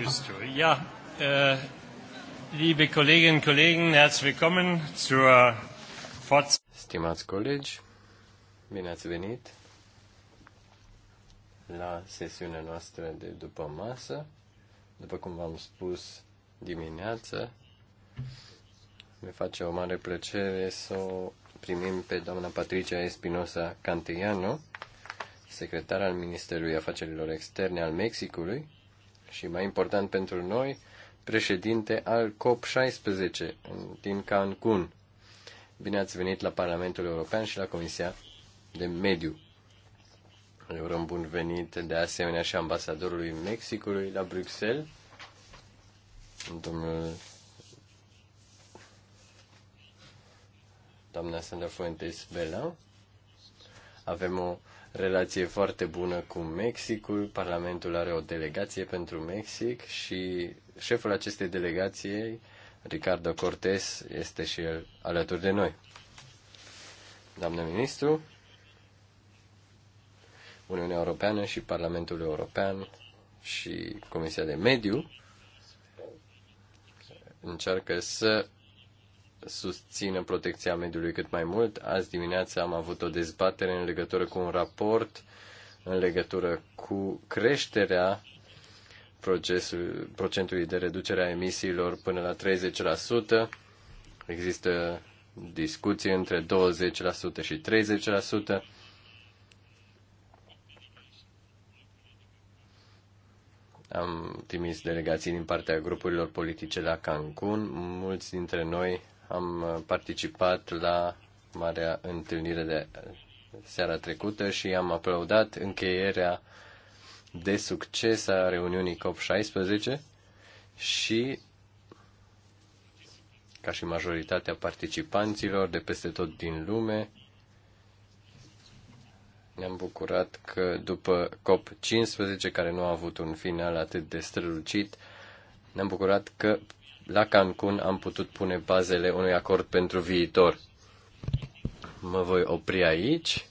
used to. Ja, äh, liebe Kolleginnen und Kollegen, herzlich willkommen zur Fortsetzung. Stimați colegi, bine ați venit la sesiunea noastră de după masă. După cum v-am spus dimineață, mi face o mare plăcere să o primim pe doamna Patricia Espinosa Cantillano, secretar al Ministerului Afacerilor Externe al Mexicului, și mai important pentru noi, președinte al COP16 din Cancun. Bine ați venit la Parlamentul European și la Comisia de Mediu. Le urăm bun venit de asemenea și ambasadorului Mexicului la Bruxelles, domnul doamna Sandra Fuentes Bela. Avem o relație foarte bună cu Mexicul. Parlamentul are o delegație pentru Mexic și șeful acestei delegații, Ricardo Cortés, este și el alături de noi. Doamnă ministru, Uniunea Europeană și Parlamentul European și Comisia de Mediu încearcă să susțină protecția mediului cât mai mult. Azi dimineața am avut o dezbatere în legătură cu un raport în legătură cu creșterea procesul, procentului de reducere a emisiilor până la 30%. Există discuții între 20% și 30%. Am trimis delegații din partea grupurilor politice la Cancun. Mulți dintre noi am uh, participat la marea întâlnire de uh, seara trecută și am aplaudat încheierea de succes a reuniunii COP16 și ca și majoritatea participanților de peste tot din lume, ne-am bucurat că după COP15, care nu a avut un final atât de strălucit, ne-am bucurat că la Cancun am putut pune bazele unui acord pentru viitor. Mă voi opri aici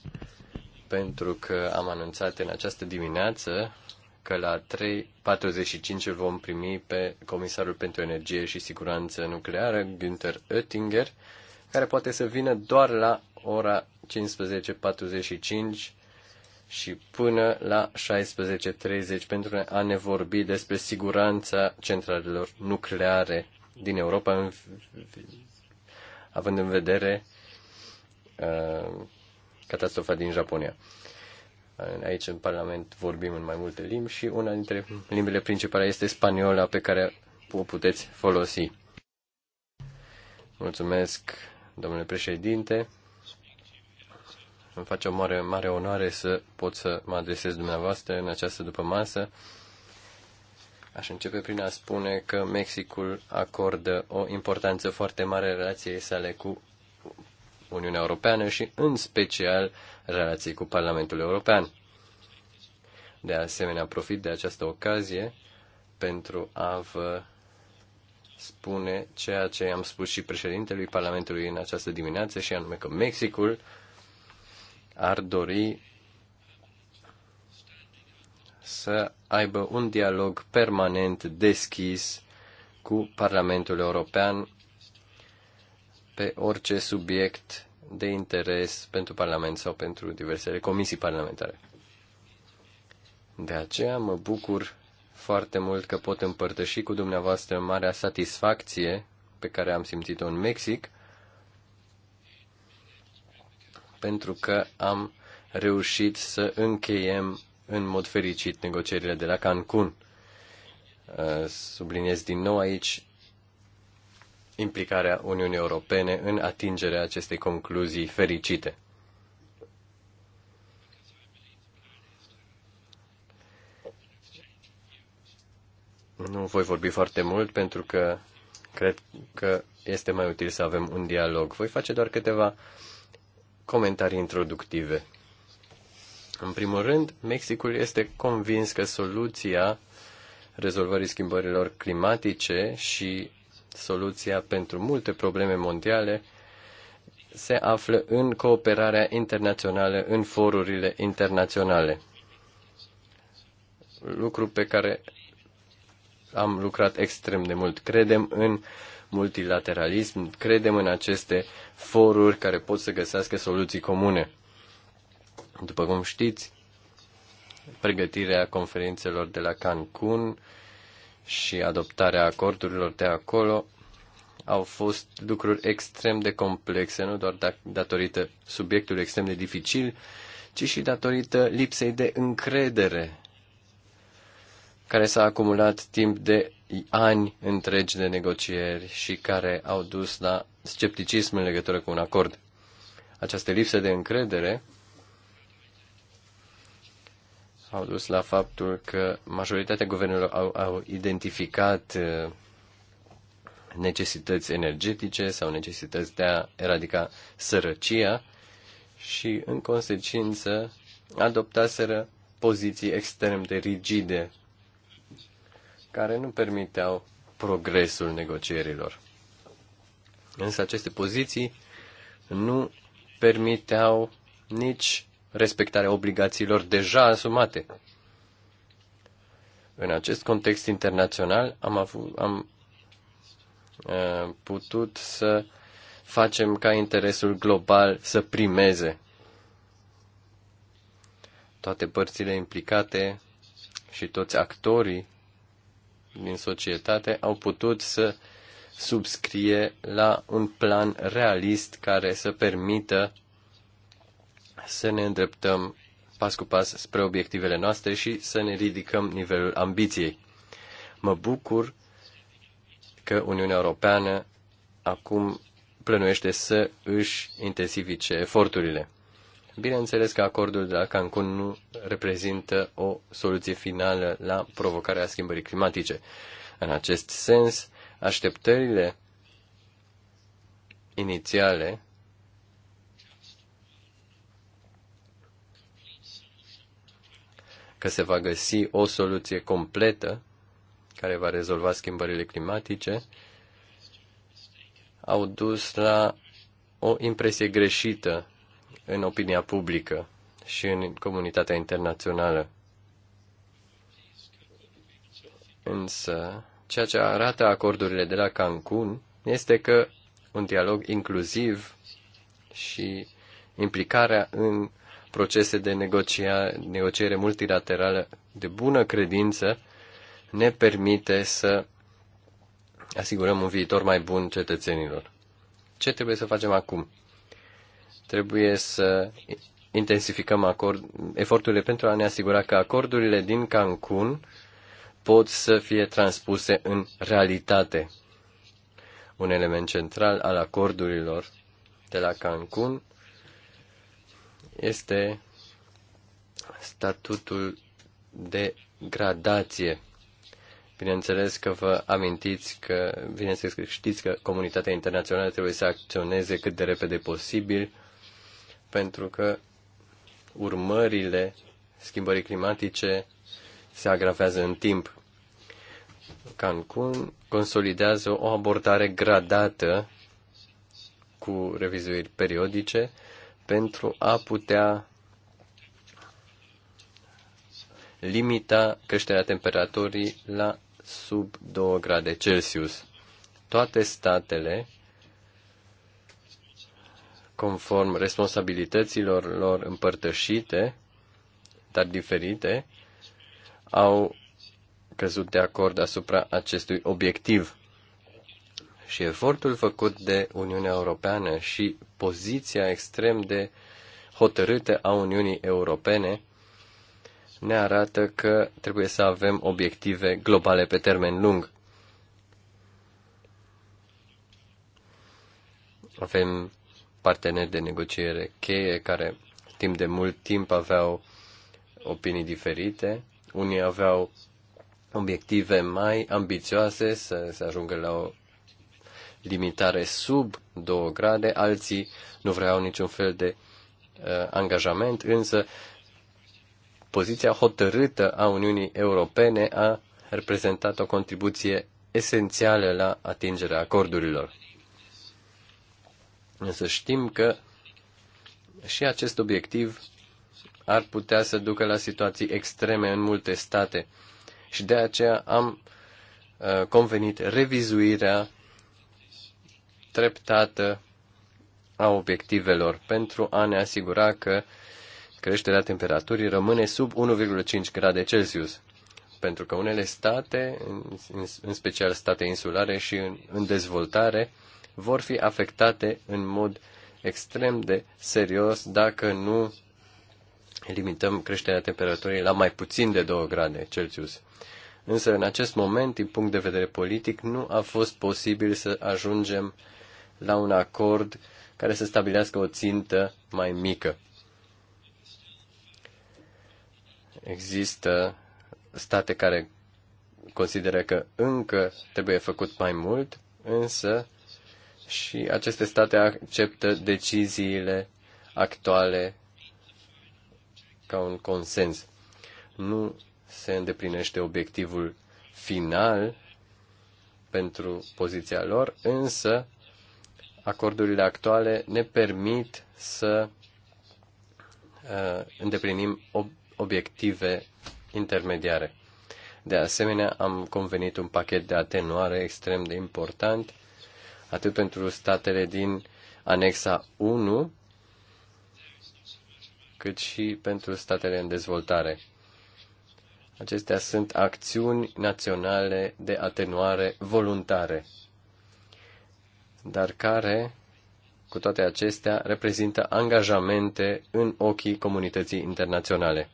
pentru că am anunțat în această dimineață că la 3.45 vom primi pe Comisarul pentru Energie și Siguranță Nucleară, Günther Oettinger, care poate să vină doar la ora 15.45 și până la 16.30 pentru a ne vorbi despre siguranța centralelor nucleare din Europa, având în vedere uh, catastrofa din Japonia. Uh, aici, în Parlament, vorbim în mai multe limbi și una dintre limbile principale este spaniola, pe care o puteți folosi. Mulțumesc, domnule președinte. Îmi face o mare, mare onoare să pot să mă adresez dumneavoastră în această după masă. Aș începe prin a spune că Mexicul acordă o importanță foarte mare relației sale cu Uniunea Europeană și, în special, relației cu Parlamentul European. De asemenea, profit de această ocazie pentru a vă spune ceea ce am spus și președintelui Parlamentului în această dimineață, și anume că Mexicul ar dori să aibă un dialog permanent deschis cu Parlamentul European pe orice subiect de interes pentru Parlament sau pentru diversele comisii parlamentare. De aceea mă bucur foarte mult că pot împărtăși cu dumneavoastră marea satisfacție pe care am simțit-o în Mexic – pentru că am reușit să încheiem în mod fericit negocierile de la Cancun. Uh, subliniez din nou aici implicarea Uniunii Europene în atingerea acestei concluzii fericite. Nu voi vorbi foarte mult pentru că cred că este mai util să avem un dialog. Voi face doar câteva uh, comentarii introductive. În primul rând, Mexicul este convins că soluția rezolvării schimbărilor climatice și soluția pentru multe probleme mondiale se află în cooperarea internațională, în forurile internaționale. Lucru pe care am lucrat extrem de mult. Credem în multilateralism, credem în aceste foruri care pot să găsească soluții comune. După cum știți, pregătirea conferințelor de la Cancun și adoptarea acordurilor de acolo au fost lucruri extrem de complexe, nu doar da- datorită subiectului extrem de dificil, ci și datorită lipsei de încredere care s-a acumulat timp de ani întregi de negocieri și care au dus la scepticism în legătură cu un acord. Această lipsă de încredere au dus la faptul că majoritatea guvernelor au, au identificat uh, necesități energetice sau necesități de a eradica sărăcia și, în consecință, adoptaseră poziții extrem de rigide care nu permiteau progresul negocierilor. Însă aceste poziții nu permiteau nici respectarea obligațiilor deja asumate. În acest context internațional am, avut, am uh, putut să facem ca interesul global să primeze. Toate părțile implicate și toți actorii din societate au putut să subscrie la un plan realist care să permită să ne îndreptăm pas cu pas spre obiectivele noastre și să ne ridicăm nivelul ambiției. Mă bucur că Uniunea Europeană acum plănuiește să își intensifice eforturile. Bineînțeles că acordul de la Cancun nu reprezintă o soluție finală la provocarea schimbării climatice. În acest sens, așteptările inițiale că se va găsi o soluție completă care va rezolva schimbările climatice au dus la o impresie greșită în opinia publică și în comunitatea internațională. Însă, ceea ce arată acordurile de la Cancun este că un dialog inclusiv și implicarea în procese de negocia, negociere multilaterală de bună credință ne permite să asigurăm un viitor mai bun cetățenilor. Ce trebuie să facem acum? Trebuie să intensificăm acord, eforturile pentru a ne asigura că acordurile din Cancun pot să fie transpuse în realitate. Un element central al acordurilor de la Cancun este statutul de gradație. Bineînțeles că vă amintiți că, bineînțeles că știți că comunitatea internațională trebuie să acționeze cât de repede posibil pentru că urmările schimbării climatice se agravează în timp. Cancun consolidează o abordare gradată cu revizuiri periodice pentru a putea limita creșterea temperaturii la sub 2 grade Celsius. Toate statele conform responsabilităților lor împărtășite, dar diferite, au căzut de acord asupra acestui obiectiv. Și efortul făcut de Uniunea Europeană și poziția extrem de hotărâtă a Uniunii Europene ne arată că trebuie să avem obiective globale pe termen lung. Avem parteneri de negociere cheie care timp de mult timp aveau opinii diferite. Unii aveau obiective mai ambițioase să se ajungă la o limitare sub 2 grade, alții nu vreau niciun fel de uh, angajament, însă poziția hotărâtă a Uniunii Europene a reprezentat o contribuție esențială la atingerea acordurilor. Însă știm că și acest obiectiv ar putea să ducă la situații extreme în multe state. Și de aceea am uh, convenit revizuirea treptată a obiectivelor pentru a ne asigura că creșterea temperaturii rămâne sub 1,5 grade Celsius. Pentru că unele state, în special state insulare și în dezvoltare, vor fi afectate în mod extrem de serios dacă nu limităm creșterea temperaturii la mai puțin de 2 grade Celsius. Însă, în acest moment, din punct de vedere politic, nu a fost posibil să ajungem la un acord care să stabilească o țintă mai mică. Există state care consideră că încă trebuie făcut mai mult, însă și aceste state acceptă deciziile actuale ca un consens. Nu se îndeplinește obiectivul final pentru poziția lor, însă acordurile actuale ne permit să uh, îndeplinim ob- obiective intermediare. De asemenea, am convenit un pachet de atenuare extrem de important atât pentru statele din anexa 1, cât și pentru statele în dezvoltare. Acestea sunt acțiuni naționale de atenuare voluntare, dar care, cu toate acestea, reprezintă angajamente în ochii comunității internaționale.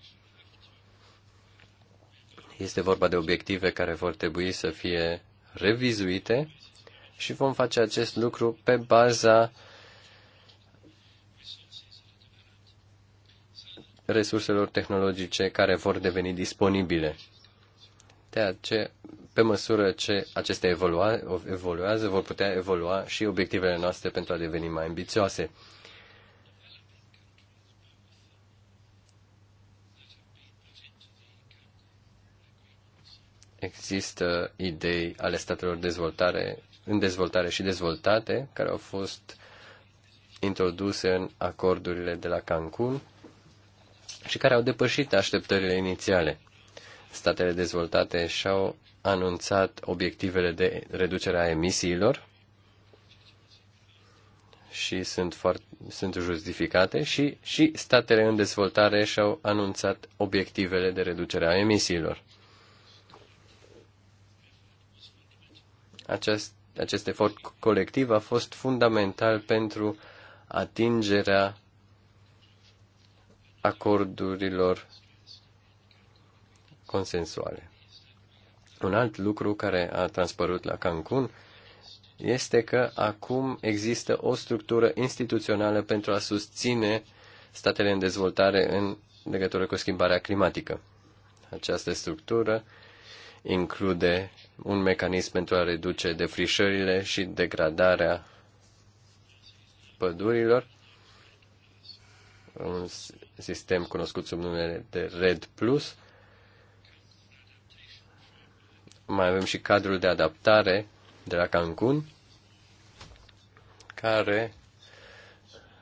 Este vorba de obiective care vor trebui să fie revizuite și vom face acest lucru pe baza resurselor tehnologice care vor deveni disponibile. De aceea, pe măsură ce acestea evolua, evoluează, vor putea evolua și obiectivele noastre pentru a deveni mai ambițioase. Există idei ale statelor dezvoltare în dezvoltare și dezvoltate, care au fost introduse în acordurile de la Cancun și care au depășit așteptările inițiale. Statele dezvoltate și-au anunțat obiectivele de reducere a emisiilor și sunt, foarte, sunt justificate și, și statele în dezvoltare și-au anunțat obiectivele de reducere a emisiilor. Acest, acest efort colectiv a fost fundamental pentru atingerea acordurilor consensuale. Un alt lucru care a transpărut la Cancun este că acum există o structură instituțională pentru a susține statele în dezvoltare în legătură cu schimbarea climatică. Această structură include un mecanism pentru a reduce defrișările și degradarea pădurilor, un sistem cunoscut sub numele de RED+. Plus. Mai avem și cadrul de adaptare de la Cancun, care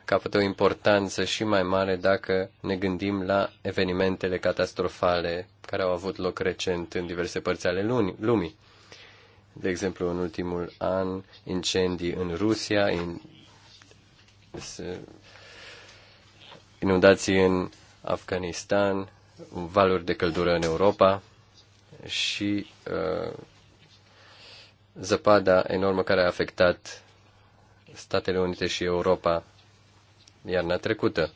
capătă o importanță și mai mare dacă ne gândim la evenimentele catastrofale care au avut loc recent în diverse părți ale lumii. De exemplu, în ultimul an, incendii în Rusia, in, inundații în Afganistan, valuri de căldură în Europa și uh, zăpada enormă care a afectat Statele Unite și Europa iarna trecută.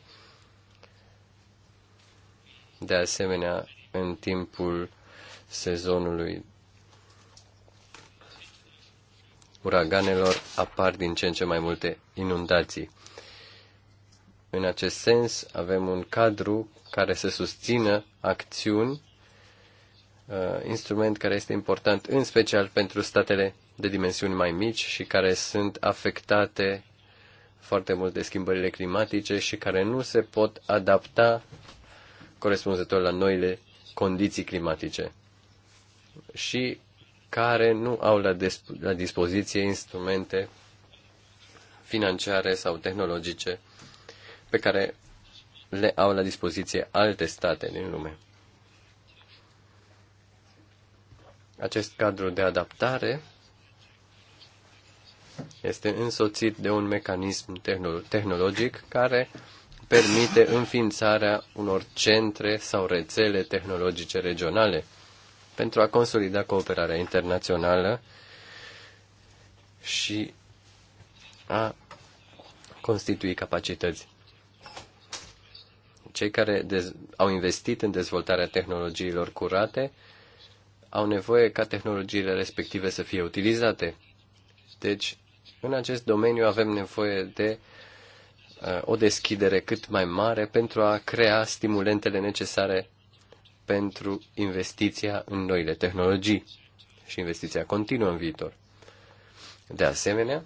De asemenea, în timpul sezonului uraganelor apar din ce în ce mai multe inundații. În acest sens, avem un cadru care să susțină acțiuni, uh, instrument care este important în special pentru statele de dimensiuni mai mici și care sunt afectate foarte mult de schimbările climatice și care nu se pot adapta corespunzător la noile condiții climatice. Și care nu au la, la dispoziție instrumente financiare sau tehnologice pe care le au la dispoziție alte state din lume. Acest cadru de adaptare este însoțit de un mecanism tehnologic care permite înființarea unor centre sau rețele tehnologice regionale – pentru a consolida cooperarea internațională și a constitui capacități. Cei care au investit în dezvoltarea tehnologiilor curate au nevoie ca tehnologiile respective să fie utilizate. Deci, în acest domeniu avem nevoie de uh, o deschidere cât mai mare pentru a crea stimulentele necesare pentru investiția în noile tehnologii și investiția continuă în viitor. De asemenea,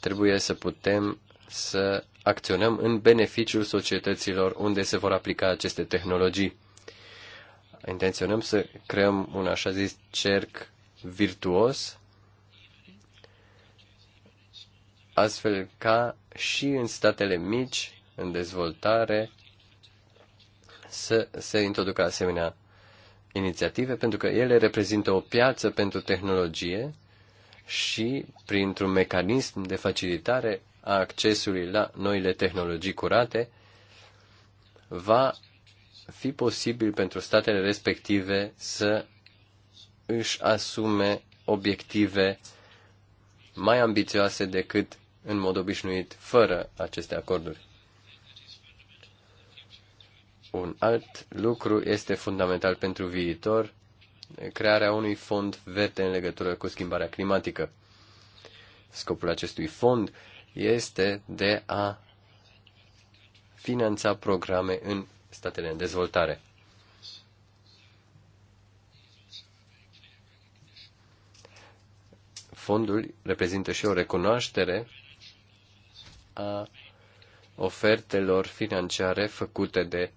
trebuie să putem să acționăm în beneficiul societăților unde se vor aplica aceste tehnologii. Intenționăm să creăm un așa zis cerc virtuos, astfel ca și în statele mici, în dezvoltare, să se introducă asemenea inițiative, pentru că ele reprezintă o piață pentru tehnologie și printr-un mecanism de facilitare a accesului la noile tehnologii curate, va fi posibil pentru statele respective să își asume obiective mai ambițioase decât în mod obișnuit fără aceste acorduri. Un alt lucru este fundamental pentru viitor, crearea unui fond verde în legătură cu schimbarea climatică. Scopul acestui fond este de a finanța programe în statele în dezvoltare. Fondul reprezintă și o recunoaștere a ofertelor financiare făcute de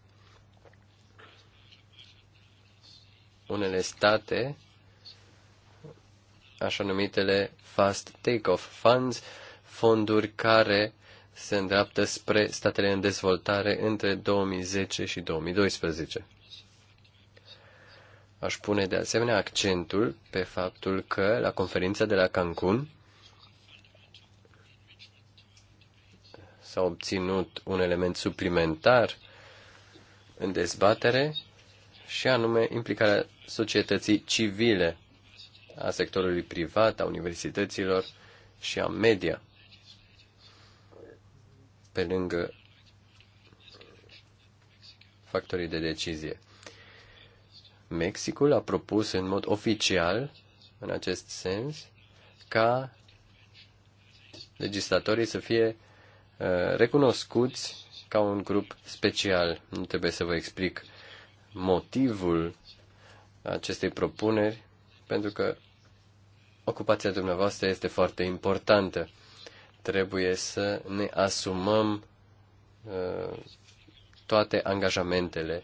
unele state, așa numitele Fast take-off Funds, fonduri care se îndreaptă spre statele în dezvoltare între 2010 și 2012. Aș pune de asemenea accentul pe faptul că la conferința de la Cancun s-a obținut un element suplimentar în dezbatere și anume implicarea societății civile, a sectorului privat, a universităților și a media. Pe lângă factorii de decizie. Mexicul a propus în mod oficial, în acest sens, ca legislatorii să fie uh, recunoscuți ca un grup special. Nu trebuie să vă explic motivul acestei propuneri, pentru că ocupația dumneavoastră este foarte importantă. Trebuie să ne asumăm uh, toate angajamentele.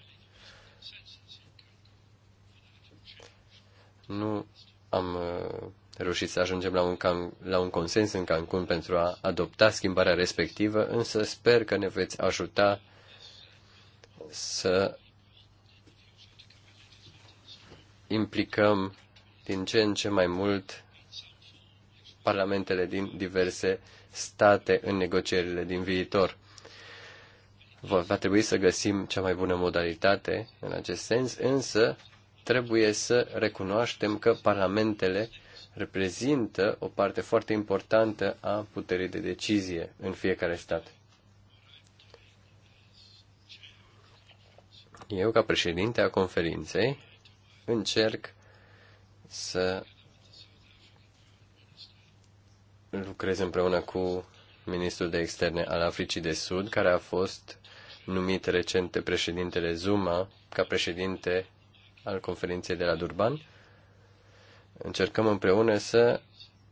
Nu am uh, reușit să ajungem la un, can, la un consens în Cancun pentru a adopta schimbarea respectivă, însă sper că ne veți ajuta să implicăm din ce în ce mai mult parlamentele din diverse state în negocierile din viitor. Va trebui să găsim cea mai bună modalitate în acest sens, însă trebuie să recunoaștem că parlamentele reprezintă o parte foarte importantă a puterii de decizie în fiecare stat. Eu, ca președinte a conferinței, încerc să lucrez împreună cu ministrul de externe al Africii de Sud, care a fost numit recent de președintele Zuma ca președinte al conferinței de la Durban. Încercăm împreună să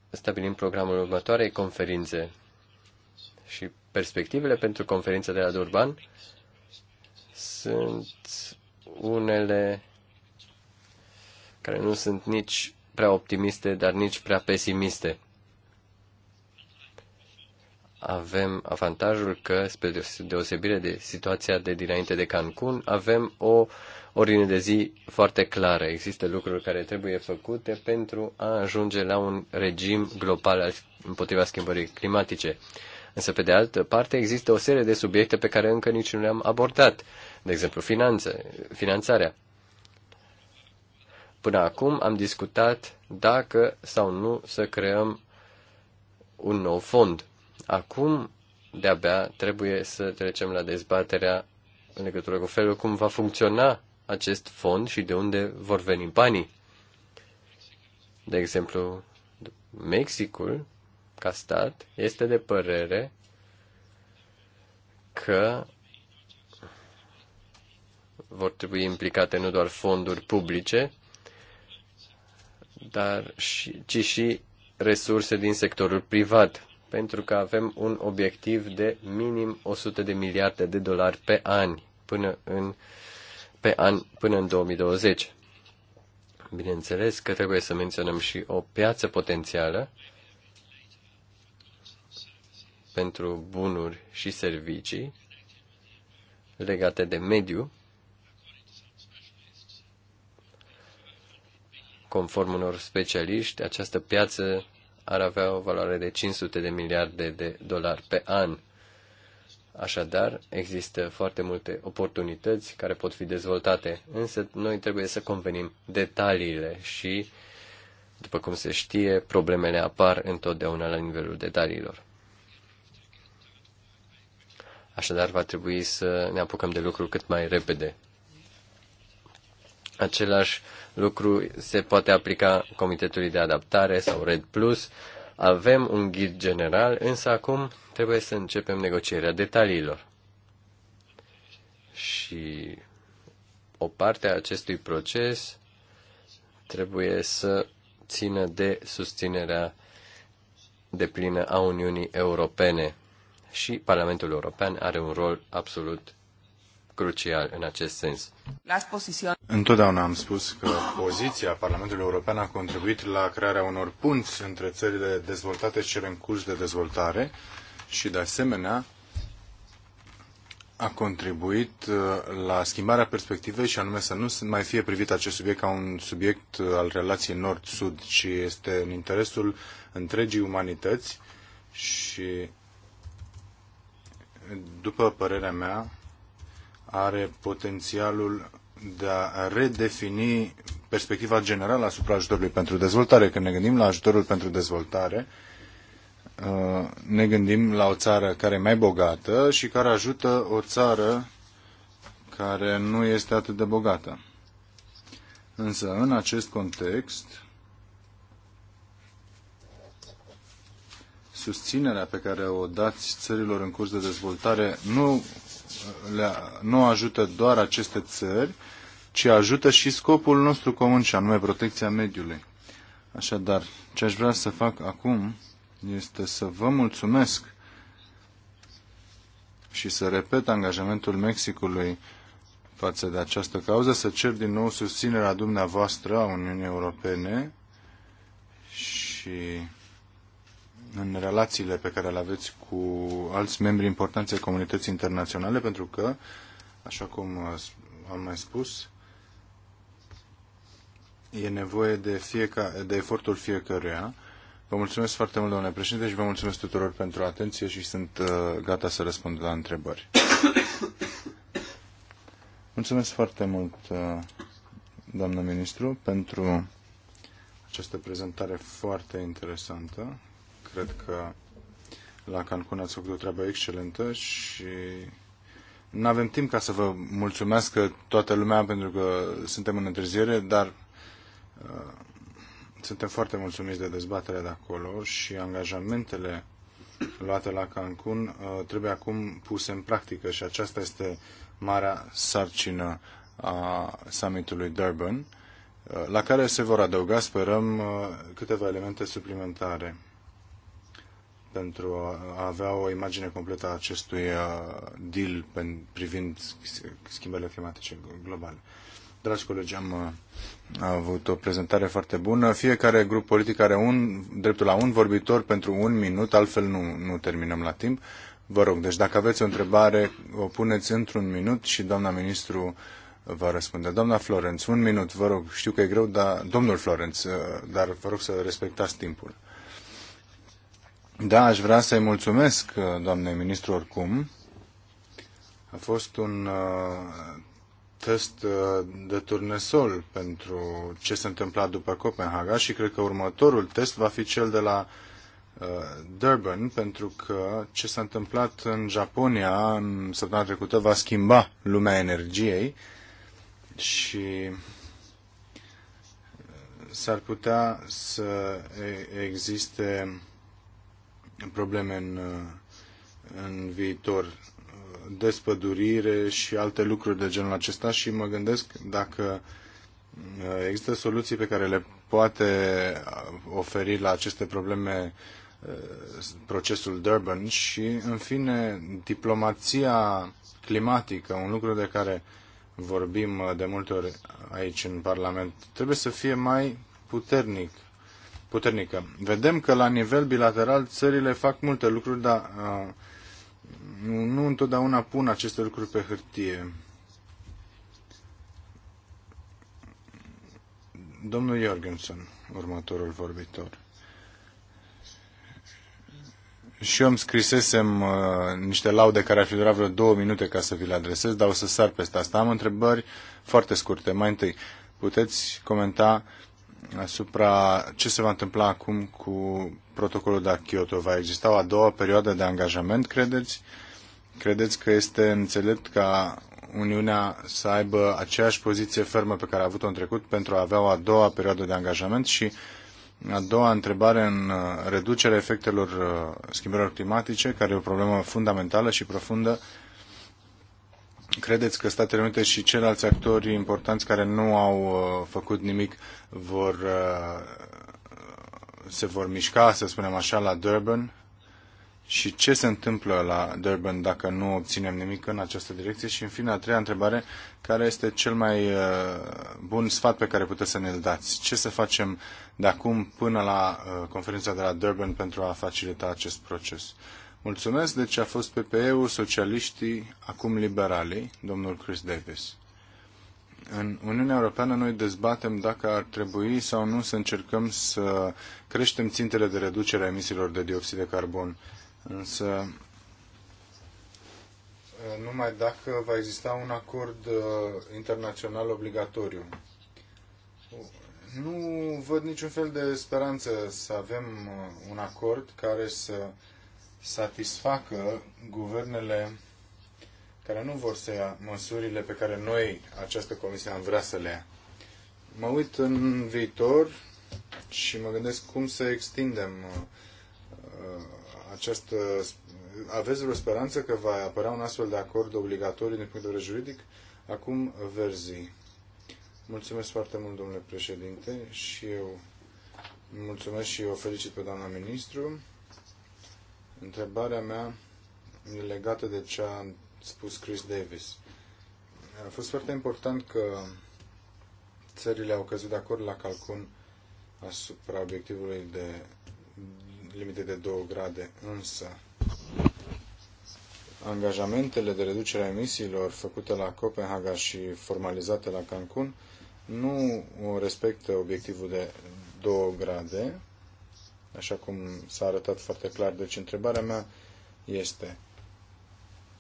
stabilim programul următoarei conferințe și perspectivele pentru conferința de la Durban sunt unele care nu sunt nici prea optimiste, dar nici prea pesimiste. Avem avantajul că, spre deosebire de situația de dinainte de Cancun, avem o ordine de zi foarte clară. Există lucruri care trebuie făcute pentru a ajunge la un regim global împotriva schimbării climatice. Însă, pe de altă parte, există o serie de subiecte pe care încă nici nu le-am abordat, de exemplu finanță, finanțarea. Până acum am discutat dacă sau nu să creăm un nou fond. Acum, de-abia, trebuie să trecem la dezbaterea în legătură cu felul cum va funcționa acest fond și de unde vor veni banii. De exemplu, Mexicul, ca stat, este de părere că vor trebui implicate nu doar fonduri publice, dar și, ci și resurse din sectorul privat, pentru că avem un obiectiv de minim 100 de miliarde de dolari pe an până în, pe an, până în 2020. Bineînțeles că trebuie să menționăm și o piață potențială pentru bunuri și servicii legate de mediu, Conform unor specialiști, această piață ar avea o valoare de 500 de miliarde de dolari pe an. Așadar, există foarte multe oportunități care pot fi dezvoltate, însă noi trebuie să convenim detaliile și, după cum se știe, problemele apar întotdeauna la nivelul detaliilor. Așadar, va trebui să ne apucăm de lucru cât mai repede. Același lucru se poate aplica Comitetului de Adaptare sau Red Plus. Avem un ghid general, însă acum trebuie să începem negocierea detaliilor. Și o parte a acestui proces trebuie să țină de susținerea plină a Uniunii Europene și Parlamentul European are un rol absolut crucial în acest sens. Întotdeauna am spus că poziția Parlamentului European a contribuit la crearea unor punți între țările dezvoltate și cele în curs de dezvoltare și, de asemenea, a contribuit uh, la schimbarea perspectivei și anume să nu mai fie privit acest subiect ca un subiect uh, al relației nord-sud, ci este în interesul întregii umanități și, după părerea mea, are potențialul de a redefini perspectiva generală asupra ajutorului pentru dezvoltare. Când ne gândim la ajutorul pentru dezvoltare, uh, ne gândim la o țară care e mai bogată și care ajută o țară care nu este atât de bogată. Însă, în acest context, susținerea pe care o dați țărilor în curs de dezvoltare nu nu ajută doar aceste țări, ci ajută și scopul nostru comun, și anume protecția mediului. Așadar, ce aș vrea să fac acum este să vă mulțumesc și să repet angajamentul Mexicului față de această cauză, să cer din nou susținerea dumneavoastră a Uniunii Europene și în relațiile pe care le aveți cu alți membri importanți ai comunității internaționale, pentru că, așa cum uh, am mai spus, e nevoie de, fieca, de efortul fiecăruia. Vă mulțumesc foarte mult, domnule președinte, și vă mulțumesc tuturor pentru atenție și sunt uh, gata să răspund la întrebări. mulțumesc foarte mult, uh, doamnă ministru, pentru această prezentare foarte interesantă. Cred că la Cancun ați făcut o treabă excelentă și nu avem timp ca să vă mulțumesc toată lumea pentru că suntem în întârziere, dar uh, suntem foarte mulțumiți de dezbaterea de acolo și angajamentele luate la Cancun uh, trebuie acum puse în practică și aceasta este marea sarcină a summitului Durban, uh, la care se vor adăuga, sperăm, uh, câteva elemente suplimentare pentru a avea o imagine completă a acestui uh, deal privind schimbările climatice globale. Dragi colegi, am uh, avut o prezentare foarte bună. Fiecare grup politic are un, dreptul la un vorbitor pentru un minut, altfel nu, nu terminăm la timp. Vă rog, deci dacă aveți o întrebare, o puneți într-un minut și doamna ministru uh, va răspunde. Doamna Florenț, un minut, vă rog, știu că e greu, dar domnul Florenț, dar vă rog să respectați timpul. Da, aș vrea să-i mulțumesc, uh, doamne ministru, oricum. A fost un uh, test uh, de turnesol pentru ce s-a întâmplat după Copenhaga și cred că următorul test va fi cel de la uh, Durban, pentru că ce s-a întâmplat în Japonia în săptămâna trecută va schimba lumea energiei și uh, s-ar putea să existe probleme în, în viitor, despădurire și alte lucruri de genul acesta și mă gândesc dacă uh, există soluții pe care le poate uh, oferi la aceste probleme uh, procesul Durban și, în fine, diplomația climatică, un lucru de care vorbim de multe ori aici în Parlament, trebuie să fie mai puternic puternică. Vedem că la nivel bilateral țările fac multe lucruri, dar nu întotdeauna pun aceste lucruri pe hârtie. Domnul Jorgensen, următorul vorbitor. Și eu îmi scrisesem uh, niște laude care ar fi durat vreo două minute ca să vi le adresez, dar o să sar peste asta. Am întrebări foarte scurte. Mai întâi, puteți comenta uh, asupra ce se va întâmpla acum cu protocolul de la Kyoto. Va exista o a doua perioadă de angajament, credeți? Credeți că este înțelept ca Uniunea să aibă aceeași poziție fermă pe care a avut-o în trecut pentru a avea o a doua perioadă de angajament și a doua întrebare în uh, reducerea efectelor uh, schimbărilor climatice, care e o problemă fundamentală și profundă Credeți că Statele Unite și ceilalți actori importanți care nu au uh, făcut nimic vor, uh, se vor mișca, să spunem așa, la Durban? Și ce se întâmplă la Durban dacă nu obținem nimic în această direcție? Și în fine, a treia întrebare, care este cel mai uh, bun sfat pe care puteți să ne-l dați? Ce să facem de acum până la conferința de la Durban pentru a facilita acest proces? Mulțumesc, deci a fost PPE-ul, socialiștii, acum liberalii, domnul Chris Davis. În Uniunea Europeană noi dezbatem dacă ar trebui sau nu să încercăm să creștem țintele de reducere a emisiilor de dioxid de carbon. Însă numai dacă va exista un acord uh, internațional obligatoriu. Nu văd niciun fel de speranță să avem uh, un acord care să satisfacă guvernele care nu vor să ia măsurile pe care noi, această comisie, am vrea să le ia. Mă uit în viitor și mă gândesc cum să extindem uh, uh, această... Aveți vreo speranță că va apărea un astfel de acord obligatoriu din punct de vedere juridic? Acum, verzii. Mulțumesc foarte mult, domnule președinte, și eu mulțumesc și eu felicit pe doamna ministru. Întrebarea mea e legată de ce a spus Chris Davis. A fost foarte important că țările au căzut de acord la Cancun asupra obiectivului de limite de 2 grade, însă angajamentele de reducere a emisiilor făcute la Copenhaga și formalizate la Cancun nu respectă obiectivul de 2 grade așa cum s-a arătat foarte clar. Deci întrebarea mea este,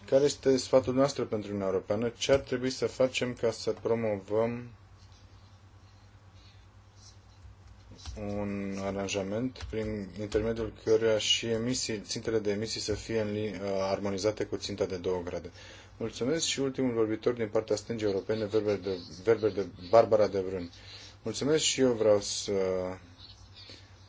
care este sfatul noastră pentru Uniunea Europeană? Ce ar trebui să facem ca să promovăm un aranjament prin intermediul căruia și emisii, țintele de emisii să fie în, uh, armonizate cu ținta de 2 grade. Mulțumesc și ultimul vorbitor din partea stângii europene, Verber de, Verber de Barbara de Brân. Mulțumesc și eu vreau să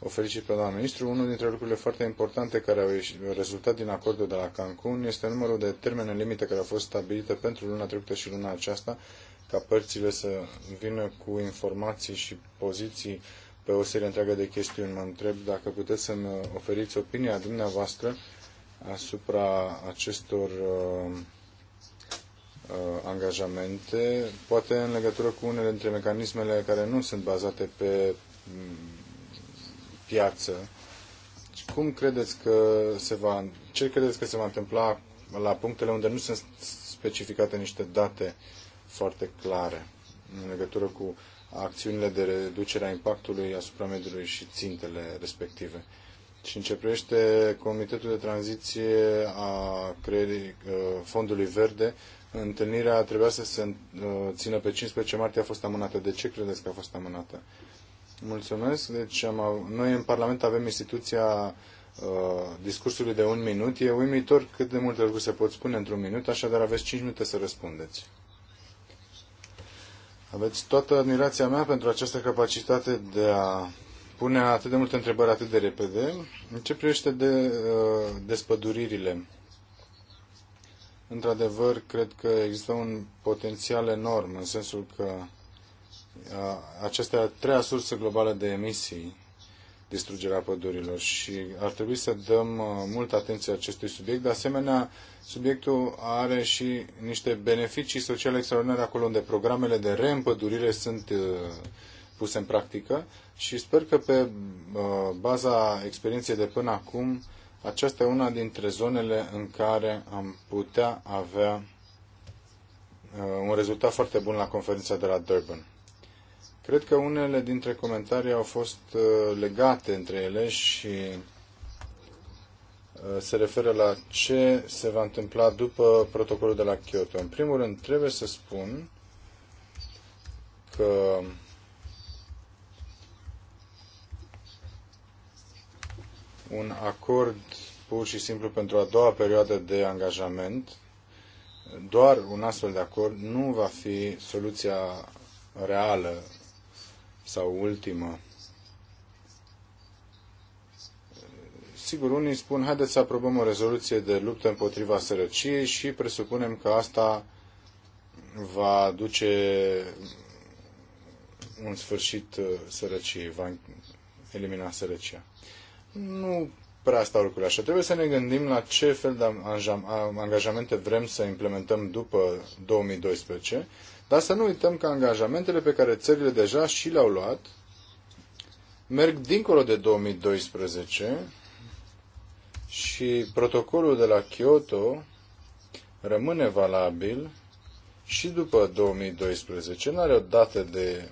o felicit pe doamna ministru. Unul dintre lucrurile foarte importante care au rezultat din acordul de la Cancun este numărul de termene limite care au fost stabilite pentru luna trecută și luna aceasta, ca părțile să vină cu informații și poziții pe o serie întreagă de chestiuni. Mă întreb dacă puteți să-mi oferiți opinia dumneavoastră asupra acestor uh, uh, angajamente, poate în legătură cu unele dintre mecanismele care nu sunt bazate pe mm, piață. Cum credeți că se va, ce credeți că se va întâmpla la punctele unde nu sunt specificate niște date foarte clare în legătură cu acțiunile de reducere a impactului asupra mediului și țintele respective? Și începește Comitetul de Tranziție a creierii uh, Fondului Verde, întâlnirea trebuia să se uh, țină pe 15 martie, a fost amânată. De ce credeți că a fost amânată? Mulțumesc. Deci am, noi în Parlament avem instituția uh, discursului de un minut. E uimitor cât de multe lucruri se pot spune într-un minut, așadar aveți 5 minute să răspundeți. Aveți toată admirația mea pentru această capacitate de a pune atât de multe întrebări atât de repede. În ce privește de uh, despăduririle? Într-adevăr, cred că există un potențial enorm, în sensul că aceste trei treia sursă globală de emisii, distrugerea pădurilor și ar trebui să dăm uh, multă atenție acestui subiect. De asemenea, subiectul are și niște beneficii sociale extraordinare acolo unde programele de reîmpădurire sunt uh, puse în practică și sper că pe uh, baza experienței de până acum, aceasta e una dintre zonele în care am putea avea un rezultat foarte bun la conferința de la Durban. Cred că unele dintre comentarii au fost uh, legate între ele și uh, se referă la ce se va întâmpla după protocolul de la Kyoto. În primul rând, trebuie să spun că un acord pur și simplu pentru a doua perioadă de angajament, doar un astfel de acord nu va fi soluția reală sau ultimă. Sigur, unii spun, haideți să aprobăm o rezoluție de luptă împotriva sărăciei și presupunem că asta va duce un sfârșit uh, sărăciei, va elimina sărăcia. Nu prea stau lucrurile așa. Trebuie să ne gândim la ce fel de angajamente vrem să implementăm după 2012 dar să nu uităm că angajamentele pe care țările deja și le-au luat merg dincolo de 2012 și protocolul de la Kyoto rămâne valabil și după 2012. Nu are o dată de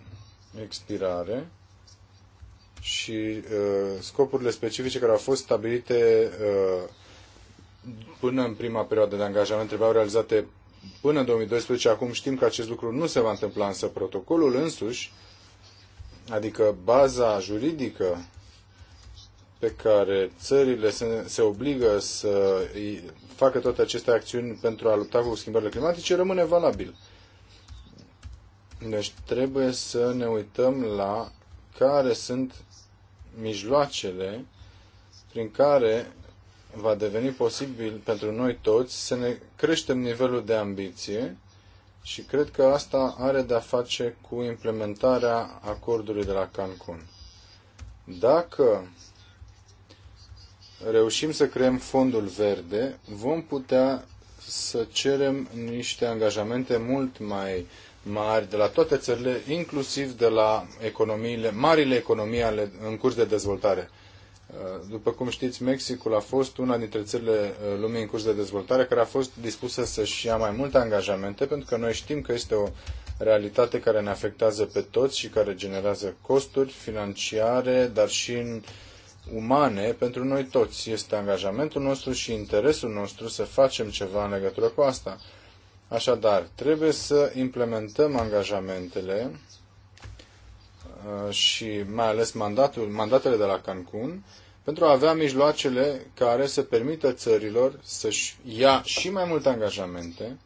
expirare și uh, scopurile specifice care au fost stabilite uh, până în prima perioadă de angajament trebuiau realizate până în 2012. Acum știm că acest lucru nu se va întâmpla, însă protocolul însuși, adică baza juridică pe care țările se, se obligă să facă toate aceste acțiuni pentru a lupta cu schimbările climatice, rămâne valabil. Deci trebuie să ne uităm la care sunt mijloacele prin care va deveni posibil pentru noi toți să ne creștem nivelul de ambiție și cred că asta are de-a face cu implementarea acordului de la Cancun. Dacă reușim să creăm fondul verde, vom putea să cerem niște angajamente mult mai mari de la toate țările, inclusiv de la economiile, marile economii ale, în curs de dezvoltare. Uh, după cum știți, Mexicul a fost una dintre țările uh, lumii în curs de dezvoltare care a fost dispusă să-și ia mai multe angajamente, pentru că noi știm că este o realitate care ne afectează pe toți și care generează costuri financiare, dar și umane pentru noi toți. Este angajamentul nostru și interesul nostru să facem ceva în legătură cu asta. Așadar, trebuie să implementăm angajamentele uh, și mai ales mandatul, mandatele de la Cancun pentru a avea mijloacele care să permită țărilor să-și ia și mai multe angajamente.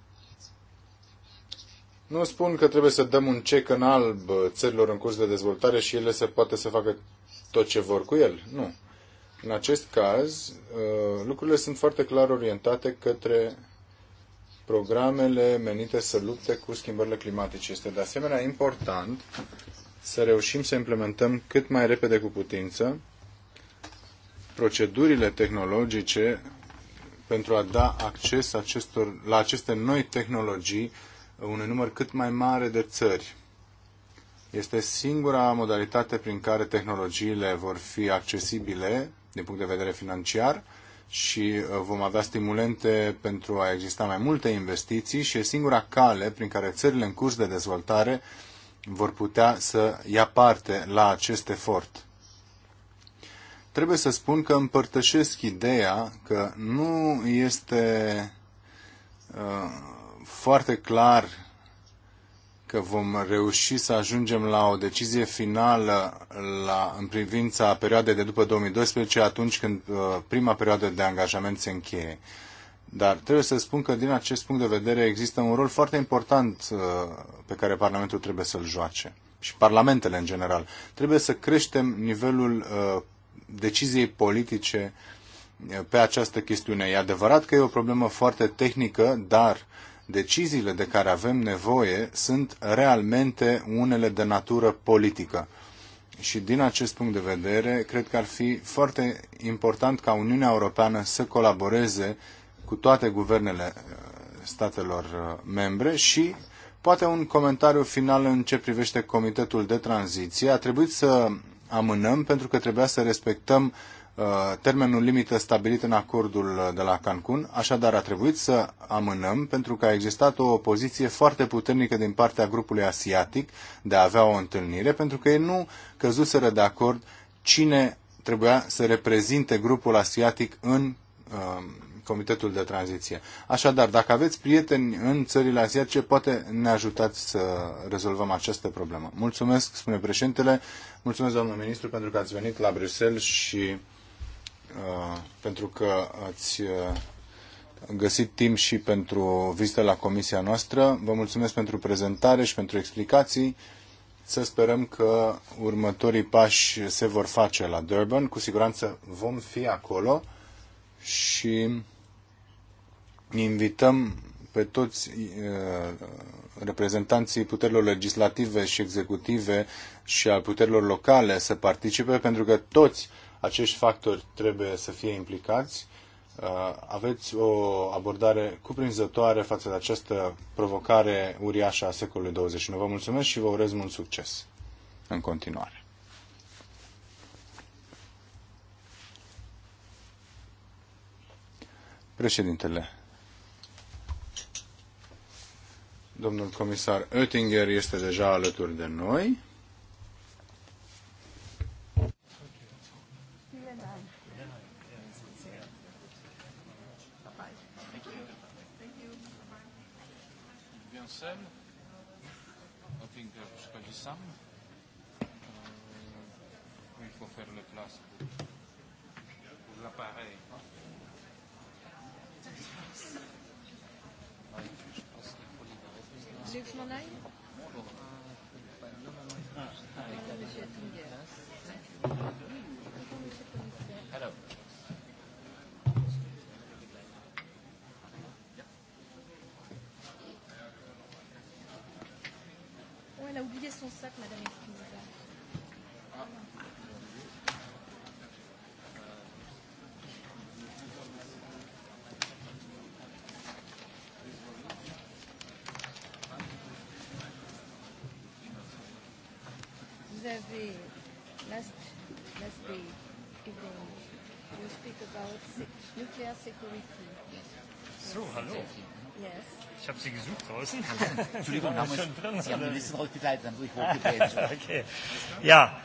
Nu spun că trebuie să dăm un cec în alb țărilor în curs de dezvoltare și ele se poate să facă tot ce vor cu el. Nu. În acest caz, uh, lucrurile sunt foarte clar orientate către programele menite să lupte cu schimbările climatice. Este de asemenea important să reușim să implementăm cât mai repede cu putință procedurile tehnologice pentru a da acces acestor, la aceste noi tehnologii unui număr cât mai mare de țări. Este singura modalitate prin care tehnologiile vor fi accesibile din punct de vedere financiar și uh, vom avea stimulente pentru a exista mai multe investiții și e singura cale prin care țările în curs de dezvoltare vor putea să ia parte la acest efort trebuie să spun că împărtășesc ideea că nu este uh, foarte clar că vom reuși să ajungem la o decizie finală la, în privința perioadei de după 2012, atunci când uh, prima perioadă de angajament se încheie. Dar trebuie să spun că din acest punct de vedere există un rol foarte important uh, pe care Parlamentul trebuie să-l joace și parlamentele în general. Trebuie să creștem nivelul uh, deciziei politice pe această chestiune. E adevărat că e o problemă foarte tehnică, dar deciziile de care avem nevoie sunt realmente unele de natură politică. Și din acest punct de vedere, cred că ar fi foarte important ca Uniunea Europeană să colaboreze cu toate guvernele uh, statelor uh, membre și poate un comentariu final în ce privește Comitetul de Tranziție. A trebuit să amânăm pentru că trebuia să respectăm uh, termenul limită stabilit în acordul uh, de la Cancun, așadar a trebuit să amânăm pentru că a existat o opoziție foarte puternică din partea grupului asiatic de a avea o întâlnire, pentru că ei nu căzuseră de acord cine trebuia să reprezinte grupul asiatic în uh, Comitetul de Tranziție. Așadar, dacă aveți prieteni în țările asiatice, poate ne ajutați să rezolvăm această problemă. Mulțumesc, spune președintele. Mulțumesc, doamnă ministru, pentru că ați venit la Bruxelles și uh, pentru că ați uh, găsit timp și pentru vizită la comisia noastră. Vă mulțumesc pentru prezentare și pentru explicații. Să sperăm că următorii pași se vor face la Durban. Cu siguranță vom fi acolo și invităm pe toți uh, reprezentanții puterilor legislative și executive și al puterilor locale să participe, pentru că toți acești factori trebuie să fie implicați. Uh, aveți o abordare cuprinzătoare față de această provocare uriașă a secolului 20. Vă mulțumesc și vă urez mult succes în continuare. Președintele, domnul comisar Oettinger este deja alături de noi. l'appareil. Vous voulez que je m'en aille Oh, elle a oublié son sac, Madame Espinosa. Ah. Nuclear Security. Yes. So, hallo. Yes. Ich habe Sie gesucht draußen. Entschuldigung, haben da schon drin, Sie haben die Liste rausgeteilt, dann ich hochgedreht. okay. Ja.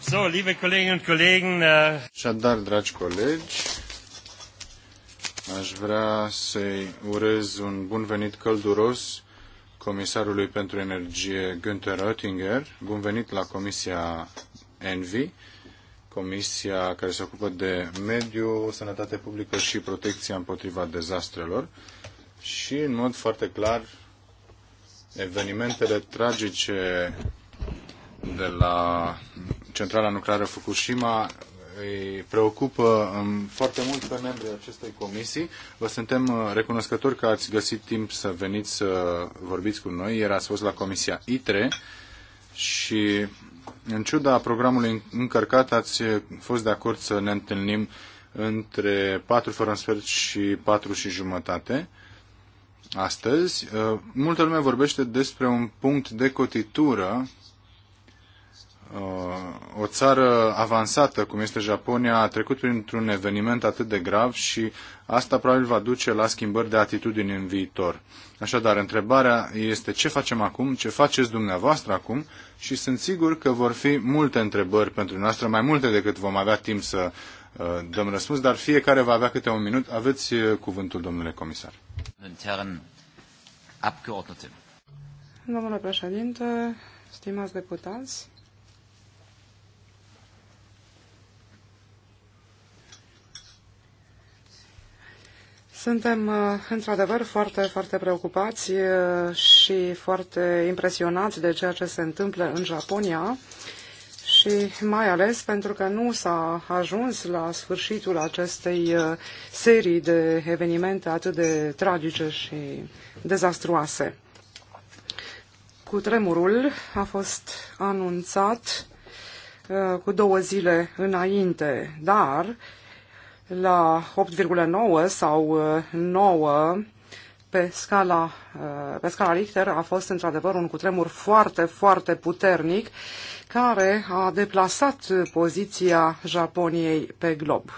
So, liebe Kolleginnen und Kollegen. Äh, Așadar, dragi colegi, aș vrea să-i urez un bun venit călduros comisarului pentru energie Günther Oettinger. Bun venit la Comisia Envi comisia care se ocupă de mediu, sănătate publică și protecția împotriva dezastrelor și, în mod foarte clar, evenimentele tragice de la centrala nucleară Fukushima îi preocupă um, foarte mult pe membrii acestei comisii. Vă suntem uh, recunoscători că ați găsit timp să veniți să vorbiți cu noi. Ieri ați fost la Comisia ITRE și în ciuda programului încărcat, ați fost de acord să ne întâlnim între 4 fără un sfert și 4 și jumătate astăzi. Multă lume vorbește despre un punct de cotitură Uh, o țară avansată cum este Japonia a trecut printr-un eveniment atât de grav și asta probabil va duce la schimbări de atitudini în viitor. Așadar, întrebarea este ce facem acum, ce faceți dumneavoastră acum și sunt sigur că vor fi multe întrebări pentru noastră, mai multe decât vom avea timp să uh, dăm răspuns, dar fiecare va avea câte un minut. Aveți uh, cuvântul, domnule comisar. Domnule președinte, stimați deputați, Suntem uh, într-adevăr foarte, foarte preocupați uh, și foarte impresionați de ceea ce se întâmplă în Japonia și mai ales pentru că nu s-a ajuns la sfârșitul acestei uh, serii de evenimente atât de tragice și dezastruoase. Cutremurul a fost anunțat cu două zile înainte, dar la 8,9 sau 9 uh, pe scala, uh, pe scala Richter a fost într-adevăr un cutremur foarte, foarte puternic care a deplasat poziția Japoniei pe glob.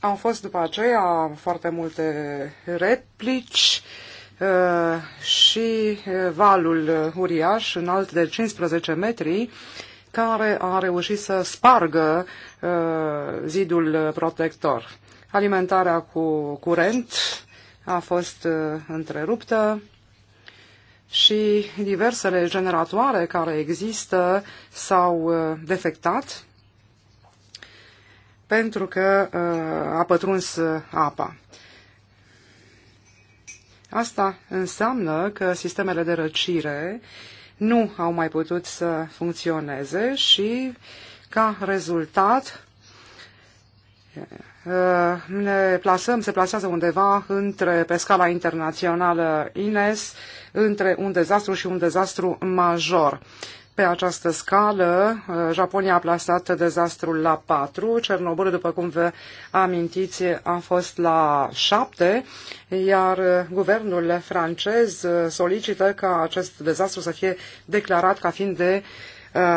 Au fost după aceea foarte multe replici uh, și valul uriaș înalt de 15 metri care a reușit să spargă uh, zidul protector. Alimentarea cu curent a fost uh, întreruptă și diversele generatoare care există s-au uh, defectat pentru că a pătruns apa. Asta înseamnă că sistemele de răcire uh, nu au mai putut să funcționeze și ca rezultat uh, ne plasăm, se plasează undeva între, pe scala internațională INES, între un dezastru și un dezastru major. Pe această scală, uh, Japonia a plasat dezastrul la 4, Cernobâl, după cum vă amintiți, a fost la 7, iar uh, guvernul francez uh, solicită ca acest dezastru să fie declarat ca fiind de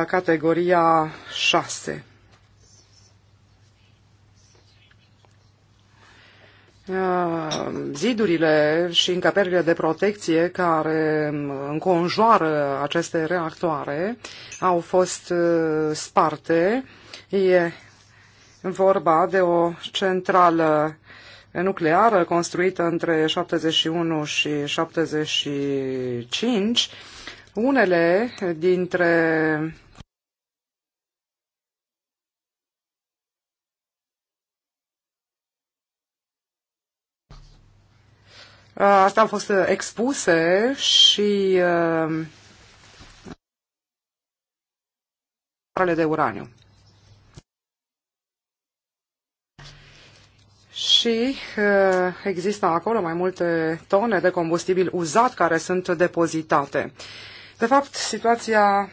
categoria 6. Ah, zidurile și încăperile de protecție care înconjoară aceste reactoare au fost ah, sparte. E vorba de o centrală nucleară construită între 71 și 75. Unele dintre Uh, asta au fost uh, expuse și uh, de uraniu. și uh, există acolo mai multe tone de combustibil uzat care sunt depozitate. De fapt, situația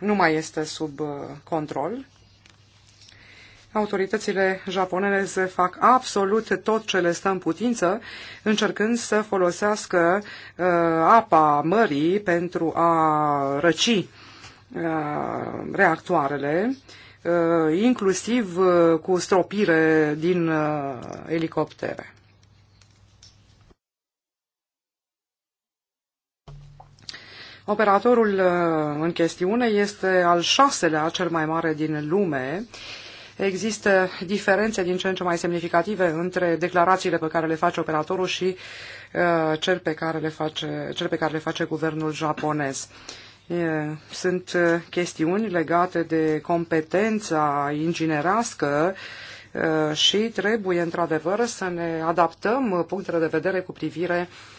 nu mai este sub control autoritățile japoneze fac absolut tot ce le stă în putință, încercând să folosească uh, apa mării pentru a răci uh, reactoarele, uh, inclusiv uh, cu stropire din uh, elicoptere. Operatorul uh, în chestiune este al șaselea cel mai mare din lume există diferențe din ce în ce mai semnificative între declarațiile pe care le face operatorul și uh, cel, pe care le face, cel pe care le face guvernul japonez. Sunt uh, chestiuni legate de competența inginerească uh, și trebuie într-adevăr să ne adaptăm punctele de vedere cu privire uh,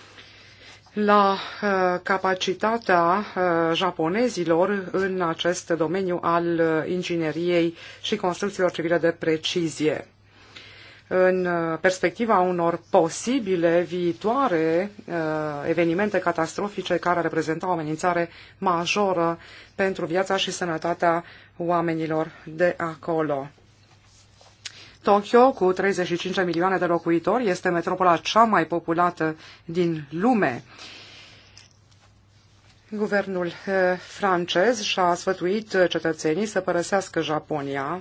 la uh, capacitatea uh, japonezilor în acest domeniu al uh, ingineriei și construcțiilor civile de precizie. În perspectiva unor posibile viitoare evenimente catastrofice care reprezentau o amenințare majoră pentru viața și sănătatea oamenilor de acolo. Tokyo, cu 35 de milioane de locuitori, este metropola cea mai populată din lume. Guvernul eh, francez și-a sfătuit cetățenii să părăsească Japonia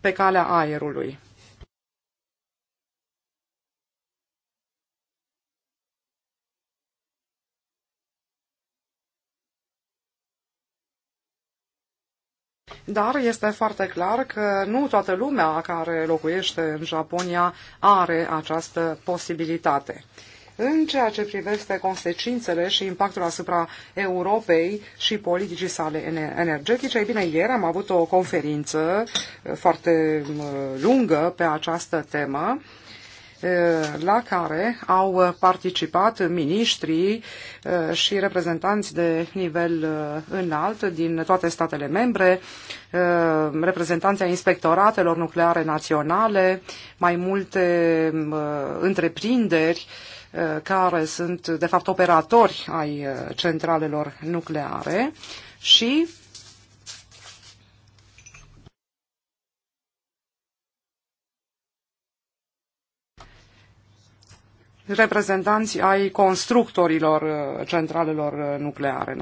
pe calea aerului. Dar este foarte clar că nu toată lumea care locuiește în Japonia are această posibilitate. În ceea ce privește consecințele și impactul asupra Europei și politicii sale energetice, ei bine, ieri am avut o conferință uh, foarte uh, lungă pe această temă Eh, la care au participat miniștrii eh, și reprezentanți de nivel eh, înalt din toate statele membre, reprezentanții inspectoratelor nucleare naționale, mai multe întreprinderi care sunt, de fapt, operatori ai centralelor nucleare și reprezentanți ai constructorilor uh, centralelor uh, nucleare.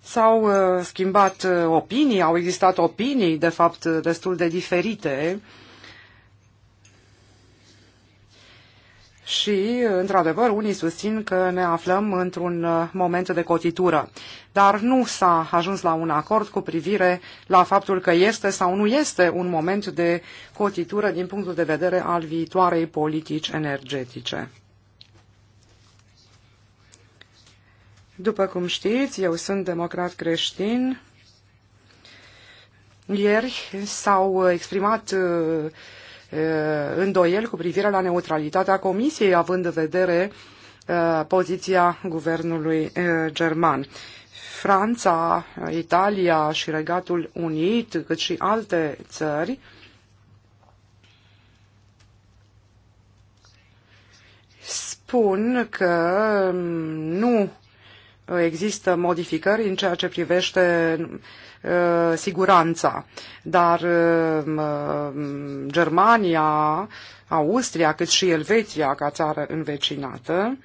S-au uh, schimbat opinii, au existat opinii, de fapt, destul de diferite Și, într-adevăr, unii susțin că ne aflăm într-un uh, moment de cotitură. Dar nu s-a ajuns la un acord cu privire la faptul că este sau nu este un moment de cotitură din punctul de vedere al viitoarei politici energetice. După cum știți, eu sunt democrat creștin. Ieri s-au exprimat uh, Uh, îndoieli cu privire la neutralitatea Comisiei, având în vedere uh, poziția guvernului uh, german. Franța, Italia și Regatul Unit, cât și alte țări, spun că um, nu există modificări în ceea ce privește Uh, siguranța. Dar uh, Germania, Austria, cât și Elveția, ca țară învecinată,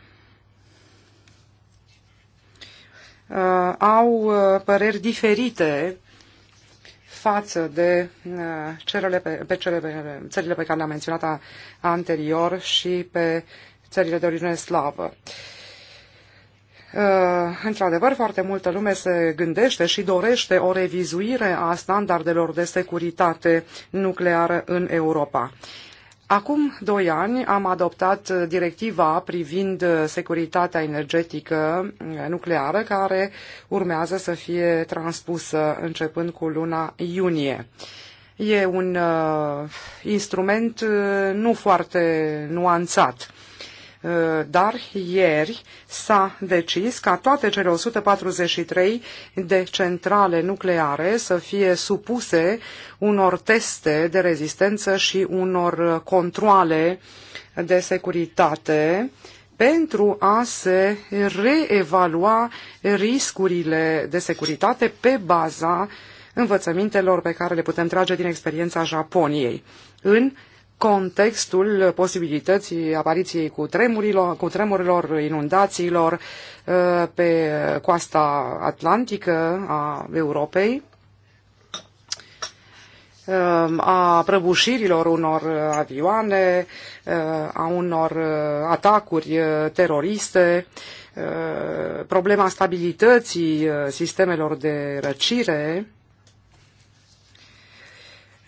uh, au păreri diferite față de cele pe, pe cele, pe, țările pe care le-am menționat anterior și pe țările de origine slavă. Uh, Uh, într-adevăr, foarte multă lume se gândește și dorește o revizuire a standardelor de securitate nucleară în Europa. Acum doi ani am adoptat directiva privind securitatea energetică uh, nucleară, care urmează să fie transpusă începând cu luna iunie. E un uh, instrument uh, nu foarte nuanțat Eh, dar ieri s-a decis ca toate cele 143 de centrale nucleare să fie supuse unor teste de rezistență și unor controle de securitate pentru a se reevalua riscurile de securitate pe baza învățămintelor pe care le putem trage din experiența Japoniei în contextul posibilității apariției cu tremurilor, cu tremurilor inundațiilor uh, pe coasta atlantică a Europei, uh, a prăbușirilor unor avioane, uh, a unor atacuri teroriste, problema stabilității sistemelor de răcire,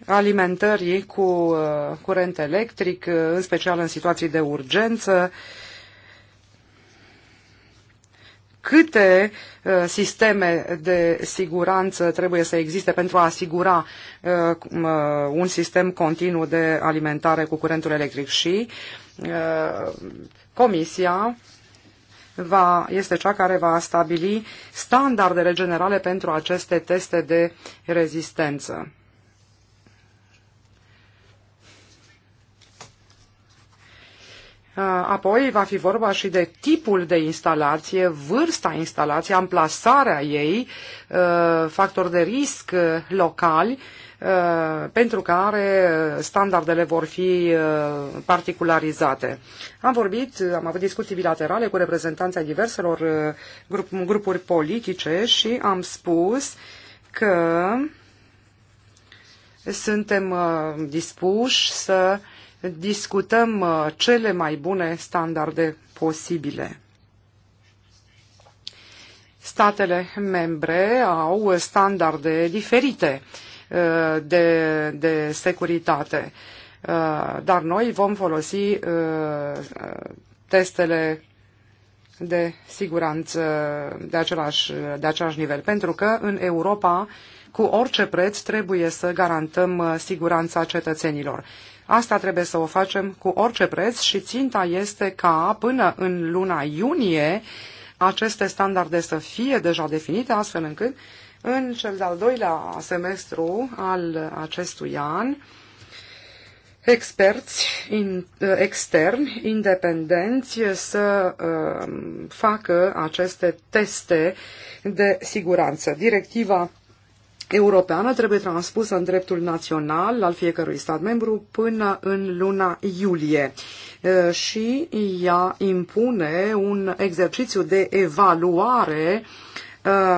alimentării cu uh, curent electric, uh, în special în situații de urgență, câte uh, sisteme de siguranță trebuie să existe pentru a asigura un sistem continuu de alimentare cu curentul electric și Comisia va, este cea care va stabili standardele generale pentru aceste teste de rezistență. Apoi va fi vorba și de tipul de instalație, vârsta instalației, amplasarea ei, factori de risc locali, pentru care standardele vor fi particularizate. Am vorbit, am avut discuții bilaterale cu reprezentanții diverselor grup, grupuri politice și am spus că suntem dispuși să discutăm uh, cele mai bune standarde posibile. Statele membre au standarde diferite uh, de, de securitate, uh, dar noi vom folosi testele de siguranță de același, de același nivel, pentru că în Europa cu orice preț trebuie să garantăm siguranța cetățenilor. Asta trebuie să o facem cu orice preț și ținta este ca până în luna iunie aceste standarde să fie deja definite, astfel încât în cel de-al doilea semestru al acestui an, experți in, eh, externi, independenți, să uh, facă aceste teste de siguranță. Directiva europeană trebuie transpusă în dreptul național al fiecărui stat membru până în luna iulie și ea impune un exercițiu de evaluare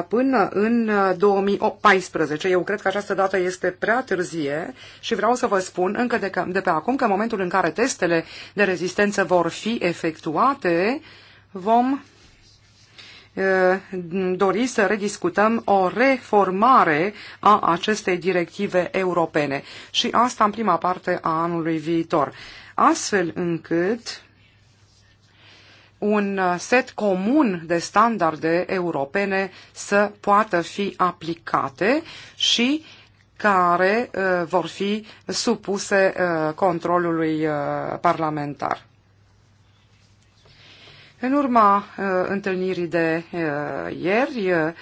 până în 2014. Eu cred că această dată este prea târzie și vreau să vă spun încă de, de pe acum că în momentul în care testele de rezistență vor fi efectuate, vom Eh, dori să rediscutăm o reformare a acestei directive europene și asta în prima parte a anului viitor, astfel încât un set comun de standarde europene să poată fi aplicate și care eh, vor fi supuse eh, controlului parlamentar. În urma uh, întâlnirii de uh, ieri, uh,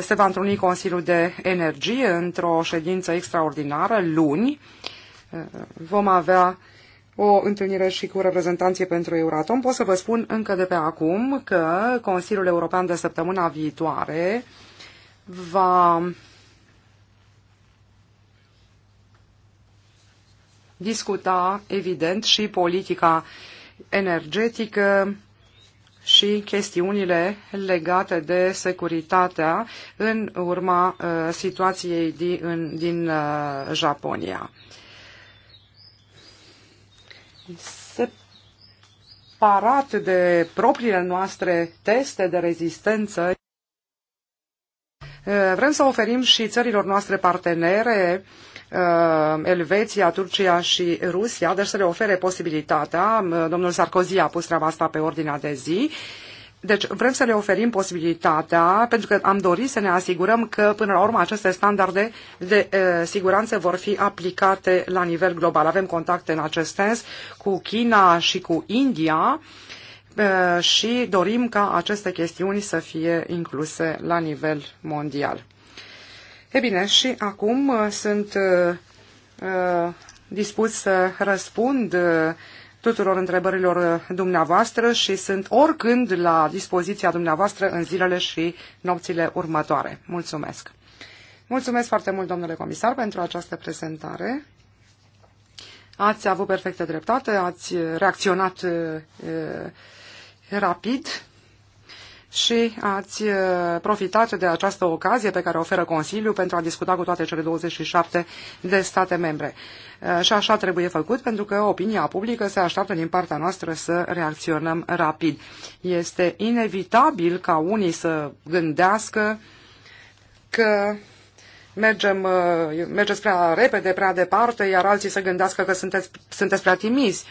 se va întâlni Consiliul de Energie într-o ședință extraordinară, luni. Vom avea o întâlnire și cu reprezentanții pentru Euratom. Pot să vă spun încă de pe acum că Consiliul European de săptămâna viitoare va discuta, evident, și politica energetică și chestiunile legate de securitatea în urma uh, situației din, din uh, Japonia. Separat de propriile noastre teste de rezistență, uh, vrem să oferim și țărilor noastre partenere Uh, Elveția, Turcia și Rusia, deci să le ofere posibilitatea, uh, domnul Sarkozy a pus treaba asta pe ordinea de zi, deci vrem să le oferim posibilitatea, pentru că am dorit să ne asigurăm că până la urmă aceste standarde de e, uh, siguranță vor fi aplicate la nivel global. Avem contacte în acest sens cu China și cu India și dorim ca aceste chestiuni să fie incluse la nivel mondial. E bine, și acum uh, sunt uh, uh, dispus să răspund uh, tuturor întrebărilor dumneavoastră și sunt oricând la dispoziția dumneavoastră în zilele și nopțile următoare. Mulțumesc! Mulțumesc foarte mult, domnule comisar, pentru această prezentare. Ați avut perfectă dreptate, ați reacționat uh, rapid și ați uh, profitat de această ocazie pe care o oferă Consiliul pentru a discuta cu toate cele 27 de state membre. Uh, și așa trebuie făcut pentru că opinia publică se așteaptă din partea noastră să reacționăm rapid. Este inevitabil ca unii să gândească că mergem, uh, mergeți prea repede, prea departe, iar alții să gândească că sunteți, sunteți prea timizi.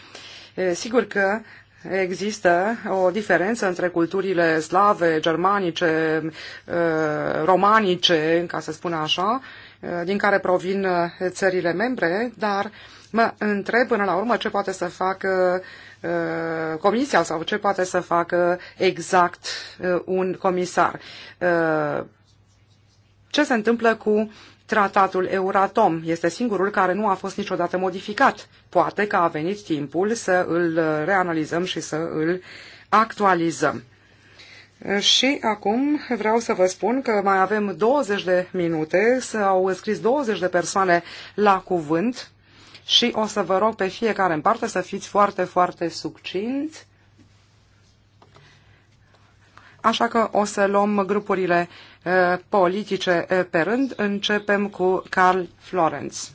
Sigur că există o diferență între culturile slave, germanice, uh, romanice, ca să spun așa, uh, din care provin uh, țările membre, dar mă întreb până la urmă ce poate să facă comisia sau ce poate să facă exact un comisar. Ce se întâmplă cu Tratatul Euratom este singurul care nu a fost niciodată modificat. Poate că a venit timpul să îl reanalizăm și să îl actualizăm. Și acum vreau să vă spun că mai avem 20 de minute, s-au scris 20 de persoane la cuvânt și o să vă rog pe fiecare în parte să fiți foarte, foarte succinți așa că o să luăm grupurile eh, politice eh, pe rând. Începem cu Carl Florenz.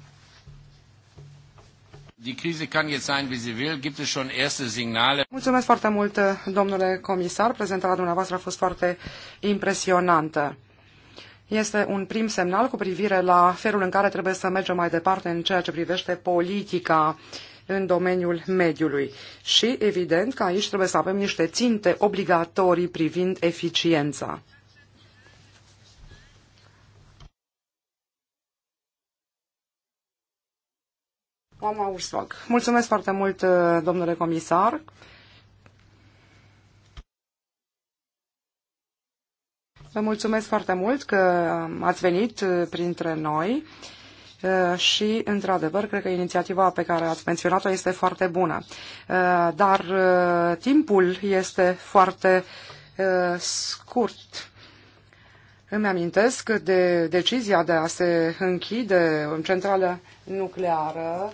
Mulțumesc foarte mult, eh, domnule comisar. Prezentarea dumneavoastră a fost foarte impresionantă. Este un prim semnal cu privire la felul în care trebuie să mergem mai departe în ceea ce privește politica uh, în domeniul mediului. Și evident că aici trebuie să avem niște ținte obligatorii privind eficiența. Oana Mulțumesc foarte mult, uh, domnule comisar. Vă mulțumesc foarte mult că ați venit uh, printre noi. Uh, și, într-adevăr, cred că inițiativa pe care ați menționat-o este foarte bună. Uh, dar uh, timpul este foarte scurt. Îmi amintesc de decizia de a se închide în centrală nucleară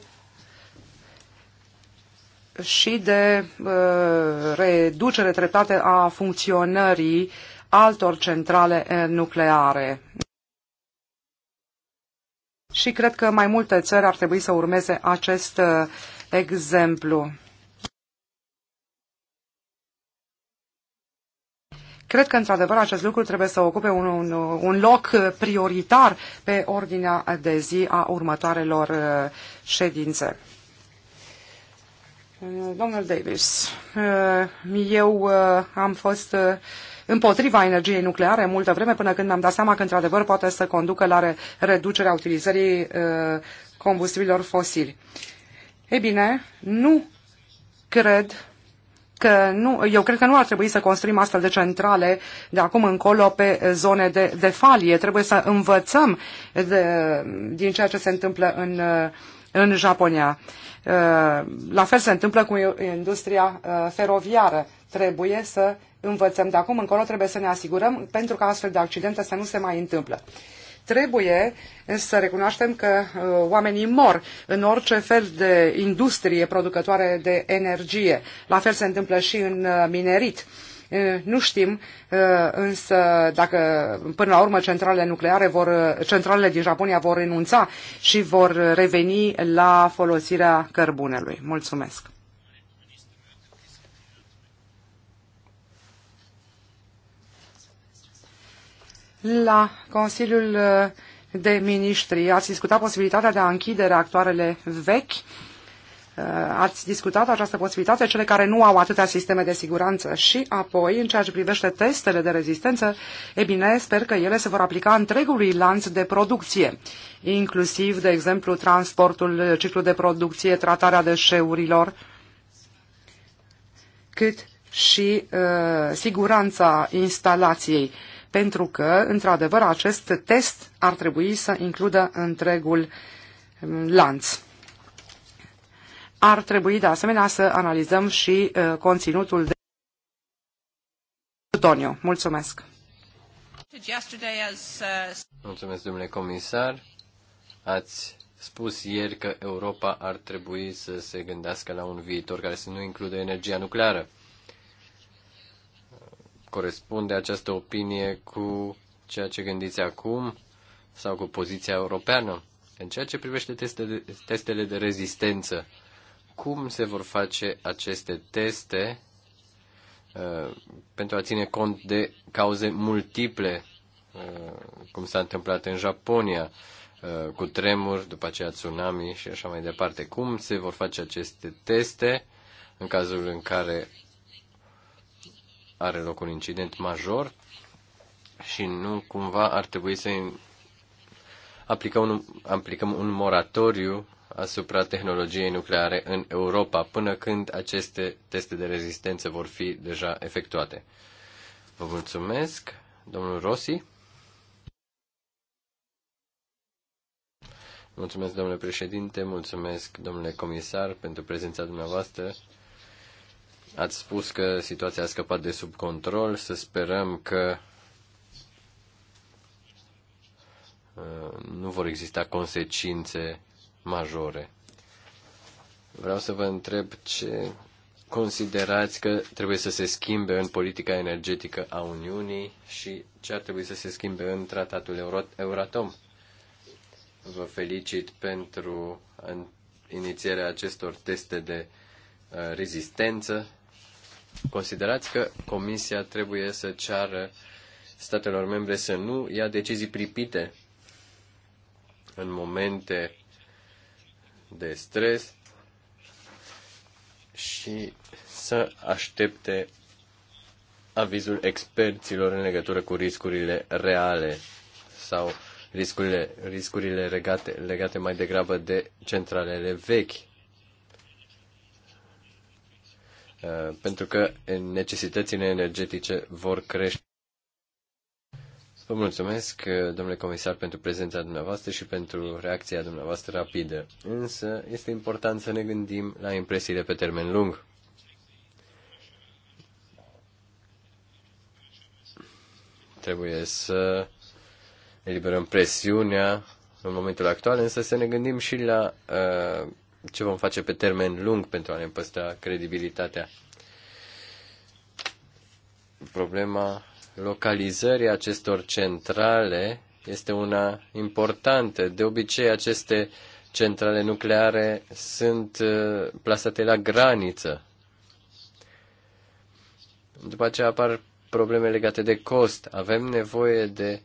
și de reducere treptată a funcționării altor centrale nucleare. Și cred că mai multe țări ar trebui să urmeze acest uh, exemplu. Cred că, într-adevăr, acest lucru trebuie să ocupe un, un, un loc prioritar pe ordinea de zi a următoarelor uh, ședințe. Domnul Davis, uh, eu am fost împotriva energiei nucleare multă vreme, până când mi-am dat seama că, într-adevăr, poate să conducă la reducerea utilizării uh, combustibilor fosili. Ei bine, nu cred că nu, eu cred că nu ar trebui să construim astfel de centrale de acum încolo pe zone de, de falie. Trebuie să învățăm de, din ceea ce se întâmplă în, uh, în Japonia. Uh, la fel se întâmplă cu industria feroviară. Trebuie să învățăm de acum încolo, trebuie să ne asigurăm pentru ca astfel de accidente să nu se mai întâmplă. Trebuie să recunoaștem că uh, oamenii mor în orice fel de industrie producătoare de energie. La fel se întâmplă și în uh, minerit. Uh, nu știm însă dacă până la urmă centralele nucleare vor, centralele din Japonia vor renunța și vor reveni la folosirea cărbunelui. Mulțumesc! La Consiliul uh, de Ministri ați discutat posibilitatea de a închide reactoarele vechi. Uh, ați discutat această posibilitate, cele care nu au atâtea sisteme de siguranță și apoi, în ceea ce privește testele de rezistență, e bine, sper că ele se vor aplica întregului lanț de producție, inclusiv, de exemplu, transportul, ciclul de producție, tratarea deșeurilor, cât și uh, siguranța instalației. Uh, pentru că, într-adevăr, acest test ar trebui să includă întregul um, lanț. Ar trebui, de asemenea, să analizăm și uh, conținutul de Antonio. Mulțumesc! Mulțumesc, domnule comisar. Ați spus ieri că Europa ar trebui să se gândească la un viitor care să nu includă energia nucleară corespunde această opinie cu ceea ce gândiți acum sau cu poziția europeană? În ceea ce privește testele, testele de rezistență, cum se vor face aceste teste uh, pentru a ține cont de cauze multiple, uh, cum s-a întâmplat în Japonia, uh, cu tremur, după aceea tsunami și așa mai departe? Cum se vor face aceste teste în cazul în care are loc un incident major și nu cumva ar trebui să aplicăm un, aplicăm un moratoriu asupra tehnologiei nucleare în Europa până când aceste teste de rezistență vor fi deja efectuate. Vă mulțumesc, domnul Rossi. Mulțumesc, domnule președinte, mulțumesc, domnule comisar, pentru prezența dumneavoastră Ați spus că situația a scăpat de sub control, să sperăm că uh, nu vor exista consecințe majore. Vreau să vă întreb ce considerați că trebuie să se schimbe în politica energetică a Uniunii și ce ar trebui să se schimbe în tratatul Euratom. Vă felicit pentru inițierea acestor teste de uh, rezistență Considerați că Comisia trebuie să ceară statelor membre să nu ia decizii pripite în momente de stres și să aștepte avizul experților în legătură cu riscurile reale sau riscurile, riscurile legate, legate mai degrabă de centralele vechi. Uh, pentru că necesitățile energetice vor crește. Vă mulțumesc, uh, domnule comisar, pentru prezența dumneavoastră și pentru reacția dumneavoastră rapidă. Însă, este important să ne gândim la impresiile pe termen lung. Trebuie să eliberăm presiunea în momentul actual, însă să ne gândim și la uh, ce vom face pe termen lung pentru a ne păstra credibilitatea. Problema localizării acestor centrale este una importantă. De obicei, aceste centrale nucleare sunt uh, plasate la graniță. După aceea apar probleme legate de cost. Avem nevoie de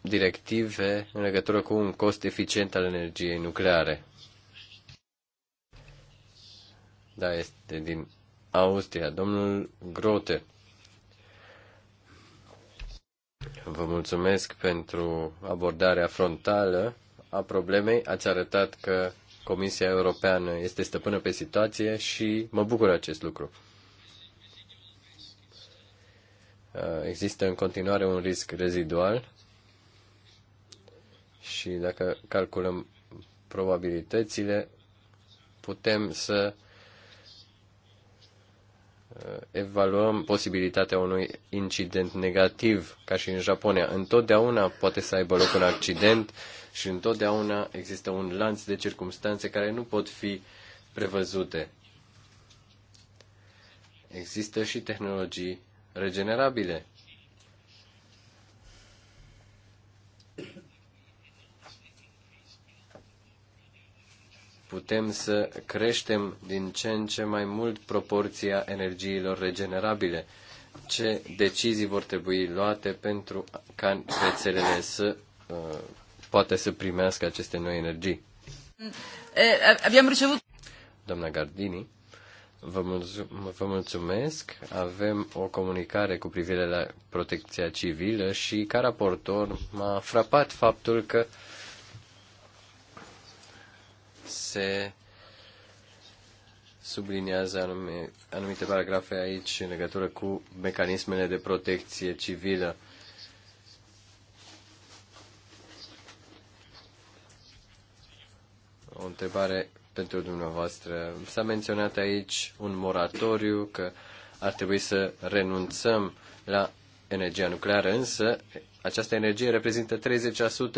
directive în legătură cu un cost eficient al energiei nucleare. Da, este din Austria. Domnul Grote. Vă mulțumesc pentru abordarea frontală a problemei. Ați arătat că Comisia Europeană este stăpână pe situație și mă bucur acest lucru. Uh, există în continuare un risc rezidual și dacă calculăm probabilitățile, putem să evaluăm posibilitatea unui incident negativ, ca și în Japonia. Întotdeauna poate să aibă loc un accident și întotdeauna există un lanț de circumstanțe care nu pot fi prevăzute. Există și tehnologii regenerabile. putem să creștem din ce în ce mai mult proporția energiilor regenerabile? Ce decizii vor trebui luate pentru ca rețelele să uh, poate să primească aceste noi energii? Eh, abbiamo ricevuto... Doamna Gardini, vă, vă mulțumesc. Avem o comunicare cu privire la protecția civilă și ca raportor m-a frapat faptul că se subliniază anume, anumite paragrafe aici în legătură cu mecanismele de protecție civilă. O întrebare pentru dumneavoastră. S-a menționat aici un moratoriu că ar trebui să renunțăm la energia nucleară, însă această energie reprezintă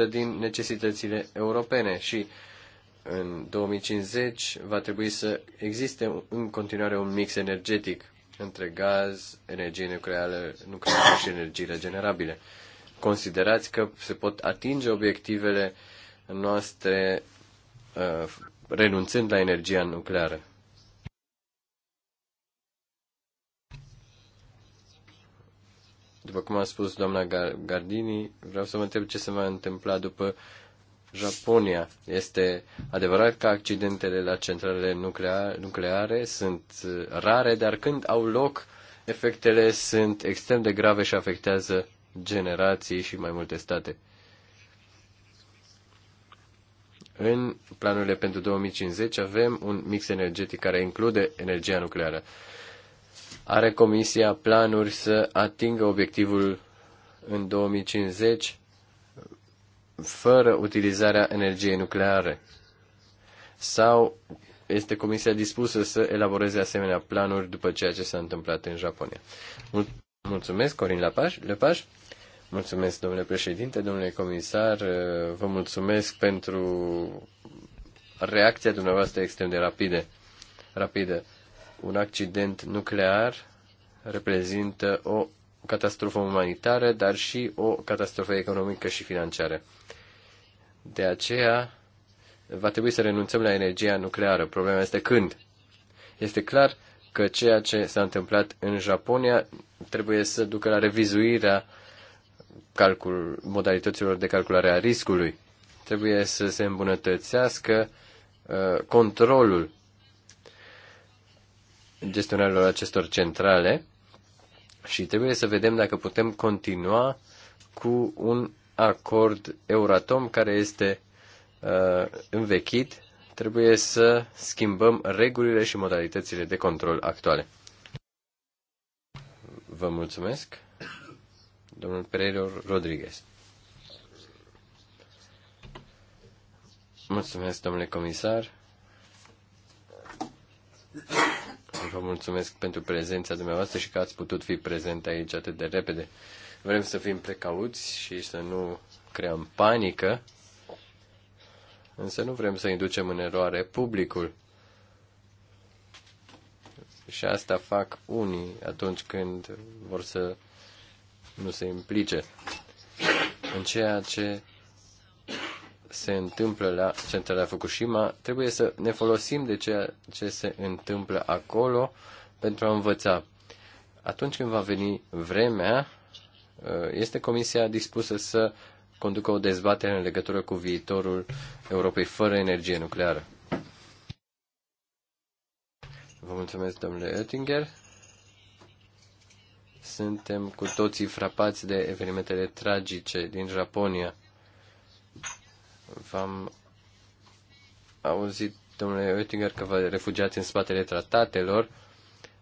30% din necesitățile europene și uh, în 2050 va trebui să existe în continuare un mix energetic între gaz, energie nucleară, nucleară și energii regenerabile. Considerați că se pot atinge obiectivele noastre uh, renunțând la energia nucleară? După cum a spus doamna Gardini, vreau să mă întreb ce se va întâmpla după Japonia. Este adevărat că accidentele la centralele nucleare, nucleare sunt uh, rare, dar când au loc, efectele sunt extrem de grave și afectează generații și mai multe state. În planurile pentru 2050 avem un mix energetic care include energia nucleară. Are Comisia planuri să atingă obiectivul în 2050 fără utilizarea energiei nucleare? Sau este Comisia dispusă să elaboreze asemenea planuri după ceea ce s-a întâmplat în Japonia? mulțumesc, Corin Lepaș. Lepaș. Mulțumesc, domnule președinte, domnule comisar. Vă mulțumesc pentru reacția dumneavoastră extrem de rapide. rapidă. Un accident nuclear reprezintă o catastrofă umanitară, dar și o catastrofă economică și financiară. De aceea, va trebui să renunțăm la energia nucleară. Problema este când. Este clar că ceea ce s-a întâmplat în Japonia trebuie să ducă la revizuirea calcul, modalităților de calculare a riscului. Trebuie să se îmbunătățească uh, controlul gestionarilor acestor centrale și trebuie să vedem dacă putem continua cu un acord Euratom care este uh, învechit. Trebuie să schimbăm regulile și modalitățile de control actuale. Vă mulțumesc. Domnul Pereiro Rodriguez. Mulțumesc, domnule comisar. Vă mulțumesc pentru prezența dumneavoastră și că ați putut fi prezent aici atât de repede. Vrem să fim precauți și să nu creăm panică, însă nu vrem să inducem în eroare publicul. Și asta fac unii atunci când vor să nu se implice. În ceea ce se întâmplă la centrala Fukushima, trebuie să ne folosim de ceea ce se întâmplă acolo pentru a învăța. Atunci când va veni vremea, uh, este Comisia dispusă să conducă o dezbatere în legătură cu viitorul Europei fără energie nucleară. Vă mulțumesc, domnule Oettinger. Suntem cu toții frapați de evenimentele tragice din Japonia v-am auzit, domnule Oettinger, că vă refugiați în spatele tratatelor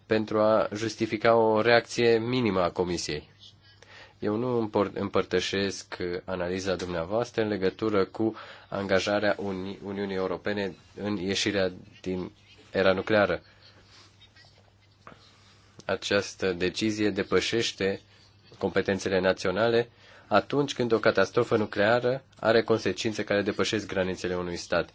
pentru a justifica o reacție minimă a Comisiei. Eu nu împărtășesc analiza dumneavoastră în legătură cu angajarea Uni- Uniunii Europene în ieșirea din era nucleară. Această decizie depășește competențele naționale atunci când o catastrofă nucleară are consecințe care depășesc granițele unui stat.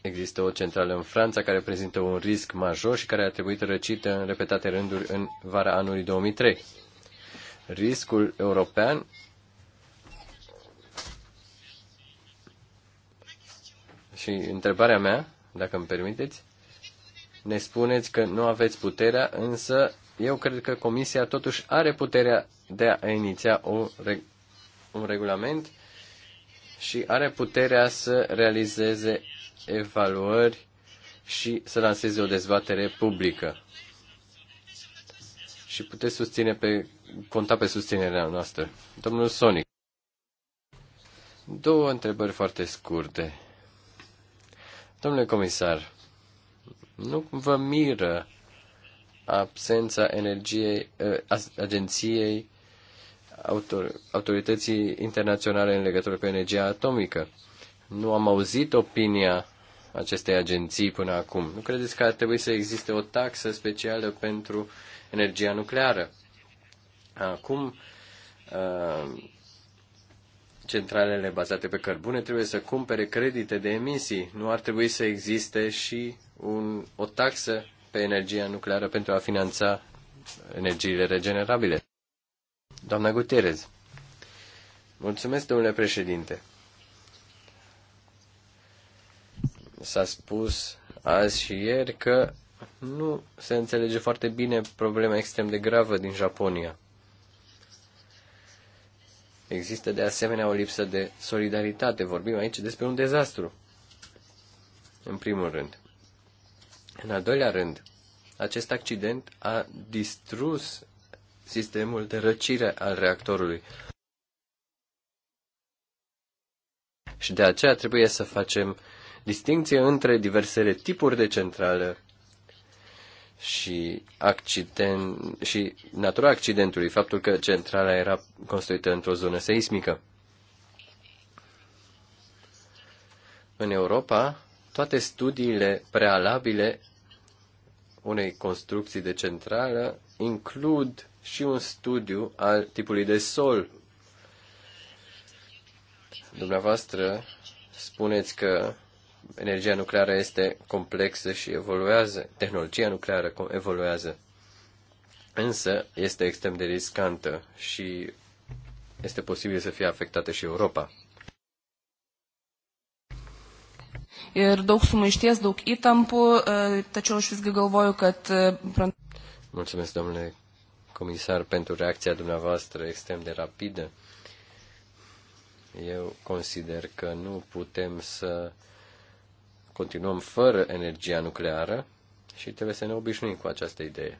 Există o centrală în Franța care prezintă un risc major și care a trebuit răcită în repetate rânduri în vara anului 2003. Riscul european și întrebarea mea, dacă îmi permiteți, ne spuneți că nu aveți puterea, însă eu cred că Comisia totuși are puterea de a iniția o, un regulament și are puterea să realizeze evaluări și să lanseze o dezbatere publică. Și puteți susține pe, conta pe susținerea noastră. Domnul Sonic. Două întrebări foarte scurte. Domnule comisar, nu vă miră absența energiei, ă, agenției autor, autorității internaționale în legătură cu energia atomică. Nu am auzit opinia acestei agenții până acum. Nu credeți că ar trebui să existe o taxă specială pentru energia nucleară? Acum, ă, centralele bazate pe cărbune trebuie să cumpere credite de emisii. Nu ar trebui să existe și un, o taxă pe energia nucleară pentru a finanța energiile regenerabile. Doamna Gutierrez. Mulțumesc, domnule președinte. S-a spus azi și ieri că nu se înțelege foarte bine problema extrem de gravă din Japonia. Există de asemenea o lipsă de solidaritate. Vorbim aici despre un dezastru, în primul rând. În al doilea rând, acest accident a distrus sistemul de răcire al reactorului. Și de aceea trebuie să facem distinție între diversele tipuri de centrale și, accident, și natura accidentului, faptul că centrala era construită într-o zonă seismică. În Europa, toate studiile prealabile unei construcții de centrală includ și un studiu al tipului de sol. Dumneavoastră spuneți că energia nucleară este complexă și evoluează, tehnologia nucleară evoluează, însă este extrem de riscantă și este posibil să fie afectată și Europa. ir daug sumaišties, daug įtampų, tačiau aš visgi galvoju, kad... Mulțumesc, domnule comisar, pentru reacția dumneavoastră extrem de rapidă. Eu consider că nu putem să continuăm fără energia nucleară și trebuie să ne obișnuim cu această idee.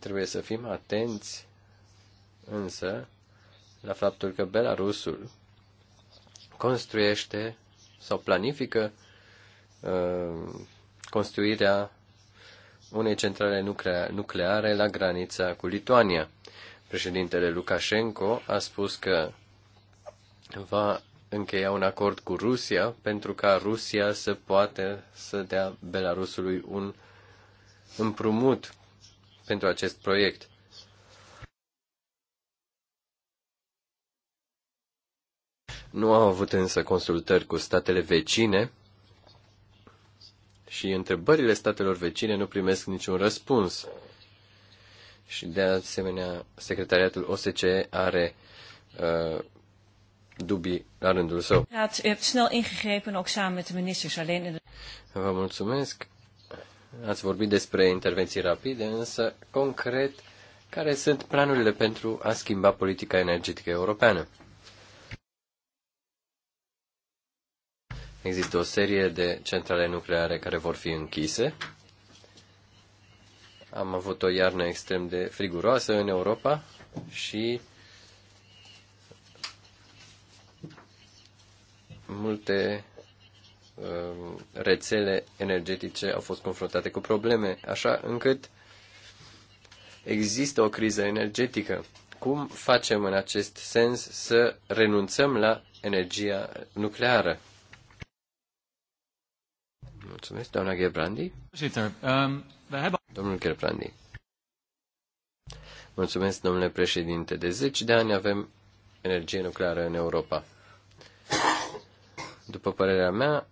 Trebuie să fim atenți însă la faptul că Belarusul construiește sau planifică uh, construirea unei centrale nucleare la granița cu Lituania. Președintele Lukashenko a spus că va încheia un acord cu Rusia pentru ca Rusia să poată să dea Belarusului un împrumut pentru acest proiect. Nu au avut însă consultări cu statele vecine și întrebările statelor vecine nu primesc niciun răspuns. Și de asemenea, secretariatul OSCE are uh, dubii la rândul său. snel ingegrepen, ook samen met de de... ministers, alleen in Vă mulțumesc. Ați vorbit despre intervenții rapide, însă, concret, care sunt planurile pentru a schimba politica energetică europeană? Există o serie de centrale nucleare care vor fi închise. Am avut o iarnă extrem de friguroasă în Europa și multe um, rețele energetice au fost confruntate cu probleme, așa încât există o criză energetică. Cum facem în acest sens să renunțăm la energia nucleară? Mulțumesc, doamna Gherbrandi. Um, Domnul Gherbrandi. Mulțumesc, domnule președinte. De zeci de ani avem energie nucleară în Europa. După părerea mea,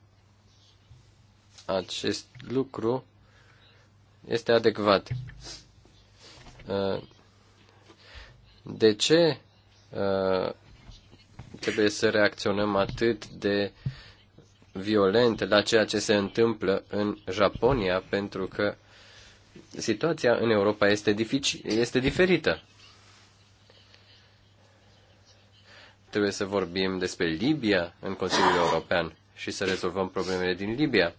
acest lucru este adecvat. Uh, de ce uh, trebuie să reacționăm atât de violent la ceea ce se întâmplă în Japonia, pentru că situația în Europa este, dificil, este diferită. Trebuie să vorbim despre Libia în Consiliul European și să rezolvăm problemele din Libia.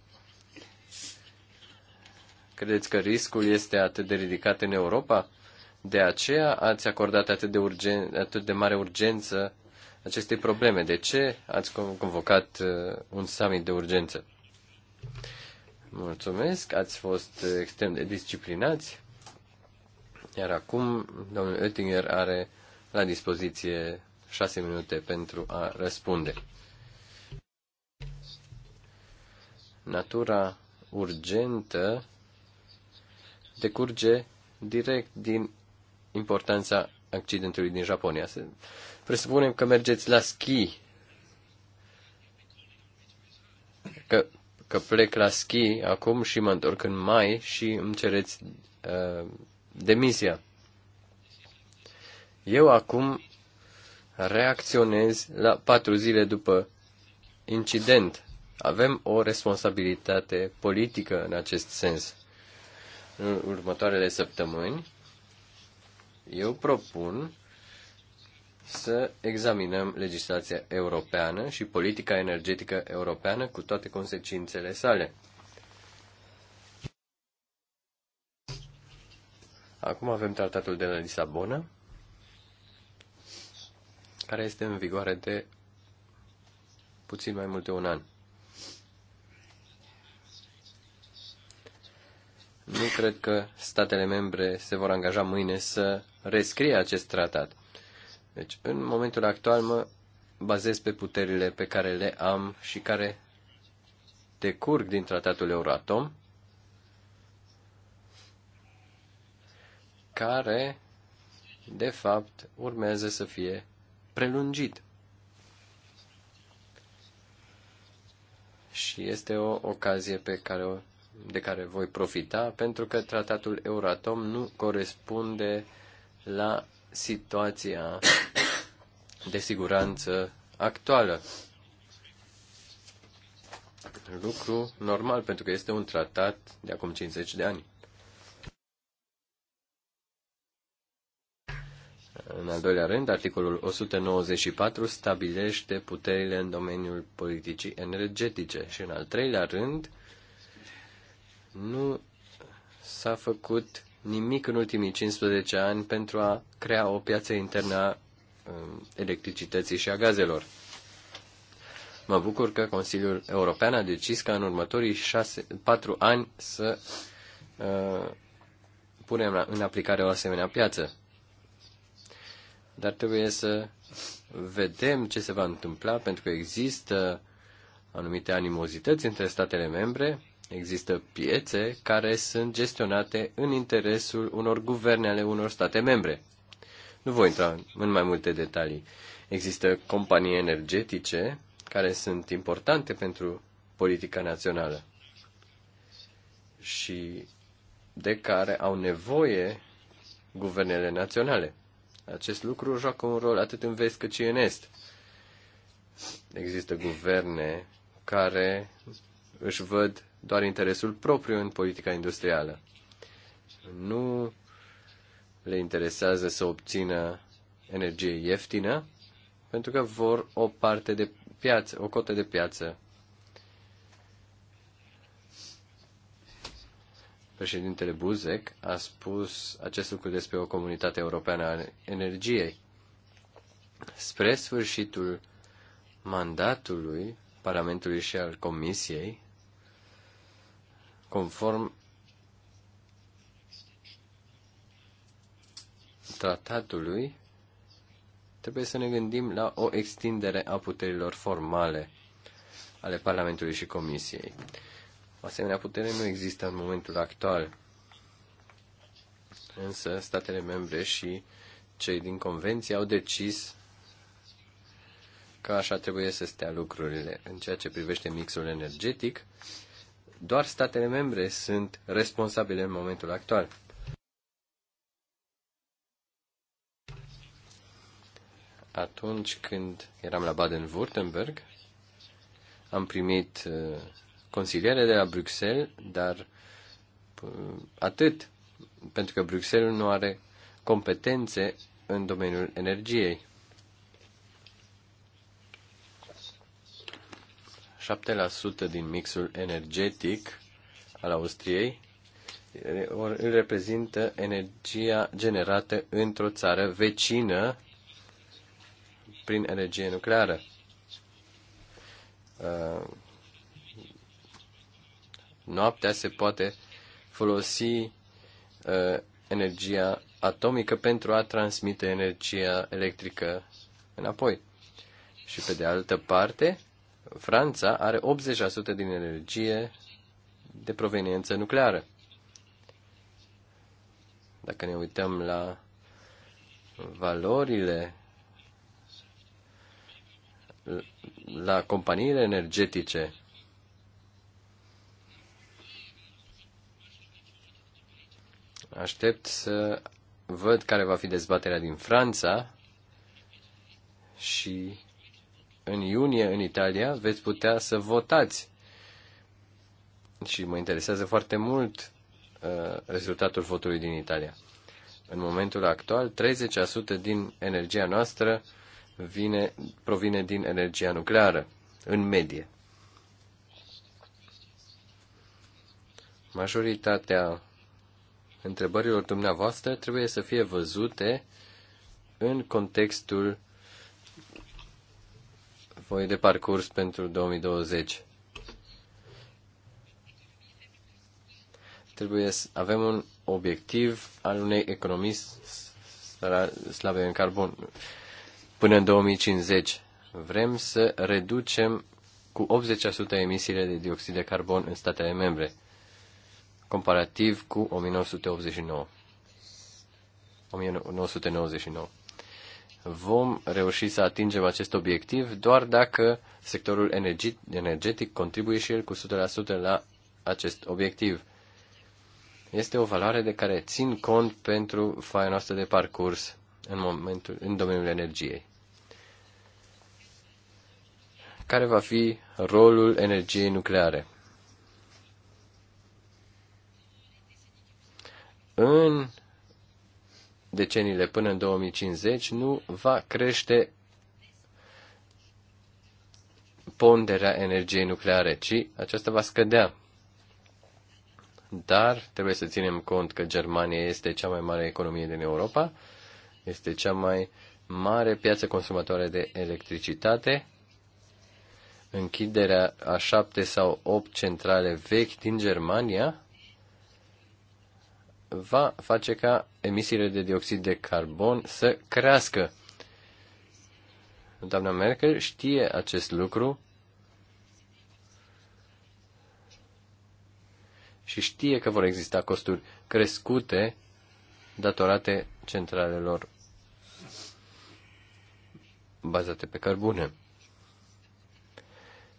Credeți că riscul este atât de ridicat în Europa? De aceea ați acordat atât de, urgen, atât de mare urgență acestei probleme. De ce ați convocat uh, un summit de urgență? Mulțumesc, ați fost extrem de disciplinați. Iar acum, domnul Oettinger are la dispoziție șase minute pentru a răspunde. Natura urgentă decurge direct din importanța accidentului din Japonia. Să presupunem că mergeți la schi, că, că plec la schi acum și mă întorc în mai și îmi cereți uh, demisia. Eu acum reacționezi la patru zile după incident. Avem o responsabilitate politică în acest sens. În următoarele săptămâni, eu propun să examinăm legislația europeană și politica energetică europeană cu toate consecințele sale. Acum avem tratatul de la Lisabona, care este în vigoare de puțin mai mult de un an. Nu cred că statele membre se vor angaja mâine să rescrie acest tratat. Deci, în momentul actual, mă bazez pe puterile pe care le am și care decurg din tratatul Euratom, care, de fapt, urmează să fie prelungit. Și este o ocazie pe care o, de care voi profita, pentru că tratatul Euratom nu corespunde la situația de siguranță actuală. Lucru normal, pentru că este un tratat de acum 50 de ani. În al doilea rând, articolul 194 stabilește puterile în domeniul politicii energetice și în al treilea rând, nu s-a făcut nimic în ultimii 15 ani pentru a crea o piață internă a um, electricității și a gazelor. Mă bucur că Consiliul European a decis ca în următorii 6, 4 ani să uh, punem în aplicare o asemenea piață dar trebuie să vedem ce se va întâmpla, pentru că există anumite animozități între statele membre, există piețe care sunt gestionate în interesul unor guverne ale unor state membre. Nu voi intra în mai multe detalii. Există companii energetice care sunt importante pentru politica națională și de care au nevoie guvernele naționale. Acest lucru joacă un rol atât în vest cât și în est. Există guverne care își văd doar interesul propriu în politica industrială. Nu le interesează să obțină energie ieftină, pentru că vor o parte de piață, o cotă de piață Președintele Buzek a spus acest lucru despre o comunitate europeană a energiei. Spre sfârșitul mandatului Parlamentului și al Comisiei, conform tratatului, trebuie să ne gândim la o extindere a puterilor formale ale Parlamentului și Comisiei. O asemenea putere nu există în momentul actual. Însă statele membre și cei din convenție au decis că așa trebuie să stea lucrurile. În ceea ce privește mixul energetic, doar statele membre sunt responsabile în momentul actual. Atunci când eram la Baden-Württemberg, am primit uh, consiliere de la Bruxelles, dar uh, atât, pentru că Bruxelles nu are competențe în domeniul energiei. 7% din mixul energetic al Austriei îl reprezintă energia generată într-o țară vecină prin energie nucleară. Uh, noaptea se poate folosi uh, energia atomică pentru a transmite energia electrică înapoi. Și pe de altă parte, Franța are 80% din energie de proveniență nucleară. Dacă ne uităm la valorile la companiile energetice Aștept să văd care va fi dezbaterea din Franța și în iunie în Italia veți putea să votați. Și mă interesează foarte mult uh, rezultatul votului din Italia. În momentul actual, 30% din energia noastră vine, provine din energia nucleară, în medie. Majoritatea întrebărilor dumneavoastră trebuie să fie văzute în contextul voi de parcurs pentru 2020. Trebuie să avem un obiectiv al unei economii slabe în carbon până în 2050. Vrem să reducem cu 80% emisiile de dioxid de carbon în statele membre comparativ cu 1989. 1999. Vom reuși să atingem acest obiectiv doar dacă sectorul energetic contribuie și el cu 100% la acest obiectiv. Este o valoare de care țin cont pentru faia noastră de parcurs în, momentul, în domeniul energiei. Care va fi rolul energiei nucleare? în deceniile până în 2050 nu va crește ponderea energiei nucleare, ci aceasta va scădea. Dar trebuie să ținem cont că Germania este cea mai mare economie din Europa, este cea mai mare piață consumatoare de electricitate. Închiderea a șapte sau opt centrale vechi din Germania va face ca emisiile de dioxid de carbon să crească. Doamna Merkel știe acest lucru și știe că vor exista costuri crescute datorate centralelor bazate pe cărbune.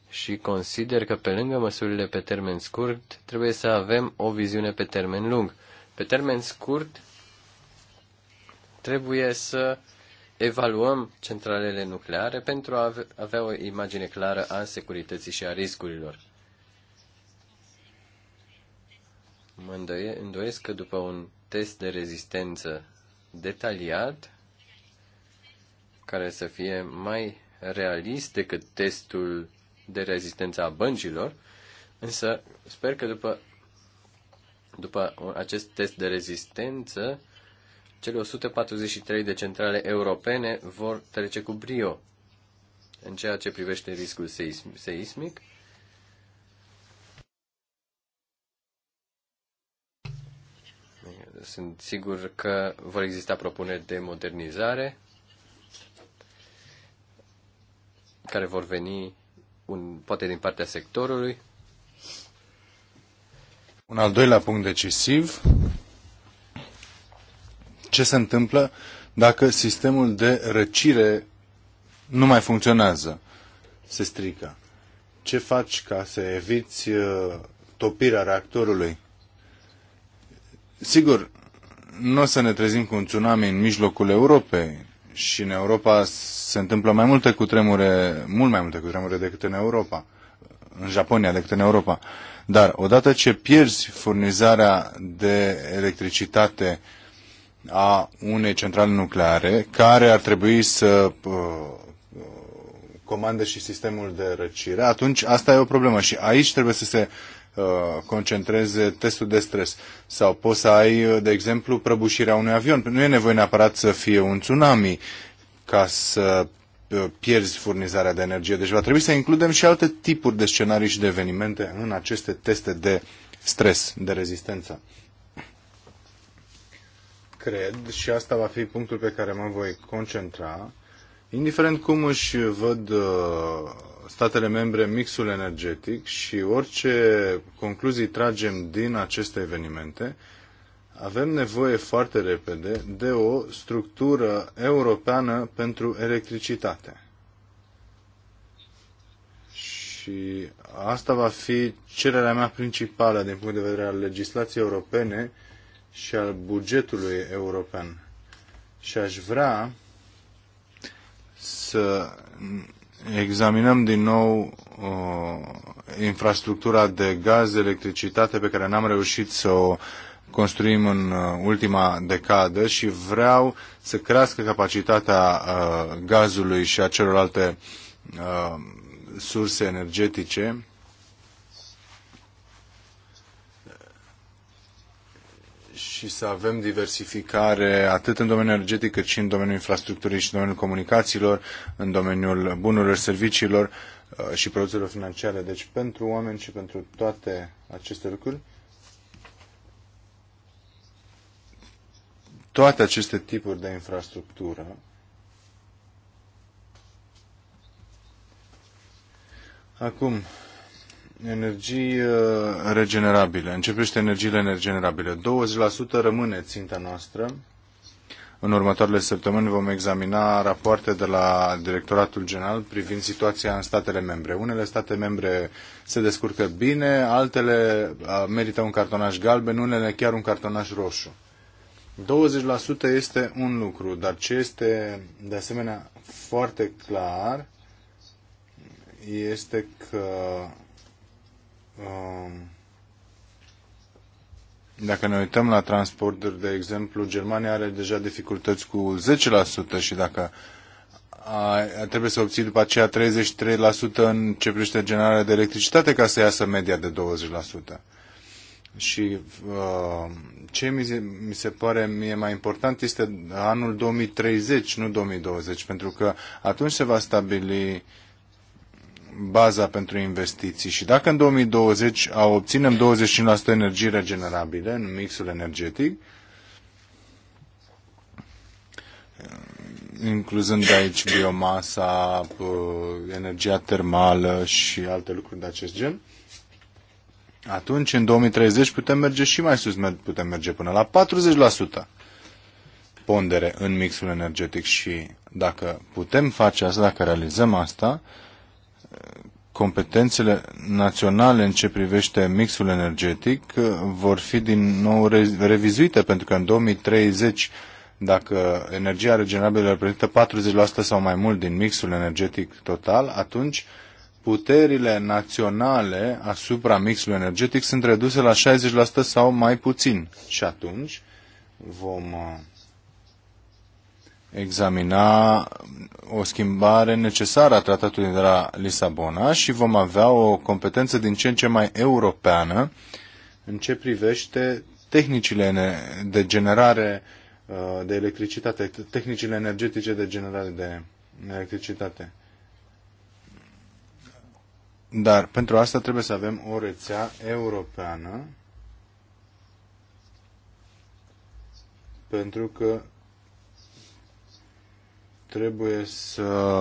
Și consider că pe lângă măsurile pe termen scurt, trebuie să avem o viziune pe termen lung – pe termen scurt, trebuie să evaluăm centralele nucleare pentru a avea o imagine clară a securității și a riscurilor. Mă îndoiesc că după un test de rezistență detaliat, care să fie mai realist decât testul de rezistență a băncilor, însă sper că după după acest test de rezistență, cele 143 de centrale europene vor trece cu brio în ceea ce privește riscul seismic. Sunt sigur că vor exista propuneri de modernizare care vor veni un, poate din partea sectorului, un al doilea punct decisiv, ce se întâmplă dacă sistemul de răcire nu mai funcționează, se strică. Ce faci ca să eviți uh, topirea reactorului? Sigur, nu o să ne trezim cu un tsunami în mijlocul Europei și în Europa se întâmplă mai multe cu tremure, mult mai multe cu tremure decât în Europa, în Japonia decât în Europa. Uh, dar odată ce pierzi furnizarea de electricitate a unei centrale nucleare, care ar trebui să uh, comande și sistemul de răcire, atunci asta e o problemă și aici trebuie să se uh, concentreze testul de stres. Sau poți să ai, uh, de exemplu, prăbușirea unui avion. Nu e nevoie neapărat să fie un tsunami ca să Uh, pierzi furnizarea de energie. Deci va trebui să includem și alte tipuri de scenarii și de evenimente în aceste teste de stres, de rezistență. Cred, și asta va fi punctul pe care mă voi concentra, indiferent cum își văd uh, statele membre mixul energetic și orice concluzii tragem din aceste evenimente, avem nevoie foarte repede de o structură europeană pentru electricitate. Și asta va fi cererea mea principală din punct de vedere al legislației europene și al bugetului european. Și aș vrea să examinăm din nou uh, infrastructura de gaz, electricitate pe care n-am reușit să o construim în uh, ultima decadă și vreau să crească capacitatea uh, gazului și a celorlalte uh, surse energetice. și să avem diversificare atât în domeniul energetic cât și în domeniul infrastructurii și în domeniul comunicațiilor, în domeniul bunurilor, serviciilor și produselor financiare. Deci pentru oameni și pentru toate aceste lucruri toate aceste tipuri de infrastructură Acum, energii uh, regenerabile. Începește energiile regenerabile. 20% rămâne ținta noastră. În următoarele săptămâni vom examina rapoarte de la Directoratul General privind situația în statele membre. Unele state membre se descurcă bine, altele uh, merită un cartonaș galben, unele chiar un cartonaș roșu. 20% este un lucru, dar ce este de asemenea foarte clar este că um, dacă ne uităm la transporturi, de exemplu, Germania are deja dificultăți cu 10% și dacă a, trebuie să obții după aceea 33% în ce privește generarea de electricitate ca să iasă media de 20% și uh, ce mi se, mi se pare mie mai important este anul 2030, nu 2020, pentru că atunci se va stabili baza pentru investiții și dacă în 2020 obținem 25% energii regenerabile în mixul energetic, incluzând aici biomasa, uh, energia termală și alte lucruri de acest gen, atunci în 2030 putem merge și mai sus, putem merge până la 40% pondere în mixul energetic și dacă putem face asta, dacă realizăm asta, competențele naționale în ce privește mixul energetic uh, vor fi din nou revizuite, pentru că în 2030, dacă energia regenerabilă reprezintă 40% sau mai mult din mixul energetic total, atunci uh, puterile naționale asupra mixului energetic sunt reduse la 60% sau mai puțin. Și atunci vom uh, examina o schimbare necesară a tratatului de la Lisabona și vom avea o competență din ce în ce mai europeană în ce privește tehnicile de generare uh, de electricitate, tehnicile energetice de generare de electricitate. Dar pentru asta trebuie să avem o rețea europeană pentru că trebuie să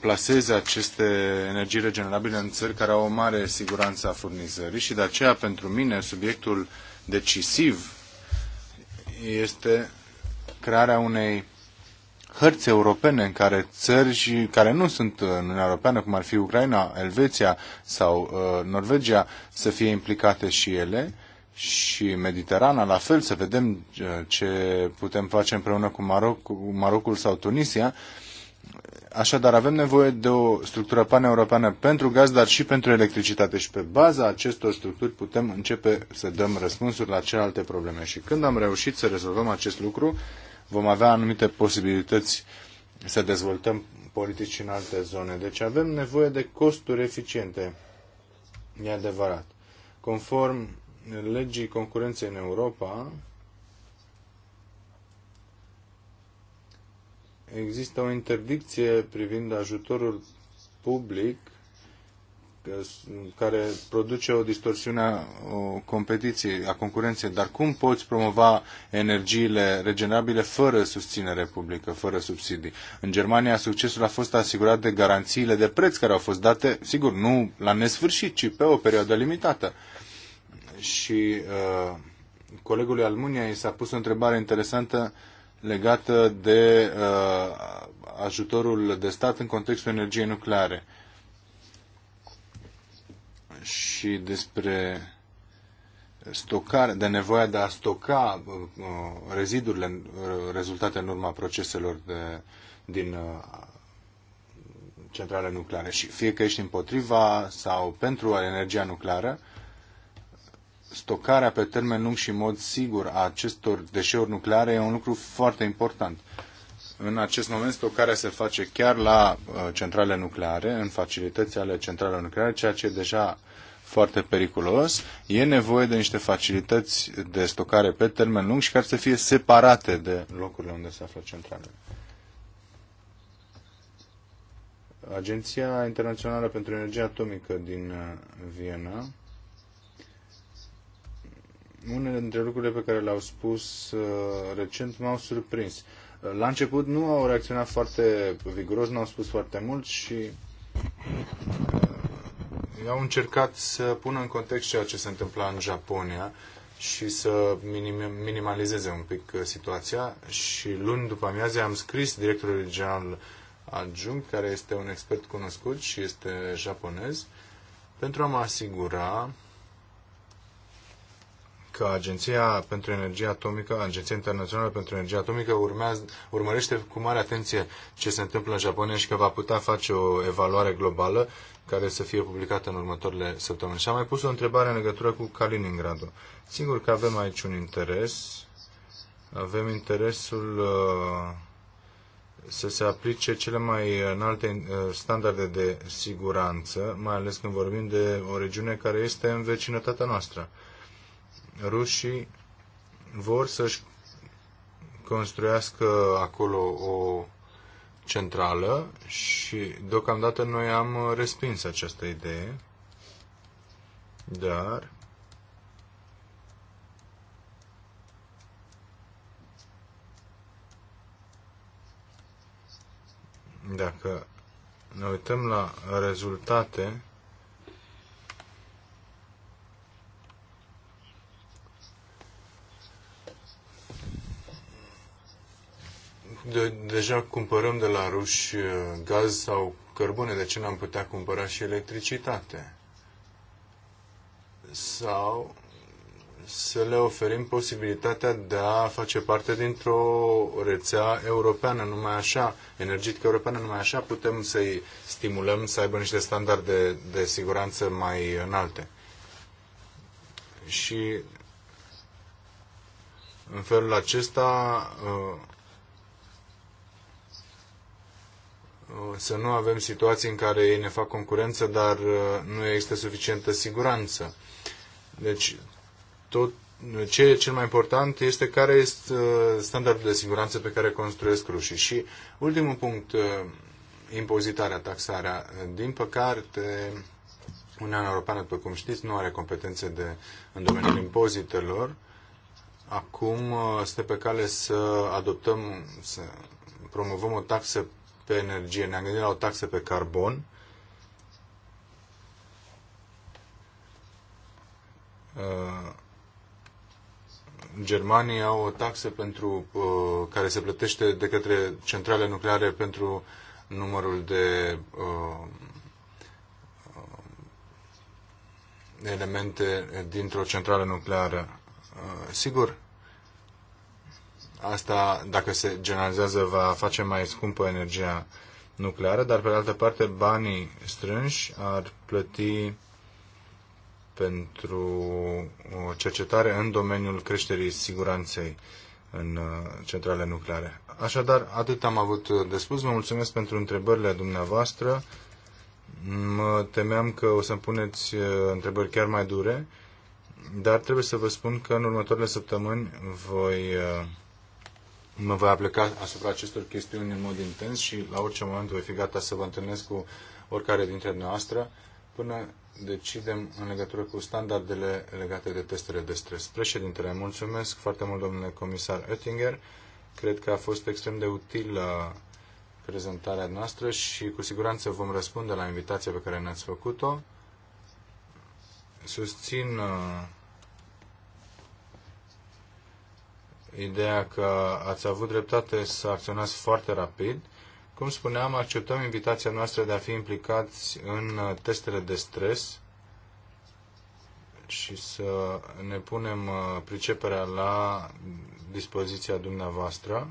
plaseze aceste energii regenerabile în țări care au o mare siguranță a furnizării și de aceea pentru mine subiectul decisiv este crearea unei hărți europene în care țări care nu sunt în Uniunea Europeană, cum ar fi Ucraina, Elveția sau uh, Norvegia, să fie implicate și ele și Mediterana, la fel, să vedem uh, ce putem face împreună cu, Maroc, cu Marocul sau Tunisia. Așadar, avem nevoie de o structură paneuropeană pentru gaz, dar și pentru electricitate și pe baza acestor structuri putem începe să dăm răspunsuri la celelalte probleme. Și când am reușit să rezolvăm acest lucru, vom avea anumite posibilități să dezvoltăm politici în alte zone. Deci avem nevoie de costuri eficiente. E adevărat. Conform legii concurenței în Europa, există o interdicție privind ajutorul public care produce o distorsiune a competiției, a concurenței. Dar cum poți promova energiile regenerabile fără susținere publică, fără subsidii? În Germania succesul a fost asigurat de garanțiile de preț care au fost date, sigur, nu la nesfârșit, ci pe o perioadă limitată. Și uh, colegului Almunia i s-a pus o întrebare interesantă legată de uh, ajutorul de stat în contextul energiei nucleare. Uh, și despre stocare, de nevoia de a stoca uh, rezidurile uh, rezultate în urma proceselor de, din uh, centrale nucleare. Și fie că ești împotriva sau pentru energia nucleară, stocarea pe termen lung și în mod sigur a acestor deșeuri nucleare e un lucru foarte important. În acest moment, stocarea se face chiar la centrale nucleare, în facilități ale centralelor nucleare, ceea ce e deja foarte periculos. E nevoie de niște facilități de stocare pe termen lung și care să fie separate de locurile unde se află centralele. Agenția Internațională pentru Energie Atomică din uh, Viena unele dintre lucrurile pe care le-au spus uh, recent m-au surprins. Uh, la început nu au reacționat foarte viguros, nu au spus foarte mult și uh, au încercat să pună în context ceea ce se întâmpla în Japonia și să minim, minimalizeze un pic uh, situația și luni după amiază am scris directorului general adjunct, care este un expert cunoscut și este japonez, pentru a mă asigura că Agenția pentru Energie Atomică, Agenția Internațională pentru Energie Atomică urmează, urmărește cu mare atenție ce se întâmplă în Japonia și că va putea face o evaluare globală care să fie publicată în următoarele săptămâni. Și am mai pus o întrebare în legătură cu Kaliningradul. Sigur că avem aici un interes. Avem interesul uh, să se aplice cele mai înalte uh, standarde de siguranță, mai ales când vorbim de o regiune care este în vecinătatea noastră. Rușii vor să-și construiască acolo o centrală și deocamdată noi am respins această idee, dar dacă ne uităm la rezultate, de, deja cumpărăm de la ruși uh, gaz sau cărbune, de ce n-am putea cumpăra și electricitate? Sau să le oferim posibilitatea de a face parte dintr-o rețea europeană, numai așa, energetică europeană, numai așa putem să-i stimulăm să aibă niște standarde de siguranță mai înalte. Și în felul acesta uh, Uh, să nu avem situații în care ei ne fac concurență, dar uh, nu există suficientă siguranță. Deci, tot ce e cel mai important este care este uh, standardul de siguranță pe care construiesc rușii. Și ultimul punct, impozitarea, taxarea. Din păcate, Uniunea Europeană, după cum știți, nu are competențe de, în domeniul impozitelor. Acum este pe cale să adoptăm, să promovăm o taxă pe energie. Ne-am gândit la o taxă pe carbon. Uh, Germania au o taxă pentru, uh, care se plătește de către centrale nucleare pentru numărul de uh, uh elemente dintr-o centrală nucleară. Uh, sigur, asta, dacă se generalizează, va face mai scumpă energia nucleară, dar pe de altă parte banii strânși ar plăti pentru o cercetare în domeniul creșterii siguranței în uh, centrale nucleare. Așadar, atât am avut de spus. Vă mulțumesc pentru întrebările dumneavoastră. Mă temeam că o să-mi puneți uh, întrebări chiar mai dure, dar trebuie să vă spun că în următoarele săptămâni voi uh, mă voi aplica asupra acestor chestiuni în mod intens și la orice moment voi fi gata să vă întâlnesc cu oricare dintre noastre până decidem în legătură cu standardele legate de testele de stres. Președintele, mulțumesc foarte mult, domnule comisar Oettinger. Cred că a fost extrem de utilă prezentarea noastră și cu siguranță vom răspunde la invitația pe care ne-ați făcut-o. Susțin uh, ideea că ați avut dreptate să acționați foarte rapid. Cum spuneam, acceptăm invitația noastră de a fi implicați în testele de stres și să ne punem uh, priceperea la dispoziția dumneavoastră.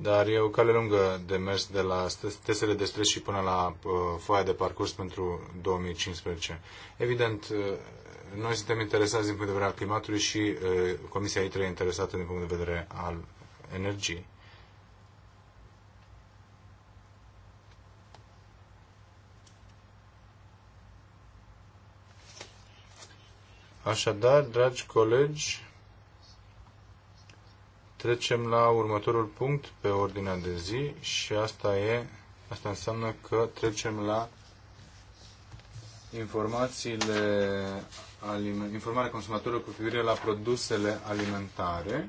Dar e o cale lungă de mers de la testele de stres și până la uh, foaia de parcurs pentru 2015. Evident, uh, noi suntem interesați din punct de vedere al climatului și uh, Comisia ITRE e interesată din punct de vedere al energiei. Așadar, dragi colegi, trecem la următorul punct pe ordinea de zi și asta e, asta înseamnă că trecem la informațiile informarea consumatorilor cu privire la produsele alimentare.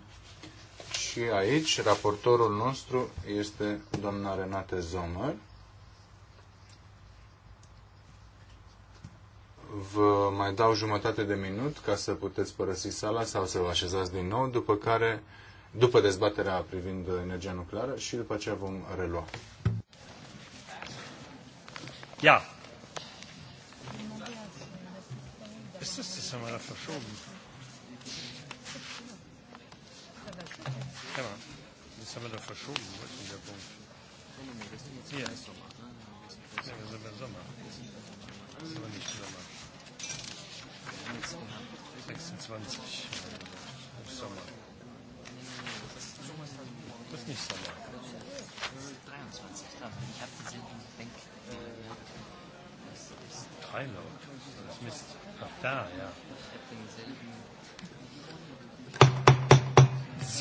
Și aici raportorul nostru este doamna Renate Zomer. Vă mai dau jumătate de minut ca să puteți părăsi sala sau să vă așezați din nou, după care, după dezbaterea privind energia nucleară și după aceea vom relua. Ja, questo se siamo alla fashion. Ja, wir sind mit der Verschulung, das ist der Punkt. Hier. Ja, wir sind im Sommer. Das ist aber nicht Sommer. 26 im Sommer. Das ist nicht Sommer. 23. Ich habe gesehen, Bank. Dreilaut. Das ist Mist. Ach, da, ja.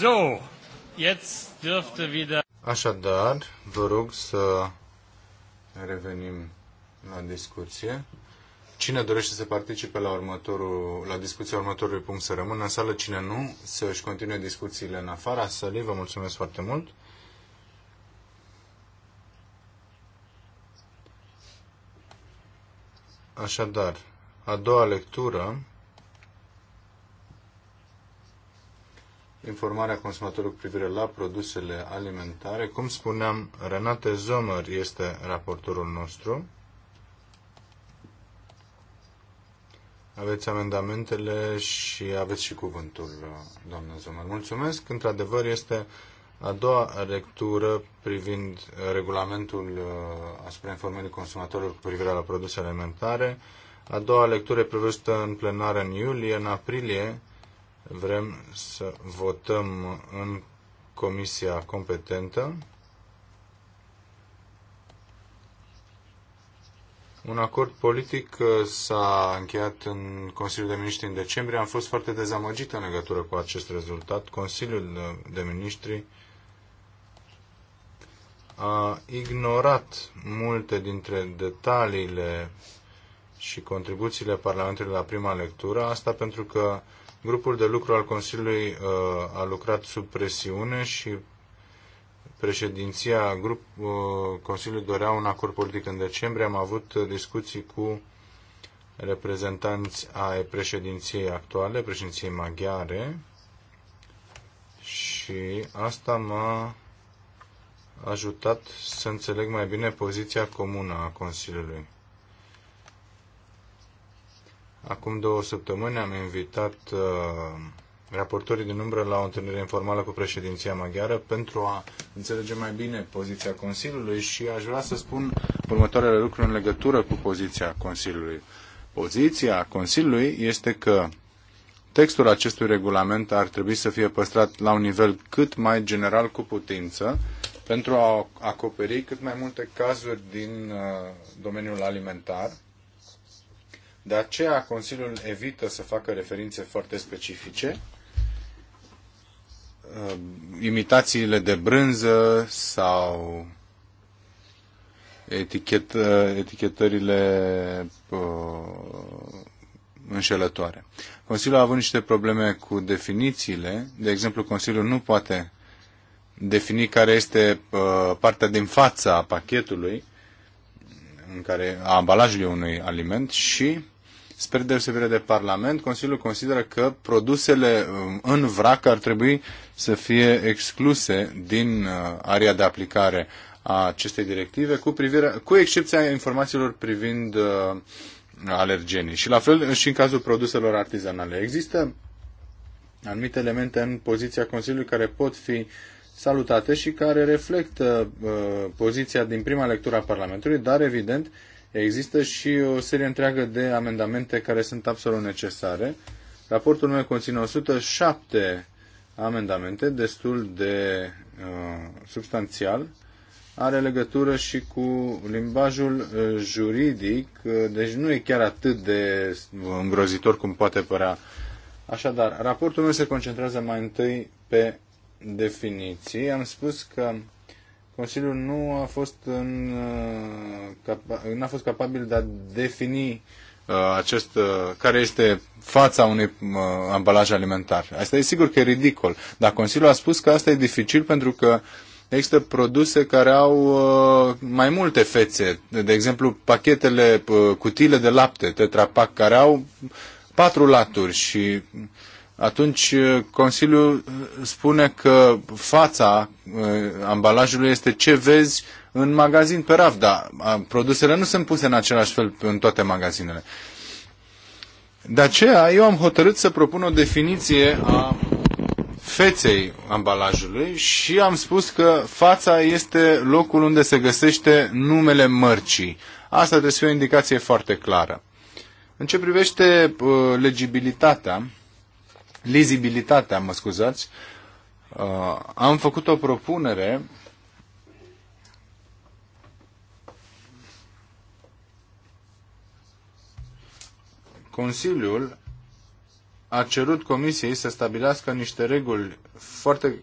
So, jetzt dürfte wieder... Așadar, vă rog să revenim la discuție. Cine dorește să participe la, următorul, la discuția următorului punct să rămână în sală, cine nu, să-și continue discuțiile în afara sălii. Vă mulțumesc foarte mult. Așadar, a doua lectură, informarea consumatorului cu privire la produsele alimentare. Cum spuneam, Renate Zomer este raportorul nostru. Aveți amendamentele și aveți și cuvântul, doamnă Zomer. Mulțumesc. Într-adevăr, este a doua lectură privind regulamentul uh, asupra informării consumatorilor cu privire la produse alimentare. A doua lectură prevăzută în plenară în iulie. În aprilie vrem să votăm în comisia competentă. Un acord politic uh, s-a încheiat în Consiliul de Ministri în decembrie. Am fost foarte dezamăgit în legătură cu acest rezultat. Consiliul uh, de Ministri a ignorat multe dintre detaliile și contribuțiile Parlamentului la prima lectură, asta pentru că grupul de lucru al Consiliului uh, a lucrat sub presiune și președinția grup, uh, Consiliului dorea un acord politic în decembrie. Am avut discuții cu reprezentanți ai președinției actuale, președinției maghiare și asta m-a ajutat să înțeleg mai bine poziția comună a Consiliului. Acum două săptămâni am invitat uh, raportorii din umbră la o întâlnire informală cu președinția maghiară pentru a înțelege mai bine poziția Consiliului și aș vrea să spun următoarele lucruri în legătură cu poziția Consiliului. Poziția Consiliului este că textul acestui regulament ar trebui să fie păstrat la un nivel cât mai general cu putință pentru a acoperi cât mai multe cazuri din uh, domeniul alimentar de aceea Consiliul evită să facă referințe foarte specifice, uh, imitațiile de brânză sau etichet, uh, etichetările uh, înșelătoare. Consiliul a avut niște probleme cu definițiile. De exemplu, Consiliul nu poate defini care este partea din fața pachetului în care, a ambalajului unui aliment și Spre deosebire de Parlament, Consiliul consideră că produsele um, în vrac ar trebui să fie excluse din uh, area de aplicare a acestei directive, cu, privire, cu excepția informațiilor privind uh, alergenii. Și la fel și în cazul produselor artizanale. Există anumite elemente în poziția Consiliului care pot fi salutate și care reflectă uh, poziția din prima lectură a Parlamentului, dar evident Există și o serie întreagă de amendamente care sunt absolut necesare. Raportul meu conține 107 amendamente, destul de uh, substanțial. Are legătură și cu limbajul uh, juridic, uh, deci nu e chiar atât de uh, îngrozitor cum poate părea. Așadar, raportul meu se concentrează mai întâi pe definiții. Am spus că Consiliul nu a fost, în, nu uh, a fost capabil de a defini uh, acest, uh, care este fața unui ambalaj alimentar. Asta e sigur că e ridicol, dar Consiliul a spus că asta e dificil pentru că există produse care au mai multe fețe, de exemplu pachetele, cutiile de lapte, tetrapac, care au patru laturi și uh, atunci uh, Consiliul uh, spune că fața uh, ambalajului este ce vezi în magazin pe raft, dar produsele nu sunt puse în același fel în toate magazinele. De aceea eu am hotărât să propun o definiție a feței ambalajului și am spus că fața este locul unde se găsește numele mărcii. Asta trebuie să fie o indicație foarte clară. În ce privește uh, legibilitatea, lizibilitatea, mă scuzați, uh, am făcut o propunere Consiliul a cerut Comisiei să stabilească niște reguli foarte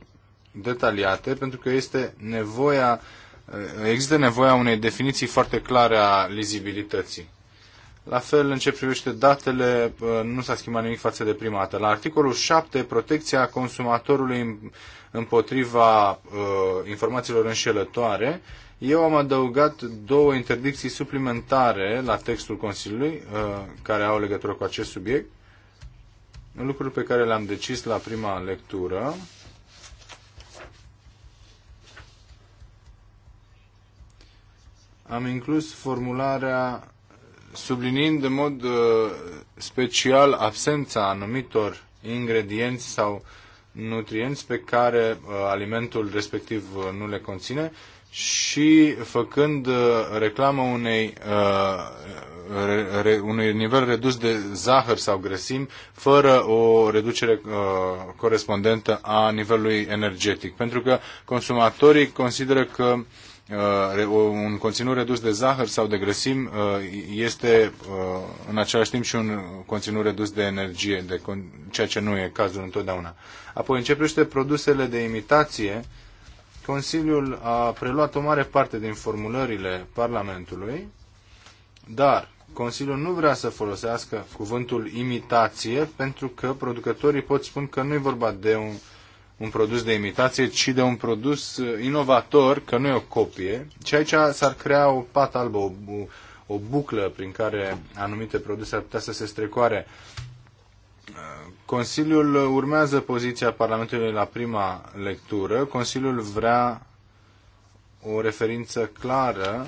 detaliate, pentru că este nevoia, uh, există nevoia unei definiții foarte clare a lizibilității. La fel, în ce privește datele, uh, nu s-a schimbat nimic față de prima dată. La articolul 7, protecția consumatorului împotriva uh, informațiilor înșelătoare, eu am adăugat două interdicții suplimentare la textul Consiliului, uh, care au legătură cu acest subiect, lucruri pe care le-am decis la prima lectură. Am inclus formularea sublinind în mod uh, special absența anumitor ingredienți sau nutrienți pe care uh, alimentul respectiv uh, nu le conține și făcând reclamă unei, unui nivel redus de zahăr sau grăsim fără o reducere corespondentă a nivelului energetic. Pentru că consumatorii consideră că Uh, un conținut redus de zahăr sau de grăsimi uh, este uh, în același timp și un conținut redus de energie, de, ceea ce nu e cazul întotdeauna. Apoi începește produsele de imitație. Consiliul a preluat o mare parte din formulările Parlamentului, dar Consiliul nu vrea să folosească cuvântul imitație pentru că producătorii pot spune că nu e vorba de un un produs de imitație, ci de un produs uh, inovator, că nu e o copie. ci aici s-ar crea o pată albă, o, o buclă prin care anumite produse ar putea să se strecoare. Uh, Consiliul urmează poziția Parlamentului la prima lectură. Consiliul vrea o referință clară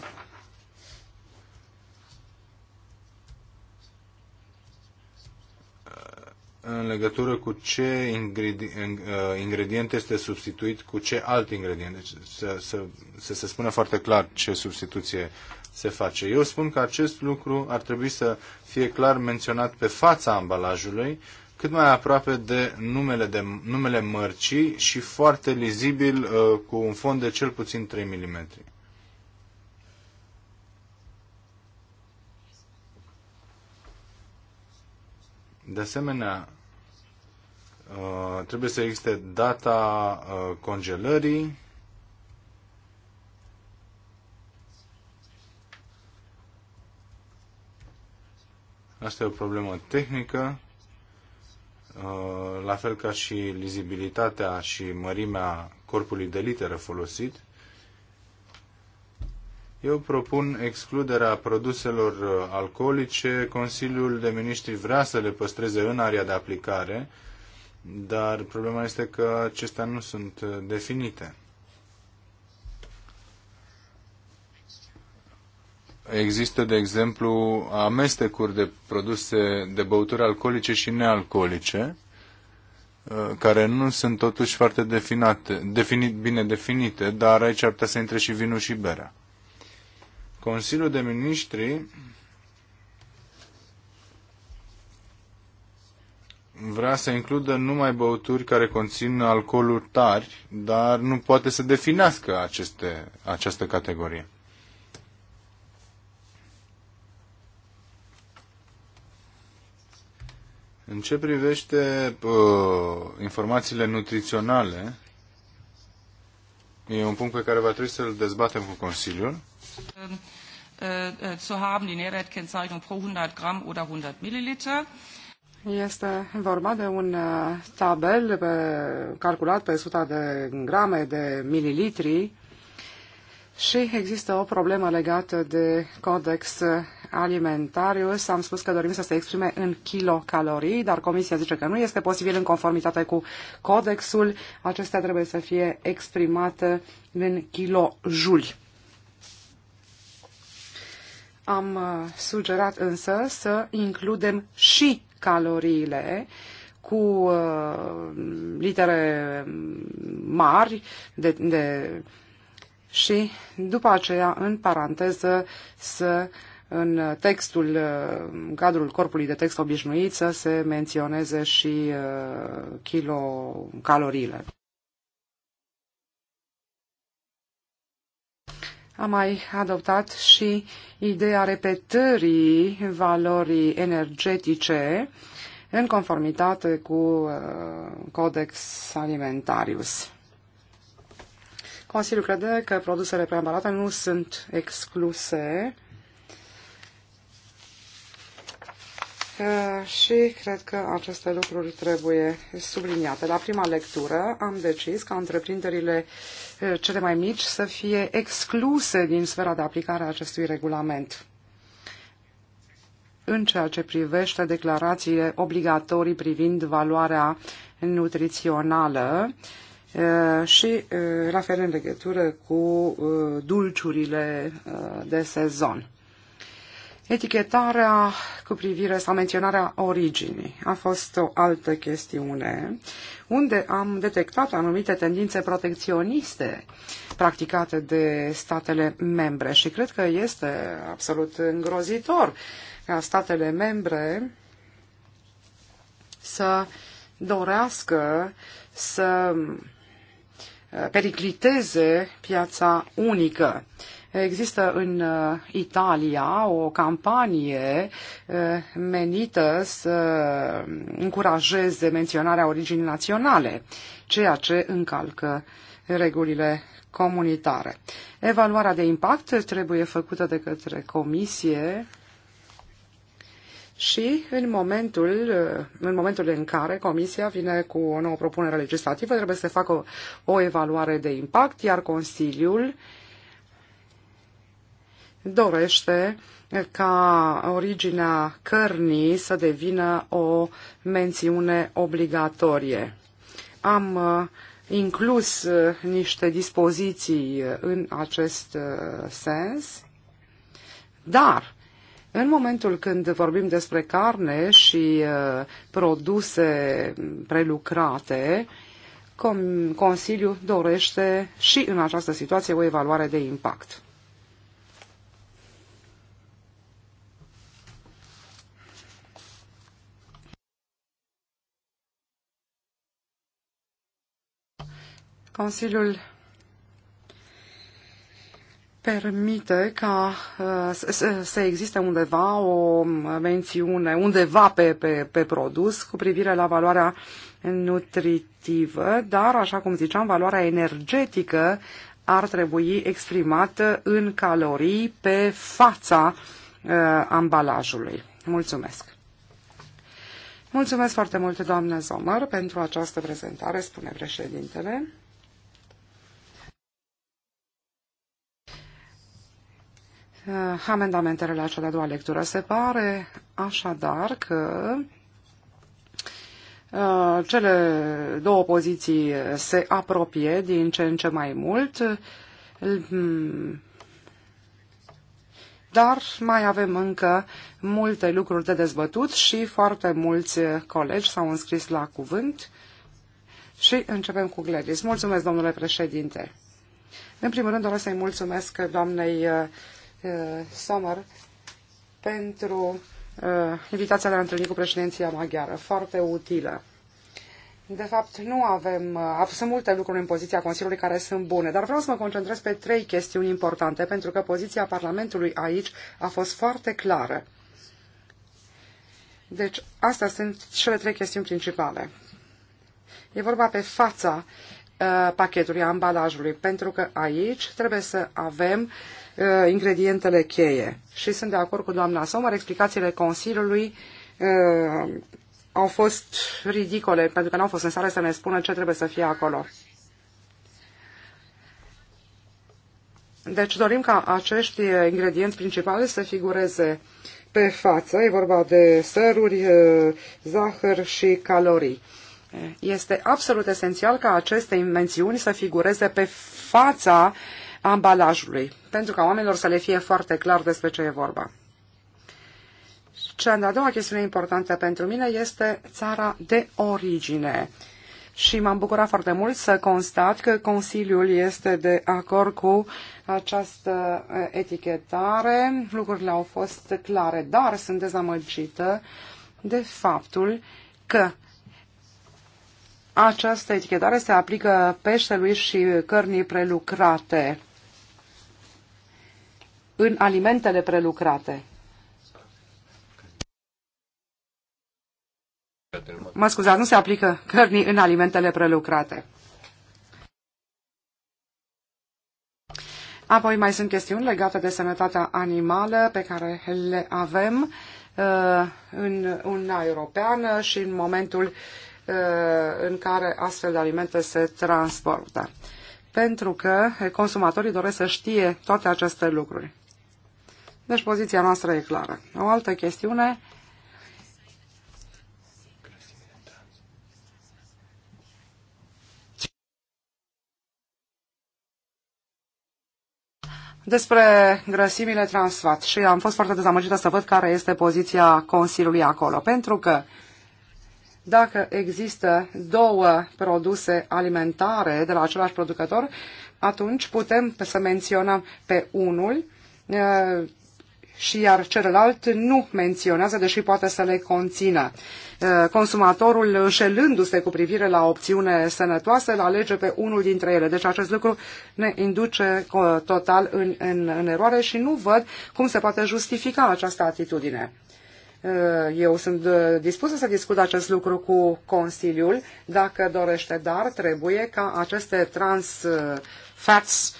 în legătură cu ce uh, ingredient este substituit cu ce alt ingredient. Deci să, să, să se spună foarte clar ce substituție se face. Eu spun că acest lucru ar trebui să fie clar menționat pe fața ambalajului, cât mai aproape de numele, de, numele mărcii și foarte lizibil uh, cu un fond de cel puțin 3 mm. De asemenea, Uh, trebuie să existe data uh, congelării. Asta e o problemă tehnică, uh, la fel ca și lizibilitatea și mărimea corpului de literă folosit. Eu propun excluderea produselor uh, alcoolice. Consiliul de Ministri vrea să le păstreze în area de aplicare, dar problema este că acestea nu sunt uh, definite. Există, de exemplu, amestecuri de produse de băuturi alcoolice și nealcoolice, uh, care nu sunt totuși foarte definate, definit, bine definite, dar aici ar putea să intre și vinul și berea. Consiliul de Ministri vrea să includă numai băuturi care conțin alcooluri tari, dar nu poate să definească aceste, această categorie. În ce privește uh, informațiile nutriționale, e un punct pe care va trebui să-l dezbatem cu Consiliul. Äh, äh, zu haben die Nährwertkennzeichnung pro 100 gram oder 100 Milliliter. Este vorba de un uh, tabel pe, calculat pe 100 de grame de mililitri și există o problemă legată de codex alimentarius. Am spus că dorim să se exprime în kilocalorii, dar comisia zice că nu este posibil în conformitate cu codexul. Acestea trebuie să fie exprimate în kilojuli. Am uh, sugerat însă să includem și caloriile cu uh, litere mm, mari de, de, și după aceea, în paranteză, să în textul, în uh, cadrul corpului de text obișnuit, să se menționeze și uh, kilocalorile. a mai adoptat și ideea repetării valorii energetice în conformitate cu uh, Codex Alimentarius. Consiliul crede că produsele preambalate nu sunt excluse Uh, și cred că aceste lucruri trebuie subliniate. La prima lectură am decis ca întreprinderile uh, cele mai mici să fie excluse din sfera de aplicare a acestui regulament în ceea ce privește declarațiile obligatorii privind valoarea nutrițională uh, și la fel în legătură cu dulciurile de sezon. Etichetarea cu privire sau menționarea originii a fost o altă chestiune unde am detectat anumite tendințe protecționiste practicate de statele membre și cred că este absolut îngrozitor ca statele membre să dorească să pericliteze piața unică Există în uh, Italia o campanie uh, menită să uh, încurajeze menționarea originii naționale, ceea ce încalcă regulile comunitare. Evaluarea de impact trebuie făcută de către comisie și în momentul, în momentul în care Comisia vine cu o nouă propunere legislativă, trebuie să facă o, o evaluare de impact, iar Consiliul uh, dorește ca originea cărnii să devină o mențiune obligatorie. Am uh, inclus uh, niște dispoziții uh, în acest sens, dar în momentul când vorbim despre carne și produse prelucrate, Consiliul dorește și în această situație o evaluare de impact. Consiliul permite ca uh, să existe undeva o mențiune, undeva pe, pe, pe produs cu privire la valoarea nutritivă, dar, așa cum ziceam, valoarea energetică ar trebui exprimată în calorii pe fața uh, ambalajului. Mulțumesc! Mulțumesc foarte mult, doamnă Zomăr, pentru această prezentare, spune președintele. Eh, amendamentele la cea de-a doua lectură. Se pare așadar că eh, cele două poziții se apropie din ce în ce mai mult, mm, dar mai avem încă multe lucruri de dezbătut și foarte mulți colegi s-au înscris la cuvânt și începem cu Gladys. Mulțumesc, domnule președinte! În primul rând doresc să-i mulțumesc doamnei eh, Uh, Sommer pentru uh, invitația de a întâlni cu președinția maghiară. Foarte utilă. De fapt, nu avem... Uh, sunt multe lucruri în poziția Consiliului care sunt bune, dar vreau să mă concentrez pe trei chestiuni importante, pentru că poziția Parlamentului aici a fost foarte clară. Deci, astea sunt cele trei chestiuni principale. E vorba pe fața uh, pachetului, a ambalajului, pentru că aici trebuie să avem uh, Uh, ingredientele cheie. Și sunt de acord cu doamna Somar, explicațiile Consiliului uh, au fost ridicole, pentru că nu au fost în stare să ne spună ce trebuie să fie acolo. Deci dorim ca acești ingredienți principali să figureze pe față. E vorba de săruri, uh, zahăr și calorii. Este absolut esențial ca aceste mențiuni să figureze pe fața uh, ambalajului, pentru ca oamenilor să le fie foarte clar despre ce e vorba. Cea de-a doua chestiune importantă pentru mine este țara de origine. Și m-am bucurat foarte mult să constat că Consiliul este de acord cu această etichetare. Lucrurile au fost clare, dar sunt dezamăgită de faptul că această etichetare se aplică peștelui și cărnii prelucrate în alimentele prelucrate. Mă scuzați, nu se aplică cărnii în alimentele prelucrate. Apoi mai sunt chestiuni legate de sănătatea animală pe care le avem uh, în Uniunea Europeană și în momentul uh, în care astfel de alimente se transportă. Pentru că consumatorii doresc să știe toate aceste lucruri. Deci poziția noastră e clară. O altă chestiune despre grăsimile transfat și am fost foarte dezamăgită să văd care este poziția Consiliului acolo, pentru că dacă există două produse alimentare de la același producător, atunci putem să menționăm pe unul și iar celălalt nu menționează, deși poate să le conțină. Uh, consumatorul, înșelându-se cu privire la opțiune sănătoasă, îl alege pe unul dintre ele. Deci acest lucru ne induce total în, în, în eroare și nu văd cum se poate justifica această atitudine. Uh, eu sunt uh, dispusă să discut acest lucru cu Consiliul, dacă dorește, dar trebuie ca aceste trans fats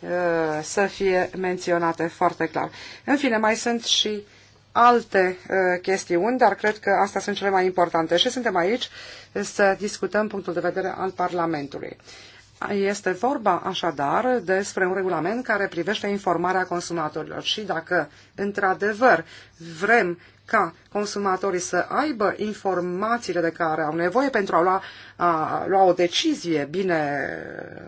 Uh, să fie menționate foarte clar. În fine, mai sunt și alte uh, chestiuni, dar cred că astea sunt cele mai importante și suntem aici să discutăm punctul de vedere al Parlamentului. Este vorba așadar despre un regulament care privește informarea consumatorilor și dacă într-adevăr vrem ca consumatorii să aibă informațiile de care au nevoie pentru a lua, a lua o decizie bine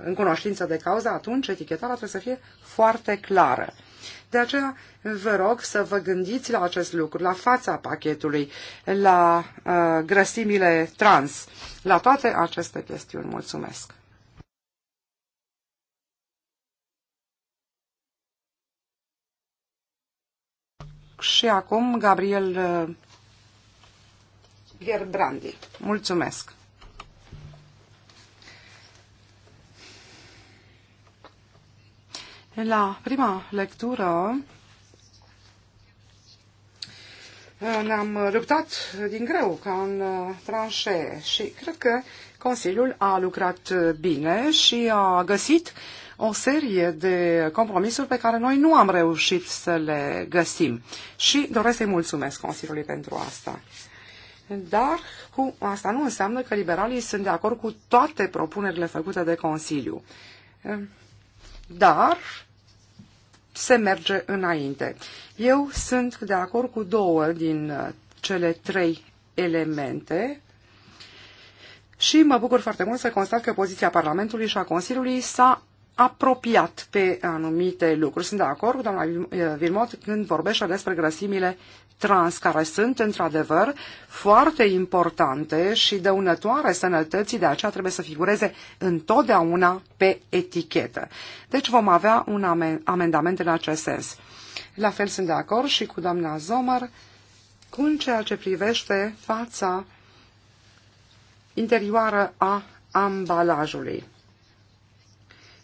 în cunoștință de cauză, atunci etichetarea trebuie să fie foarte clară. De aceea vă rog să vă gândiți la acest lucru, la fața pachetului, la uh, grăsimile trans, la toate aceste chestiuni. Mulțumesc! și acum Gabriel uh, Gerbrandi. Mulțumesc! La prima lectură uh, ne-am luptat din greu ca în uh, tranșee și cred că Consiliul a lucrat bine și a găsit uh, o serie de compromisuri pe care noi nu am reușit să le găsim. Și doresc să-i mulțumesc Consiliului pentru asta. Dar cu asta nu înseamnă că liberalii sunt de acord cu toate propunerile făcute de Consiliu. Dar se merge înainte. Eu sunt de acord cu două din cele trei elemente și mă bucur foarte mult să constat că poziția Parlamentului și a Consiliului s-a apropiat pe anumite lucruri. Sunt de acord cu doamna eh, Vilmot când vorbește despre grăsimile trans, care sunt într-adevăr foarte importante și dăunătoare sănătății, de aceea trebuie să figureze întotdeauna pe etichetă. Deci vom avea un amendament în acest sens. La fel sunt de acord și cu doamna Zomar cu ceea ce privește fața interioară a ambalajului.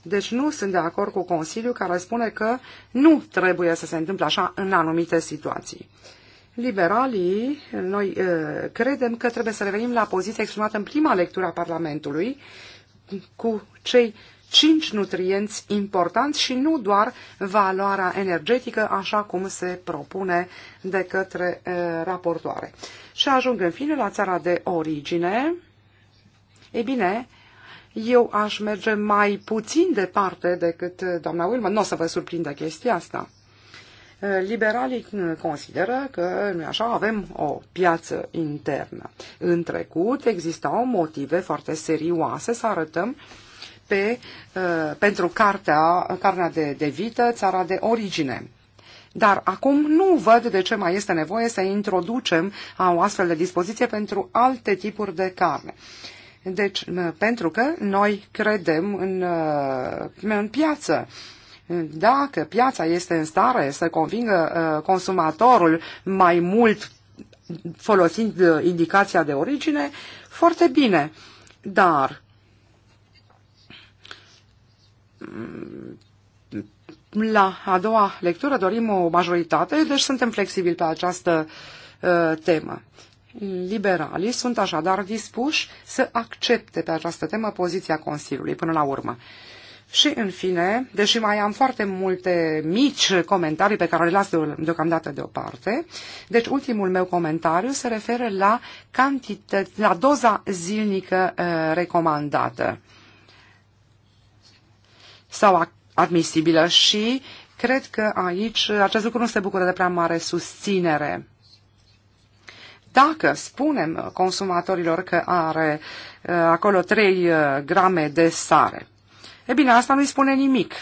Deci nu sunt de acord cu Consiliul care spune că nu trebuie să se întâmple așa în anumite situații. Liberalii, noi eh, credem că trebuie să revenim la poziția exprimată în prima lectură a Parlamentului cu cei cinci nutrienți importanți și nu doar valoarea energetică, așa cum se propune de către eh, raportoare. Și ajung în fine la țara de origine. Ei bine, eu aș merge mai puțin departe decât doamna Wilma, Nu o să vă surprindă chestia asta. Liberalii consideră că noi așa avem o piață internă. În trecut existau motive foarte serioase să arătăm pe, uh, pentru cartea, carnea de, de vită, țara de origine. Dar acum nu văd de ce mai este nevoie să introducem o astfel de dispoziție pentru alte tipuri de carne. Deci, pentru că noi credem în, uh, în piață. Dacă piața este în stare să convingă uh, consumatorul mai mult folosind uh, indicația de origine, foarte bine. Dar mm, la a doua lectură dorim o majoritate, deci suntem flexibili pe această uh, temă. Liberalii sunt așadar dispuși să accepte pe această temă poziția Consiliului până la urmă. Și, în fine, deși mai am foarte multe mici comentarii pe care le las deocamdată deoparte, deci ultimul meu comentariu se referă la, cantită, la doza zilnică uh, recomandată sau admisibilă și cred că aici uh, acest lucru nu se bucură de prea mare susținere. Dacă spunem consumatorilor că are uh, acolo 3 uh, grame de sare, e bine, asta nu-i spune nimic.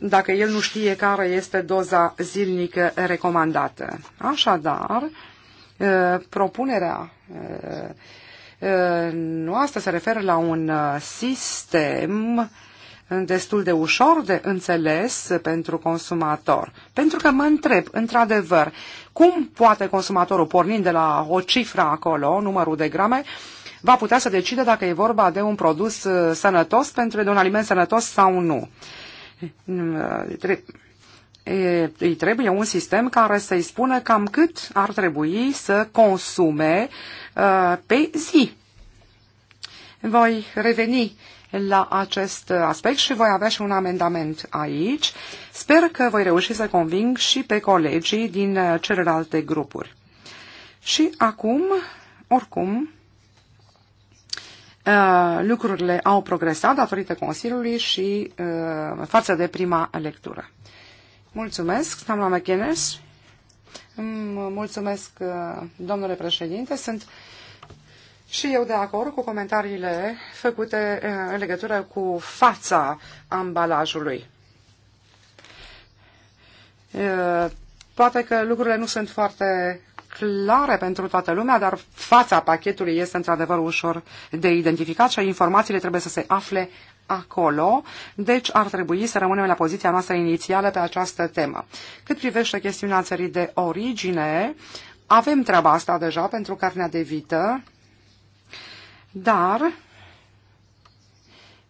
Dacă el nu știe care este doza zilnică recomandată. Așadar, uh, propunerea noastră se referă la un sistem destul de ușor de înțeles pentru consumator. Pentru că mă întreb, într-adevăr, cum poate consumatorul, pornind de la o cifră acolo, numărul de grame, va putea să decide dacă e vorba de un produs uh, sănătos, pentru de un aliment sănătos sau nu. Mm, uh, îi trebuie un sistem care să-i spună cam cât ar trebui să consume uh, pe zi. Voi reveni la acest aspect și voi avea și un amendament aici. Sper că voi reuși să conving și pe colegii din uh, celelalte grupuri. Și acum, oricum, uh, lucrurile au progresat datorită Consiliului și uh, față de prima lectură. Mulțumesc, doamna McInnes. Mulțumesc, domnule președinte. Sunt și eu de acord cu comentariile făcute eh, în legătură cu fața ambalajului. Eh, poate că lucrurile nu sunt foarte clare pentru toată lumea, dar fața pachetului este într-adevăr ușor de identificat și informațiile trebuie să se afle acolo, deci ar trebui să rămânem la poziția noastră inițială pe această temă. Cât privește chestiunea țării de origine, avem treaba asta deja pentru carnea de vită, dar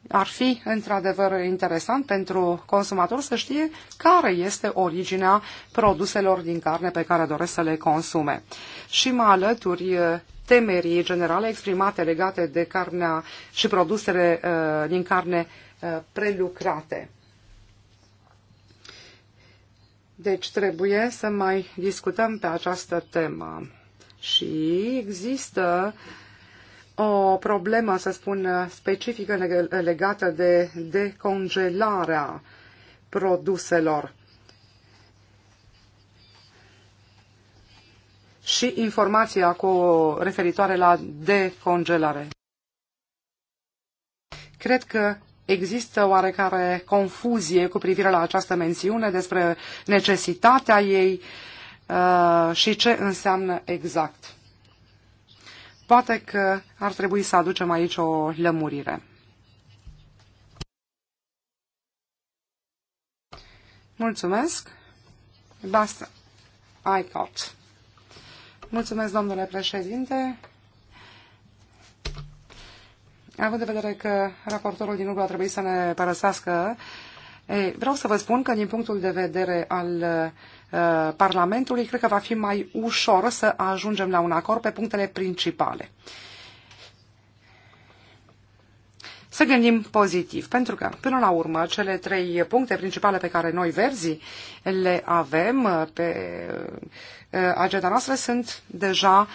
ar fi într-adevăr interesant pentru consumator să știe care este originea produselor din carne pe care doresc să le consume. Și mă alături uh, temerii generale exprimate legate de carnea și produsele uh, din carne uh, prelucrate. Deci trebuie să mai discutăm pe această temă. Și există uh, o problemă, să spun, specifică legată de decongelarea produselor și informația cu referitoare la decongelare. Cred că există oarecare confuzie cu privire la această mențiune despre necesitatea ei uh, și ce înseamnă exact. Poate că ar trebui să aducem aici o lămurire. Mulțumesc. Basta. I got. Mulțumesc, domnule președinte. Având de vedere că raportorul din urmă a trebuit să ne părăsească, ei, vreau să vă spun că din punctul de vedere al uh, Uh, Parlamentului, cred că va fi mai ușor să ajungem la un acord pe punctele principale. Să gândim pozitiv, pentru că, până la urmă, cele trei puncte principale pe care noi, verzii, le avem uh, pe uh, agenda noastră sunt deja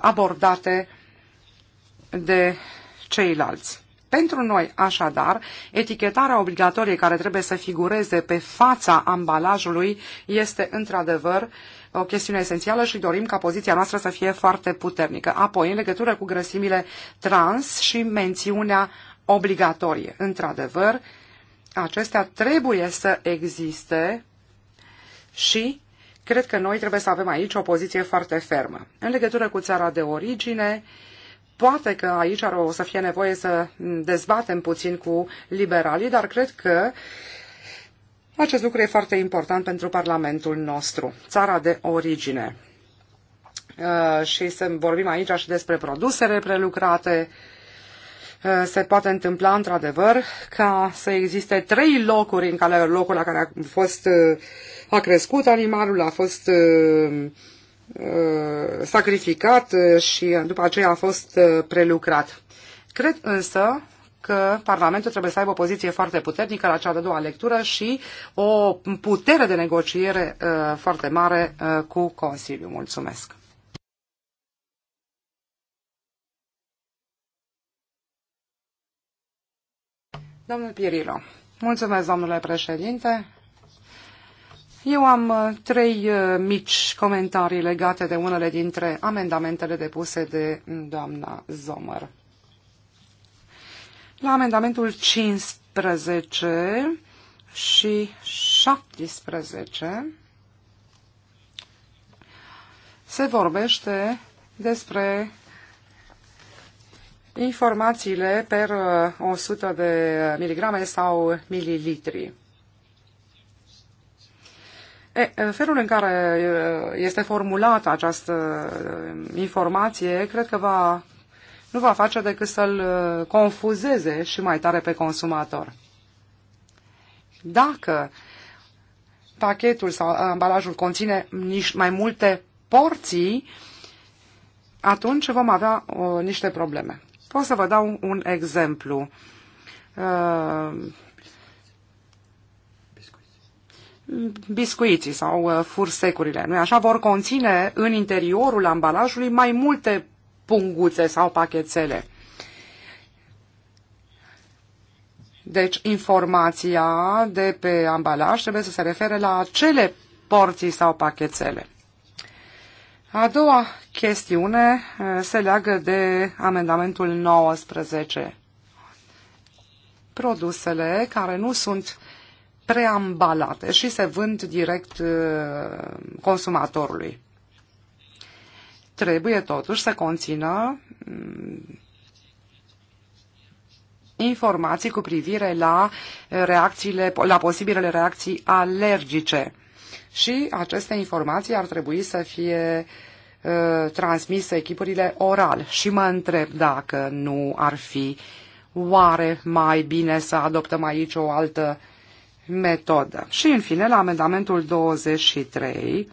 abordate de ceilalți. Pentru noi, așadar, etichetarea obligatorie care trebuie să figureze pe fața ambalajului este într-adevăr o chestiune esențială și dorim ca poziția noastră să fie foarte puternică. Apoi, în legătură cu grăsimile trans și mențiunea obligatorie. Într-adevăr, acestea trebuie să existe și cred că noi trebuie să avem aici o poziție foarte fermă. În legătură cu țara de origine, uh, Poate că aici o să fie nevoie să dezbatem puțin cu liberalii, dar cred că acest lucru e foarte important pentru Parlamentul nostru, țara de origine. Uh, și să vorbim aici și despre produsele prelucrate, uh, se poate întâmpla într-adevăr ca să existe trei locuri în care locul la care a fost uh, a crescut animalul, a fost sacrificat uh, și uh, după aceea a fost uh, prelucrat. Cred însă că Parlamentul trebuie să aibă o poziție foarte puternică la cea de doua lectură și o putere de negociere foarte mare cu Consiliul. Mulțumesc! Domnul Pirilo. Mulțumesc, domnule președinte. Eu am uh, trei uh, mici comentarii legate de unele dintre amendamentele depuse de mm, doamna Zomer. La amendamentul 15 și 17 se vorbește despre informațiile per 100 uh, de miligrame sau mililitri. E, felul în care este formulată această informație, cred că va, nu va face decât să-l confuzeze și mai tare pe consumator. Dacă pachetul sau ambalajul conține mai multe porții, atunci vom avea uh, niște probleme. Pot să vă dau un exemplu. Uh, biscuiții sau uh, fursecurile, nu așa, vor conține în interiorul ambalajului mai multe punguțe sau pachetele. Deci informația de pe ambalaj trebuie să se refere la acele porții sau pachetele. A doua chestiune uh, se leagă de amendamentul 19. Produsele care nu sunt preambalate și se vând direct uh, consumatorului. Trebuie totuși să conțină mm, informații cu privire la reacțiile, la posibilele reacții alergice. Și aceste informații ar trebui să fie uh, transmise echipurile oral. Și mă întreb dacă nu ar fi oare mai bine să adoptăm aici o altă uh, metodă. Și în fine, la amendamentul 23,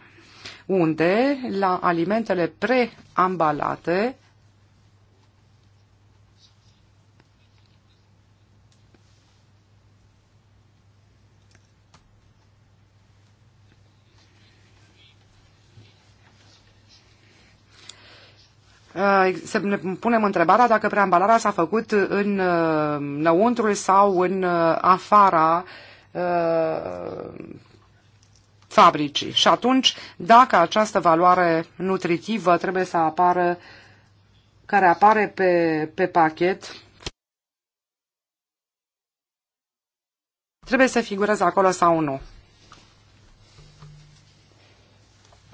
unde la alimentele preambalate uh, se ne punem întrebarea dacă preambalarea s-a făcut în uh, înăuntrul sau în uh, afara Uh, fabricii. Și atunci, dacă această valoare nutritivă trebuie să apară, care apare pe, pe pachet, trebuie să figureze acolo sau nu.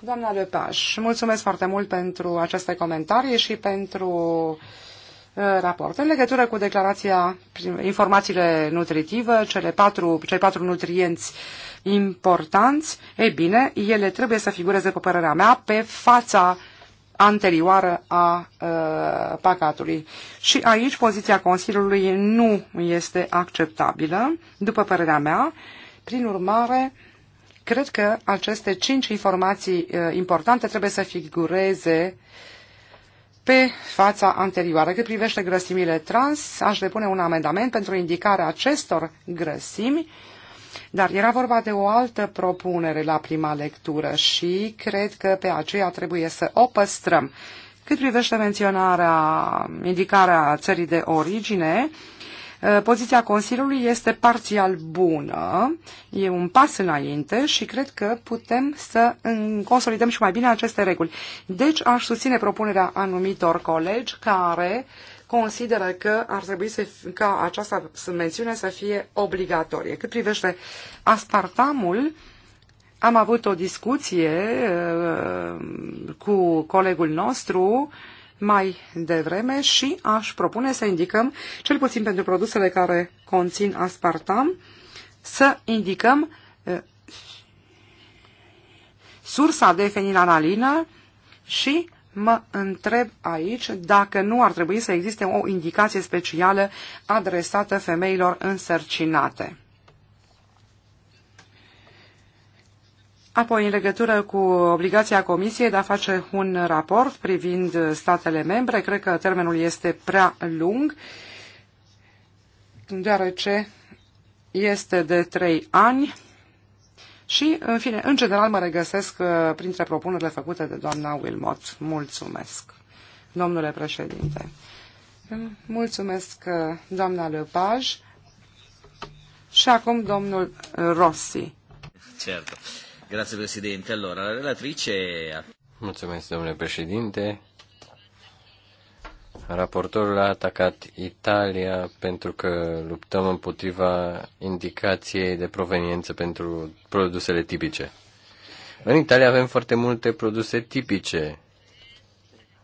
Doamna Lepaș, mulțumesc foarte mult pentru aceste comentarii și pentru uh, Uh, raport. În legătură cu declarația, informațiile nutritive, cele patru, cei patru nutrienți importanți, e bine, ele trebuie să figureze, pe părerea mea, pe fața anterioară a uh, pacatului. Și aici poziția Consiliului nu este acceptabilă, după părerea mea. Prin urmare, cred că aceste cinci informații uh, importante trebuie să figureze uh, pe fața anterioară. Cât privește grăsimile trans, aș depune un amendament pentru indicarea acestor grăsimi, dar era vorba de o altă propunere la prima lectură și cred că pe aceea trebuie să o păstrăm. Cât privește menționarea, indicarea țării de origine, Eh, poziția Consiliului este parțial bună, e un pas înainte și cred că putem să consolidăm și mai bine aceste reguli. Deci aș susține propunerea anumitor colegi care consideră că ar trebui să, ca această mențiune să fie obligatorie. Cât privește aspartamul, am avut o discuție eh, cu colegul nostru mai devreme și aș propune să indicăm, cel puțin pentru produsele care conțin aspartam, să indicăm eh, sursa de fenilalanină și mă întreb aici dacă nu ar trebui să existe o indicație specială adresată femeilor însărcinate. Apoi, în legătură cu obligația Comisiei de a face un raport privind statele membre, cred că termenul este prea lung, deoarece este de trei ani și, în fine, în general mă regăsesc uh, printre propunerile făcute de doamna Wilmot. Mulțumesc, domnule președinte. Mulțumesc, uh, doamna Lepage. Și acum domnul uh, Rossi. Certo. Grazie Presidente. Allora, la relatrice... Mulțumesc, domnule președinte. Raportorul a atacat Italia pentru că luptăm împotriva indicației de proveniență pentru produsele tipice. În Italia avem foarte multe produse tipice.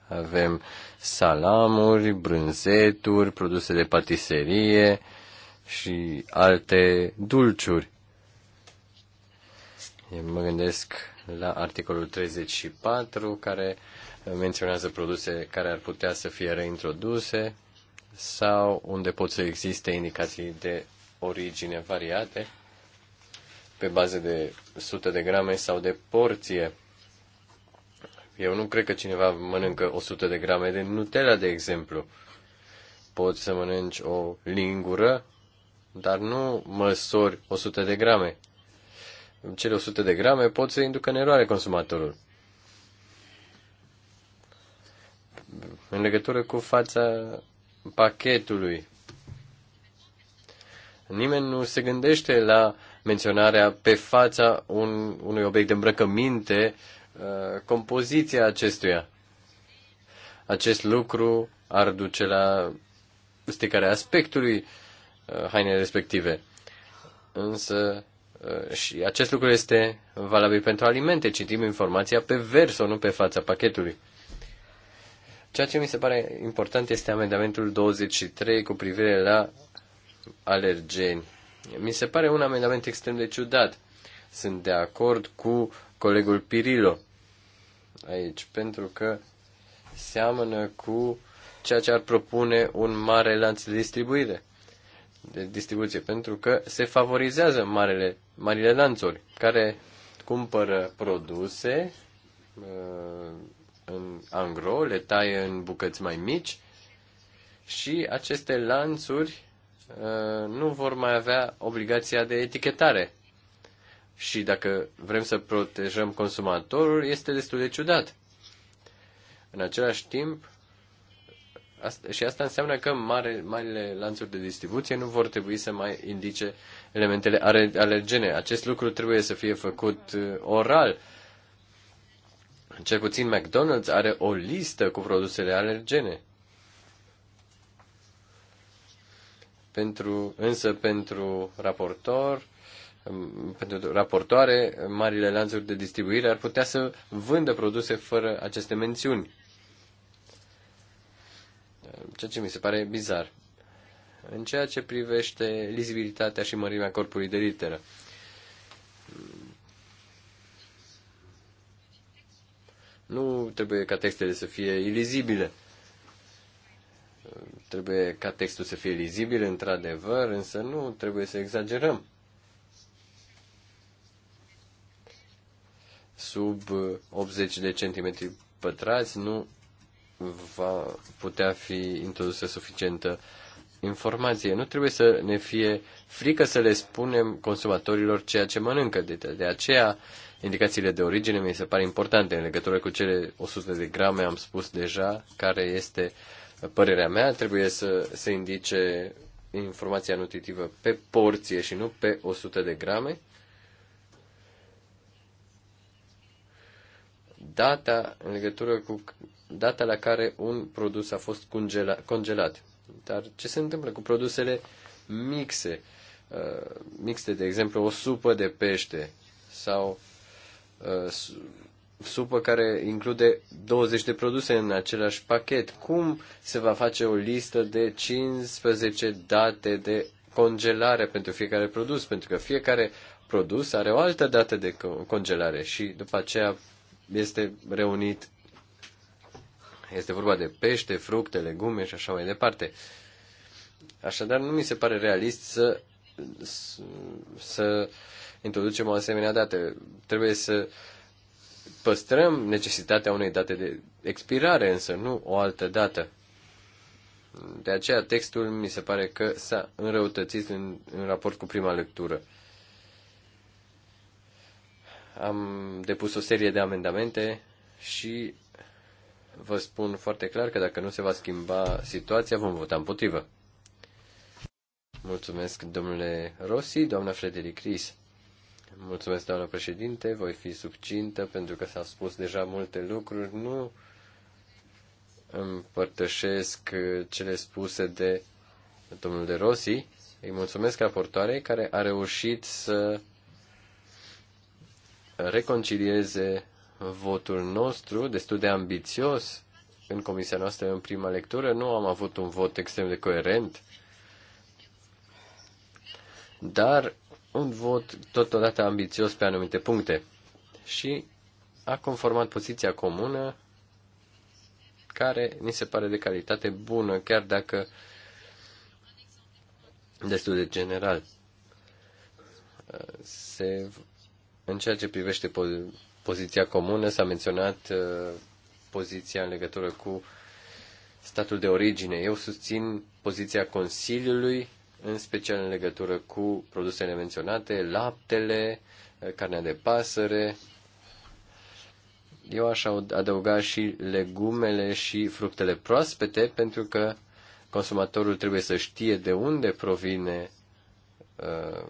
Avem salamuri, brânzeturi, produse de patiserie și alte dulciuri mă gândesc la articolul 34 care menționează produse care ar putea să fie reintroduse sau unde pot să existe indicații de origine variate pe bază de 100 de grame sau de porție. Eu nu cred că cineva mănâncă 100 de grame de Nutella, de exemplu. Poți să mănânci o lingură, dar nu măsori 100 de grame cele 100 de grame pot să inducă în eroare consumatorul. În legătură cu fața pachetului, nimeni nu se gândește la menționarea pe fața un, unui obiect de îmbrăcăminte, uh, compoziția acestuia. Acest lucru ar duce la sticarea aspectului uh, hainei respective. Însă Uh, și acest lucru este valabil pentru alimente. Citim informația pe verso, nu pe fața pachetului. Ceea ce mi se pare important este amendamentul 23 cu privire la alergeni. Mi se pare un amendament extrem de ciudat. Sunt de acord cu colegul Pirilo aici, pentru că seamănă cu ceea ce ar propune un mare lanț de distribuire de distribuție, pentru că se favorizează marele, marile lanțuri care cumpără produse uh, în angro, le taie în bucăți mai mici și aceste lanțuri uh, nu vor mai avea obligația de etichetare. Și dacă vrem să protejăm consumatorul, este destul de ciudat. În același timp, Asta, și asta înseamnă că mare, marile lanțuri de distribuție nu vor trebui să mai indice elementele alergene. Acest lucru trebuie să fie făcut uh, oral. Cel puțin McDonald's are o listă cu produsele alergene. Pentru, însă pentru raportor, um, pentru raportoare, marile lanțuri de distribuire ar putea să vândă produse fără aceste mențiuni ceea ce mi se pare bizar. În ceea ce privește lizibilitatea și mărimea corpului de literă, nu trebuie ca textele să fie ilizibile. Trebuie ca textul să fie lizibil, într-adevăr, însă nu trebuie să exagerăm. Sub 80 de centimetri pătrați nu va putea fi introdusă suficientă informație. Nu trebuie să ne fie frică să le spunem consumatorilor ceea ce mănâncă. De, de aceea, indicațiile de origine mi se pare importante. În legătură cu cele 100 de grame am spus deja care este părerea mea. Trebuie să se indice informația nutritivă pe porție și nu pe 100 de grame. Data în legătură cu data la care un produs a fost congela, congelat. Dar ce se întâmplă cu produsele mixe? Uh, mixte, de exemplu, o supă de pește sau uh, supă care include 20 de produse în același pachet. Cum se va face o listă de 15 date de congelare pentru fiecare produs? Pentru că fiecare produs are o altă dată de congelare și după aceea este reunit este vorba de pește, fructe, legume și așa mai departe. Așadar, nu mi se pare realist să, să, să introducem o asemenea dată. Trebuie să păstrăm necesitatea unei date de expirare, însă nu o altă dată. De aceea textul mi se pare că s-a înrăutățit în, în raport cu prima lectură. Am depus o serie de amendamente și vă spun foarte clar că dacă nu se va schimba situația, vom vota împotrivă. Mulțumesc, domnule Rossi, doamna Frederic Cris, Mulțumesc, doamna președinte, voi fi subcintă pentru că s-au spus deja multe lucruri. Nu împărtășesc cele spuse de domnul de Rossi. Îi mulțumesc raportoarei care a reușit să reconcilieze votul nostru, destul de ambițios, în comisia noastră în prima lectură, nu am avut un vot extrem de coerent, dar un vot totodată ambițios pe anumite puncte și a conformat poziția comună care ni se pare de calitate bună, chiar dacă destul de general. Se, în ceea ce privește poziția comună, s-a menționat uh, poziția în legătură cu statul de origine. Eu susțin poziția Consiliului, în special în legătură cu produsele menționate, laptele, uh, carnea de pasăre. Eu aș adăuga și legumele și fructele proaspete, pentru că consumatorul trebuie să știe de unde provine uh,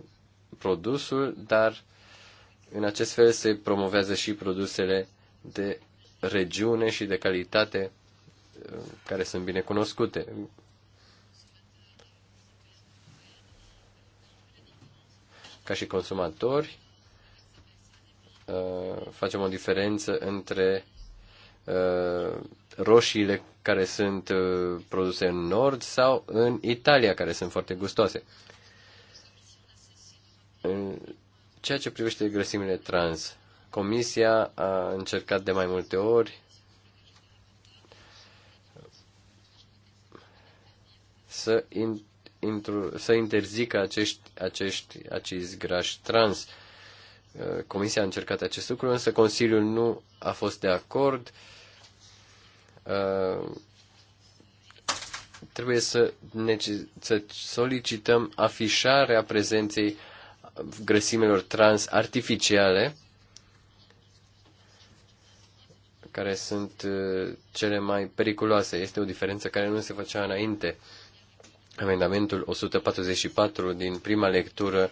produsul, dar uh, în acest fel se promovează și produsele de regiune și de calitate uh, care sunt bine cunoscute. Ca și consumatori, uh, facem o diferență între uh, roșiile care sunt produse în nord sau în Italia, care sunt foarte gustoase ceea ce privește grăsimile trans, Comisia a încercat de mai multe ori să, in, intru, să interzică acești, acești, acești grași trans. Uh, comisia a încercat acest lucru, însă Consiliul nu a fost de acord. Uh, trebuie să, să solicităm afișarea prezenței uh, grăsimilor trans artificiale, care sunt uh, cele mai periculoase. Este o diferență care nu se făcea înainte. Amendamentul 144 din prima lectură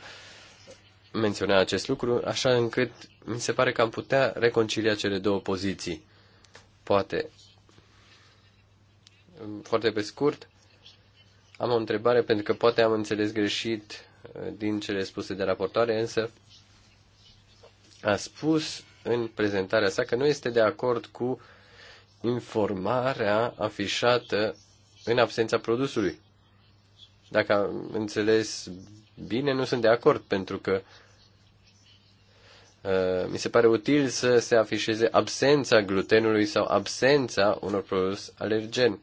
menționa acest lucru, așa încât mi se pare că am putea reconcilia cele două poziții. Poate. Foarte pe scurt, am o întrebare pentru că poate am înțeles greșit din cele spuse de raportoare, însă a spus în prezentarea sa că nu este de acord cu informarea afișată în absența produsului. Dacă am înțeles bine, nu sunt de acord, pentru că uh, mi se pare util să se afișeze absența glutenului sau absența unor produs alergen.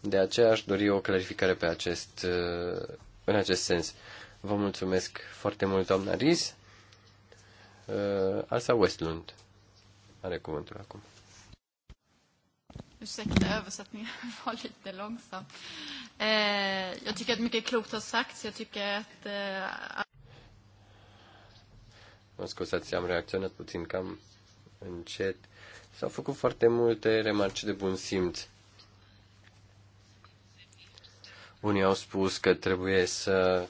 De aceea aș dori o clarificare pe acest, uh, în acest sens. Vă mulțumesc foarte mult, doamna Riz. Uh, Alsa Westlund are cuvântul acum. Ursäkta översättningen var lite långsam. Eh, jag tycker att mycket klokt har sagts. Jag tycker att... Eh, Mă scuzați, am reacționat puțin cam încet. S-au făcut foarte multe remarci de bun simț. Unii au spus că trebuie să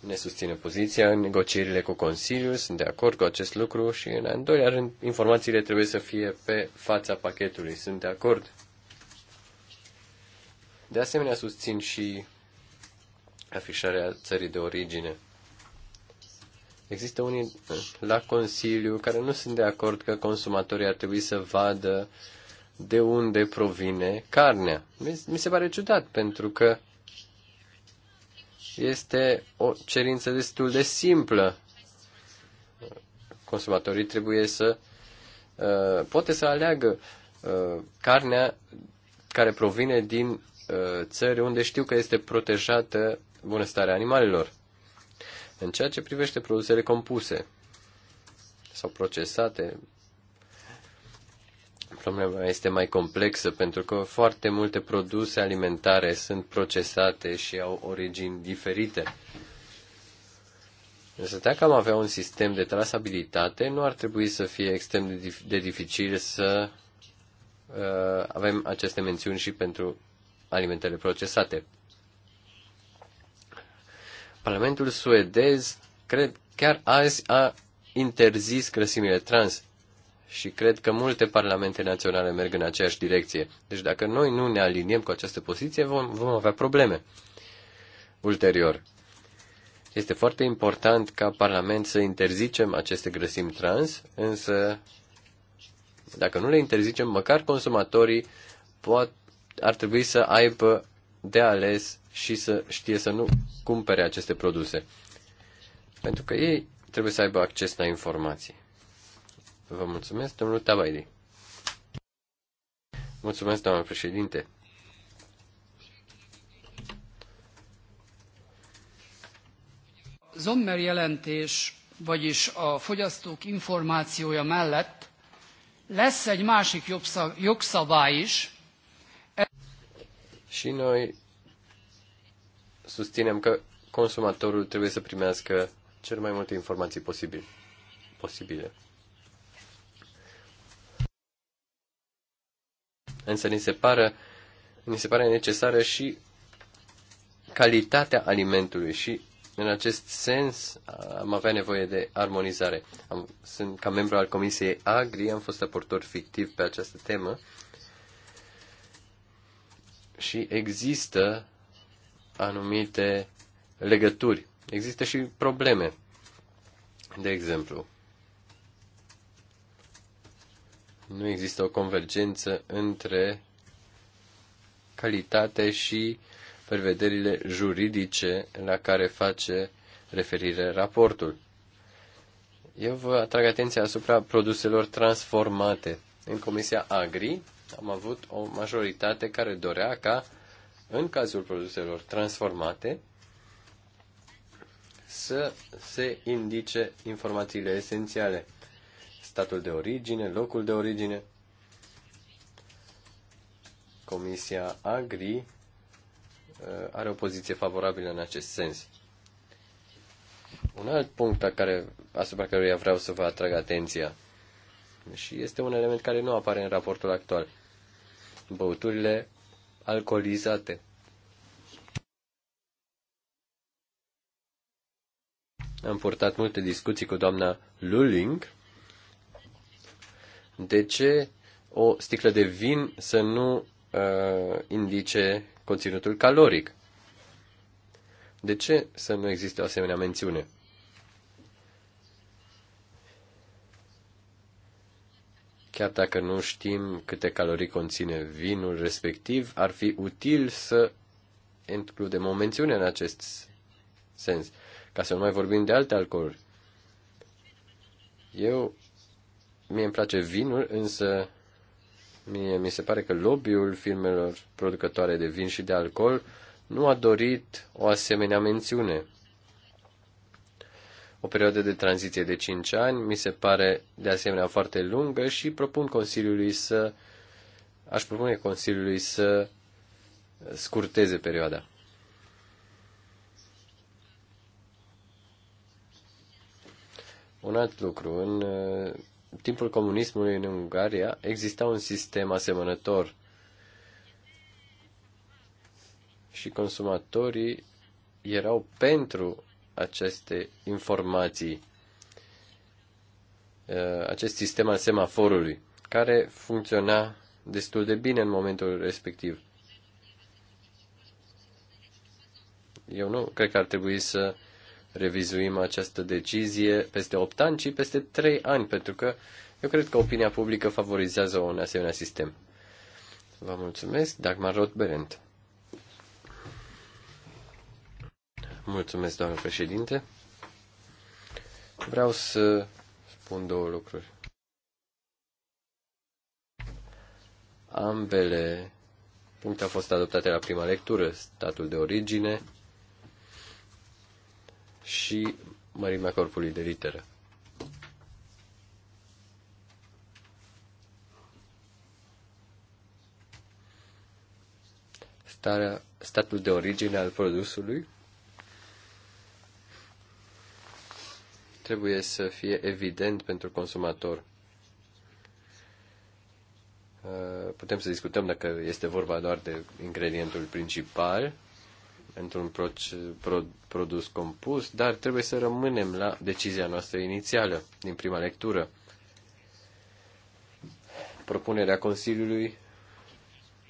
ne susține poziția în negocierile cu Consiliul, sunt de acord cu acest lucru și, în al doilea rând, informațiile trebuie să fie pe fața pachetului, sunt de acord. De asemenea, susțin și afișarea țării de origine. Există unii la Consiliu care nu sunt de acord că consumatorii ar trebui să vadă de unde provine carnea. Mi se pare ciudat, pentru că este o cerință destul de simplă. Consumatorii trebuie să uh, poate să aleagă uh, carnea care provine din uh, țări unde știu că este protejată bunăstarea animalelor. În ceea ce privește produsele compuse sau procesate Problema este mai complexă pentru că foarte multe produse alimentare sunt procesate și au origini diferite. Însă dacă am avea un sistem de trasabilitate, nu ar trebui să fie extrem de, dif- de dificil să uh, avem aceste mențiuni și pentru alimentele procesate. Parlamentul suedez, cred, chiar azi a interzis grăsimile trans și cred că multe parlamente naționale merg în aceeași direcție. Deci dacă noi nu ne aliniem cu această poziție, vom, vom avea probleme ulterior. Este foarte important ca Parlament să interzicem aceste grăsimi trans, însă dacă nu le interzicem, măcar consumatorii pot, ar trebui să aibă de ales și să știe să nu cumpere aceste produse. Pentru că ei trebuie să aibă acces la informații. Vă mulțumesc, domnul Tabaidi. Mulțumesc, doamnă președinte. Zommer jelentés, vagyis a fogyasztók információja mellett lesz egy másik jogszabály is. Și noi susținem că consumatorul trebuie să primească cel mai multe informații posibil, posibile. Însă ni se, pară, ni se pare necesară și calitatea alimentului și în acest sens am avea nevoie de armonizare. Am, sunt ca membru al Comisiei Agri, am fost aportor fictiv pe această temă și există anumite legături. Există și probleme. De exemplu, nu există o convergență între calitate și prevederile juridice la care face referire raportul. Eu vă atrag atenția asupra produselor transformate. În Comisia Agri am avut o majoritate care dorea ca, în cazul produselor transformate, să se indice informațiile esențiale statul de origine, locul de origine. Comisia Agri uh, are o poziție favorabilă în acest sens. Un alt punct care, asupra căruia vreau să vă atrag atenția și este un element care nu apare în raportul actual. Băuturile alcoolizate. Am purtat multe discuții cu doamna Luling de ce o sticlă de vin să nu uh, indice conținutul caloric? De ce să nu existe o asemenea mențiune? Chiar dacă nu știm câte calorii conține vinul respectiv, ar fi util să includem o mențiune în acest sens, ca să nu mai vorbim de alte alcooluri. Eu Mie îmi place vinul, însă mie mi se pare că lobby-ul firmelor producătoare de vin și de alcool nu a dorit o asemenea mențiune. O perioadă de tranziție de 5 ani mi se pare de asemenea foarte lungă și propun Consiliului să aș propune Consiliului să scurteze perioada. Un alt lucru, în timpul comunismului în Ungaria exista un sistem asemănător și consumatorii erau pentru aceste informații, uh, acest sistem al semaforului, care funcționa destul de bine în momentul respectiv. Eu nu cred că ar trebui să revizuim această decizie peste 8 ani, ci peste 3 ani, pentru că eu cred că opinia publică favorizează un asemenea sistem. Vă mulțumesc, Dagmar Rothberent. Mulțumesc, doamnă președinte. Vreau să spun două lucruri. Ambele puncte au fost adoptate la prima lectură, statul de origine și mărimea corpului de literă. Starea, statul de origine al produsului trebuie să fie evident pentru consumator. Putem să discutăm dacă este vorba doar de ingredientul principal într-un produs compus, dar trebuie să rămânem la decizia noastră inițială din prima lectură. Propunerea Consiliului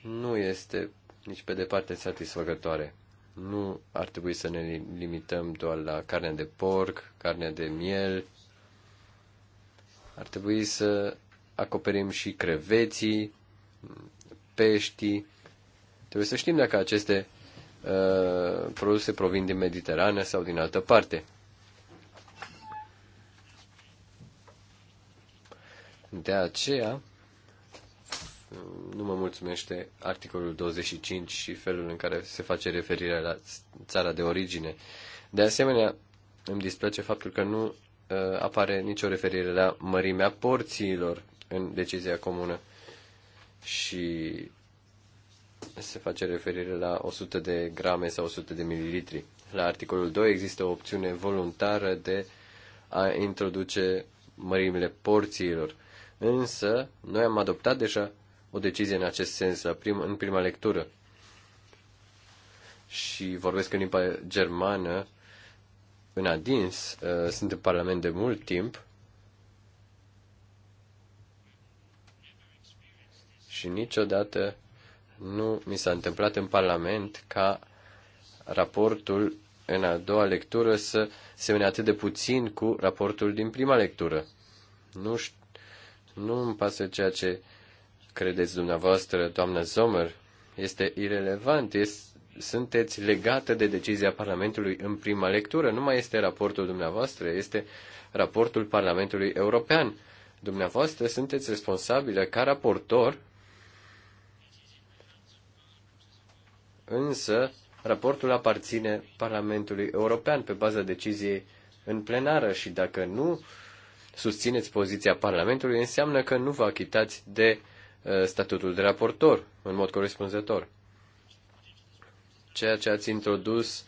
nu este nici pe departe satisfăcătoare. Nu ar trebui să ne limităm doar la carnea de porc, carnea de miel. Ar trebui să acoperim și creveții, peștii. Trebuie să știm dacă aceste Uh, produse provin din Mediterana sau din altă parte. De aceea, nu mă mulțumește articolul 25 și felul în care se face referire la țara de origine. De asemenea, îmi displace faptul că nu uh, apare nicio referire la mărimea porțiilor în decizia comună și se face referire la 100 de grame sau 100 de mililitri. La articolul 2 există o opțiune voluntară de a introduce mărimile porțiilor. Însă, noi am adoptat deja o decizie în acest sens la prim, în prima lectură. Și vorbesc în limba germană, în adins, uh, sunt în Parlament de mult timp și niciodată nu mi s-a întâmplat în Parlament ca raportul în a doua lectură să semene atât de puțin cu raportul din prima lectură. Nu, nu îmi pasă ceea ce credeți dumneavoastră, doamnă Zomer. Este irelevant. Este, sunteți legată de decizia Parlamentului în prima lectură. Nu mai este raportul dumneavoastră, este raportul Parlamentului European. Dumneavoastră sunteți responsabilă ca raportor însă raportul aparține Parlamentului European pe baza deciziei în plenară și dacă nu susțineți poziția Parlamentului, înseamnă că nu vă achitați de uh, statutul de raportor în mod corespunzător. Ceea ce ați introdus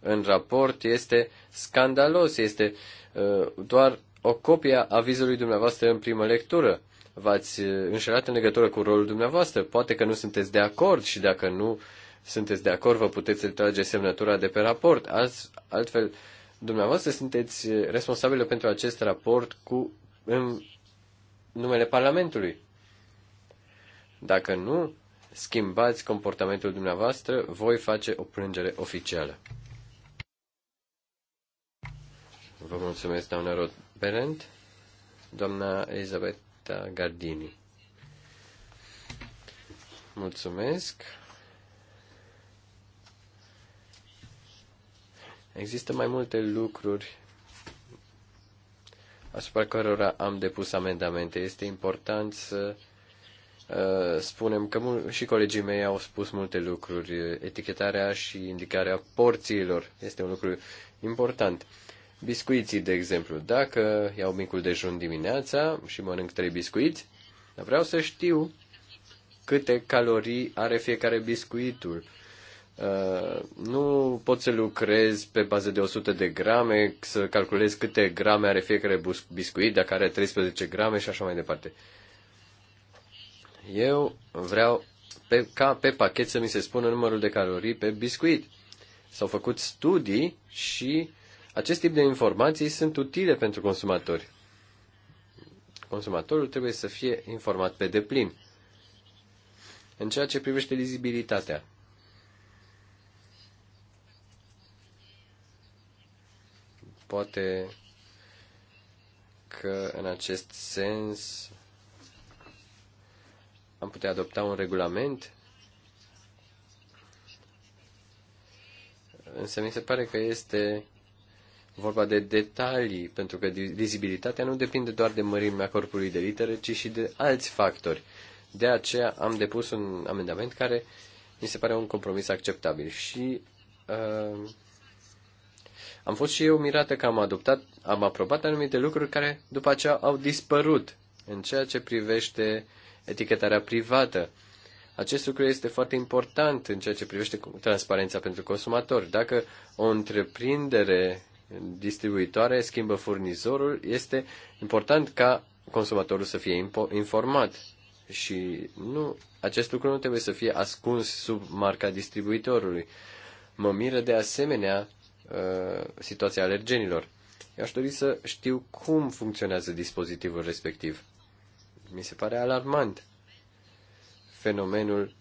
în raport este scandalos, este uh, doar o copie a avizului dumneavoastră în primă lectură. V-ați uh, înșelat în legătură cu rolul dumneavoastră. Poate că nu sunteți de acord și dacă nu uh, sunteți de acord, vă puteți retrage semnătura de pe raport. Alt, altfel, dumneavoastră sunteți responsabile pentru acest raport cu în numele Parlamentului. Dacă nu schimbați comportamentul dumneavoastră, voi face o plângere oficială. Vă mulțumesc, doamna Rod Berend, doamna Elisabeta Gardini. Mulțumesc. Există mai multe lucruri asupra cărora am depus amendamente. Este important să uh, spunem că și colegii mei au spus multe lucruri. Etichetarea și indicarea porțiilor este un lucru important. Biscuiții, de exemplu. Dacă iau micul dejun dimineața și mănânc trei biscuiți, vreau să știu câte calorii are fiecare biscuitul. Uh, nu pot să lucrez pe bază de 100 de grame, să calculez câte grame are fiecare biscuit, dacă are 13 grame și așa mai departe. Eu vreau pe, ca pe pachet să mi se spună numărul de calorii pe biscuit. S-au făcut studii și acest tip de informații sunt utile pentru consumatori. Consumatorul trebuie să fie informat pe deplin. În ceea ce privește lizibilitatea, Poate că în acest sens am putea adopta un regulament, însă mi se pare că este vorba de detalii, pentru că vizibilitatea nu depinde doar de mărimea corpului de litere, ci și de alți factori. De aceea am depus un amendament care mi se pare un compromis acceptabil și uh, am fost și eu mirată că am adoptat, am aprobat anumite lucruri care după aceea au dispărut în ceea ce privește etichetarea privată. Acest lucru este foarte important în ceea ce privește transparența pentru consumator. Dacă o întreprindere distribuitoare schimbă furnizorul, este important ca consumatorul să fie informat și nu, acest lucru nu trebuie să fie ascuns sub marca distribuitorului. Mă miră de asemenea Uh, situația alergenilor. Eu aș dori să știu cum funcționează dispozitivul respectiv. Mi se pare alarmant fenomenul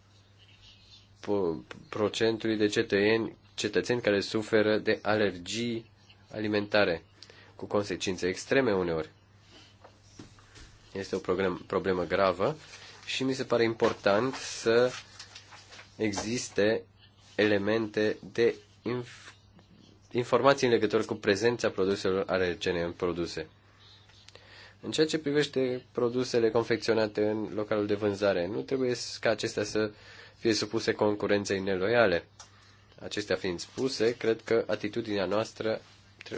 procentului de cetățeni, cetățeni care suferă de alergii alimentare, cu consecințe extreme uneori. Este o problemă gravă și mi se pare important să existe elemente de informații în legătură cu prezența produselor alergene în produse. În ceea ce privește produsele confecționate în localul de vânzare, nu trebuie ca acestea să fie supuse concurenței neloiale. Acestea fiind spuse, cred că atitudinea noastră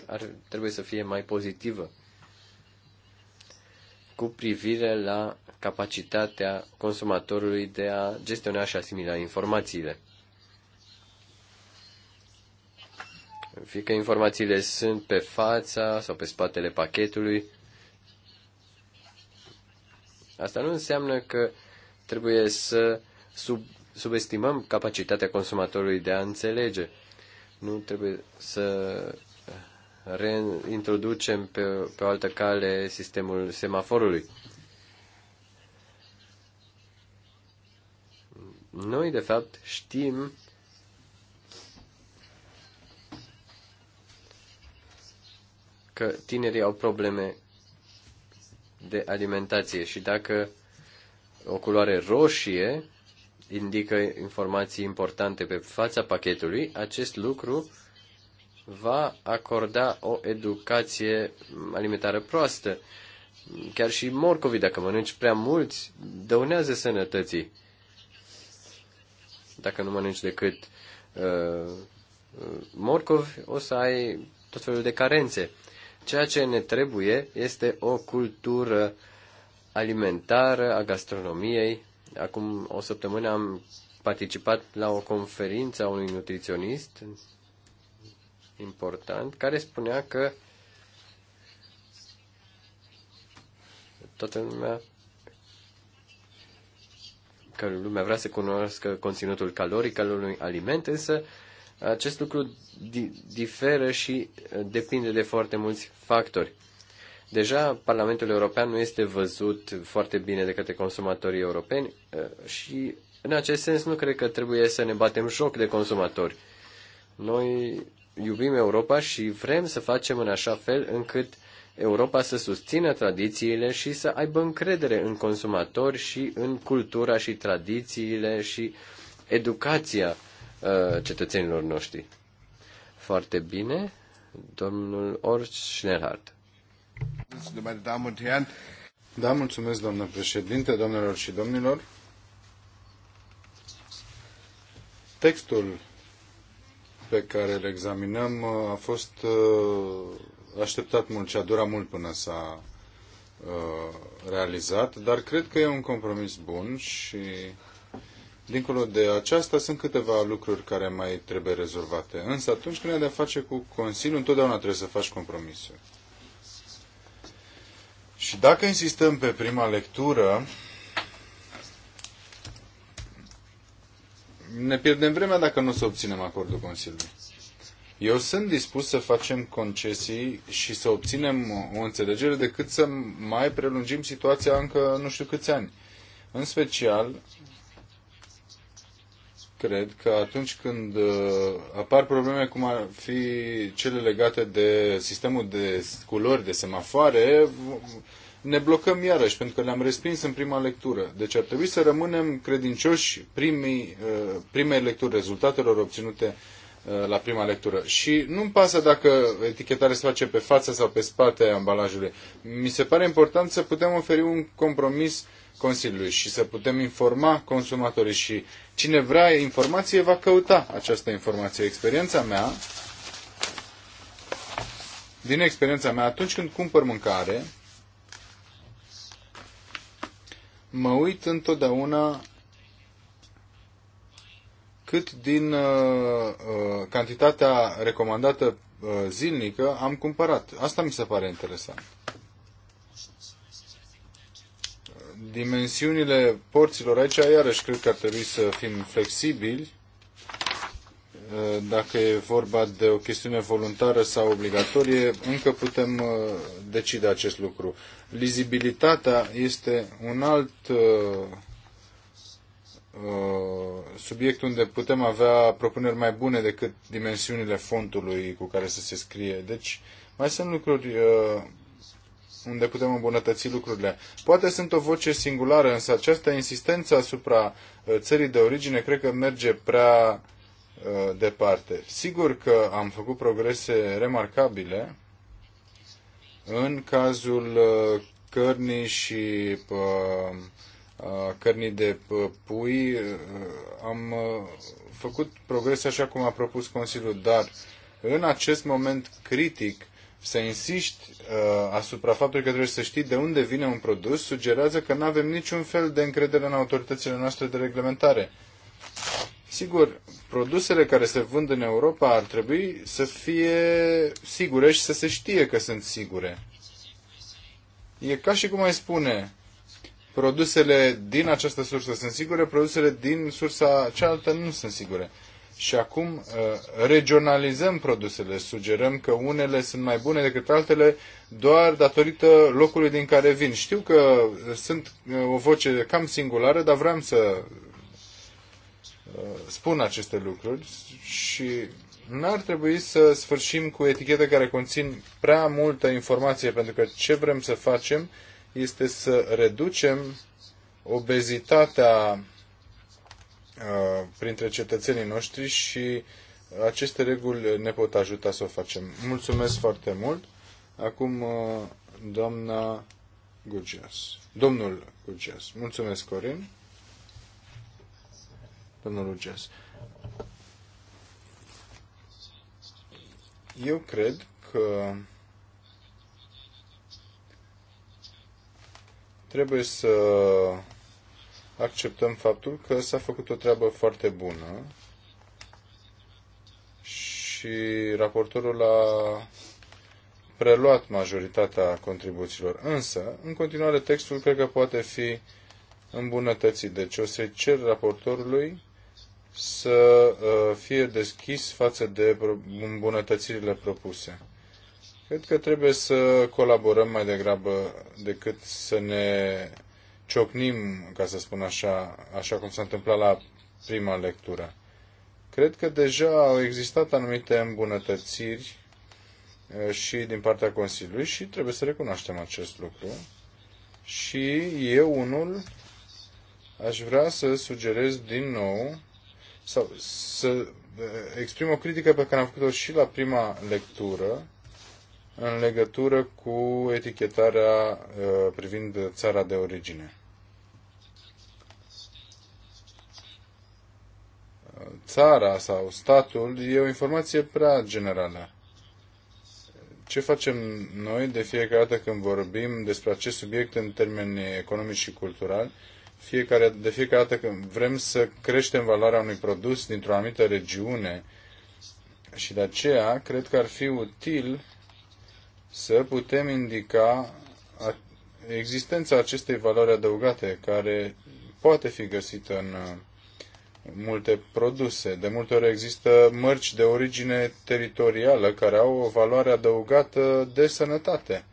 ar, trebuie să fie mai pozitivă cu privire la capacitatea consumatorului de a gestiona și asimila informațiile. fie că informațiile sunt pe fața sau pe spatele pachetului, asta nu înseamnă că trebuie să sub, subestimăm capacitatea consumatorului de a înțelege. Nu trebuie să reintroducem pe, pe o altă cale sistemul semaforului. Noi, de fapt, știm că tinerii au probleme de alimentație și dacă o culoare roșie indică informații importante pe fața pachetului, acest lucru va acorda o educație alimentară proastă. Chiar și morcovii, dacă mănânci prea mulți, dăunează sănătății. Dacă nu mănânci decât uh, uh morcovi, o să ai tot felul de carențe. Ceea ce ne trebuie este o cultură alimentară a gastronomiei. Acum o săptămână am participat la o conferință a unui nutriționist important care spunea că toată lumea că lumea vrea să cunoască conținutul caloric al unui aliment, însă acest lucru diferă și uh, depinde de foarte mulți factori. Deja Parlamentul European nu este văzut foarte bine de către consumatorii europeni uh, și în acest sens nu cred că trebuie să ne batem joc de consumatori. Noi iubim Europa și vrem să facem în așa fel încât Europa să susțină tradițiile și să aibă încredere în consumatori și în cultura și tradițiile și educația Uh, cetățenilor noștri. Foarte bine, domnul Orș Schnellhardt. Da, mulțumesc, doamnă președinte, domnilor și domnilor. Textul pe care îl examinăm uh, a fost uh, așteptat mult și a durat mult până s-a realizat, dar cred că e un compromis bun și Dincolo de aceasta, sunt câteva lucruri care mai trebuie rezolvate. Însă atunci când ai de-a face cu Consiliul, întotdeauna trebuie să faci compromisuri. Și dacă insistăm pe prima lectură, ne pierdem vremea dacă nu o să obținem acordul Consiliului. Eu sunt dispus să facem concesii și să obținem o înțelegere decât să mai prelungim situația încă nu știu câți ani. În special, cred că atunci când uh, apar probleme cum ar fi cele legate de sistemul de culori, de semafoare, ne blocăm iarăși, pentru că le-am respins în prima lectură. Deci ar trebui să rămânem credincioși primii, uh, primei lecturi, rezultatelor obținute uh, la prima lectură. Și nu-mi pasă dacă etichetarea se face pe față sau pe spate a ambalajului. Mi se pare important să putem oferi un compromis Consiliului și să putem informa consumatorii și Cine vrea informație va căuta această informație. Experiența mea, din experiența mea, atunci când cumpăr mâncare, mă uit întotdeauna cât din uh, uh, cantitatea recomandată uh, zilnică am cumpărat. Asta mi se pare interesant. dimensiunile porților aici, iarăși cred că ar trebui să fim flexibili uh, dacă e vorba de o chestiune voluntară sau obligatorie, încă putem uh, decide acest lucru. Lizibilitatea este un alt uh, subiect unde putem avea propuneri mai bune decât dimensiunile fontului cu care să se scrie. Deci mai sunt lucruri unde putem îmbunătăți lucrurile. Poate sunt o voce singulară, însă această insistență asupra uh, țării de origine cred că merge prea uh, departe. Sigur că am făcut progrese remarcabile în cazul uh, cărnii și cărnii de pui. Am făcut progrese așa cum a propus Consiliul, dar în acest moment critic să insiști uh, asupra faptului că trebuie să știi de unde vine un produs, sugerează că nu avem niciun fel de încredere în autoritățile noastre de reglementare. Sigur, produsele care se vând în Europa ar trebui să fie sigure și să se știe că sunt sigure. E ca și cum ai spune, produsele din această sursă sunt sigure, produsele din sursa cealaltă nu sunt sigure și acum uh, regionalizăm produsele, sugerăm că unele sunt mai bune decât altele doar datorită locului din care vin. Știu că sunt uh, o voce cam singulară, dar vreau să uh, spun aceste lucruri și n-ar trebui să sfârșim cu etichete care conțin prea multă informație, pentru că ce vrem să facem este să reducem obezitatea Uh, printre cetățenii noștri și aceste reguli ne pot ajuta să o facem. Mulțumesc foarte mult. Acum, uh, doamna Gugias. Domnul Gugias. Mulțumesc, Corin. Domnul Gugias. Eu cred că trebuie să acceptăm faptul că s-a făcut o treabă foarte bună și raportorul a preluat majoritatea contribuțiilor. Însă, în continuare, textul cred că poate fi îmbunătățit. Deci o să cer raportorului să uh, fie deschis față de îmbunătățirile propuse. Cred că trebuie să colaborăm mai degrabă decât să ne ciocnim, ca să spun așa, așa cum s-a întâmplat la prima lectură. Cred că deja au existat anumite îmbunătățiri și din partea Consiliului și trebuie să recunoaștem acest lucru. Și eu unul aș vrea să sugerez din nou sau să exprim o critică pe care am făcut-o și la prima lectură în legătură cu etichetarea privind țara de origine. țara sau statul e o informație prea generală. Ce facem noi de fiecare dată când vorbim despre acest subiect în termeni economici și culturali? Fiecare, de fiecare dată când vrem să creștem valoarea unui produs dintr-o anumită regiune și de aceea cred că ar fi util să putem indica existența acestei valori adăugate care poate fi găsită în multe produse. De multe ori există mărci de origine teritorială care au o valoare adăugată de sănătate.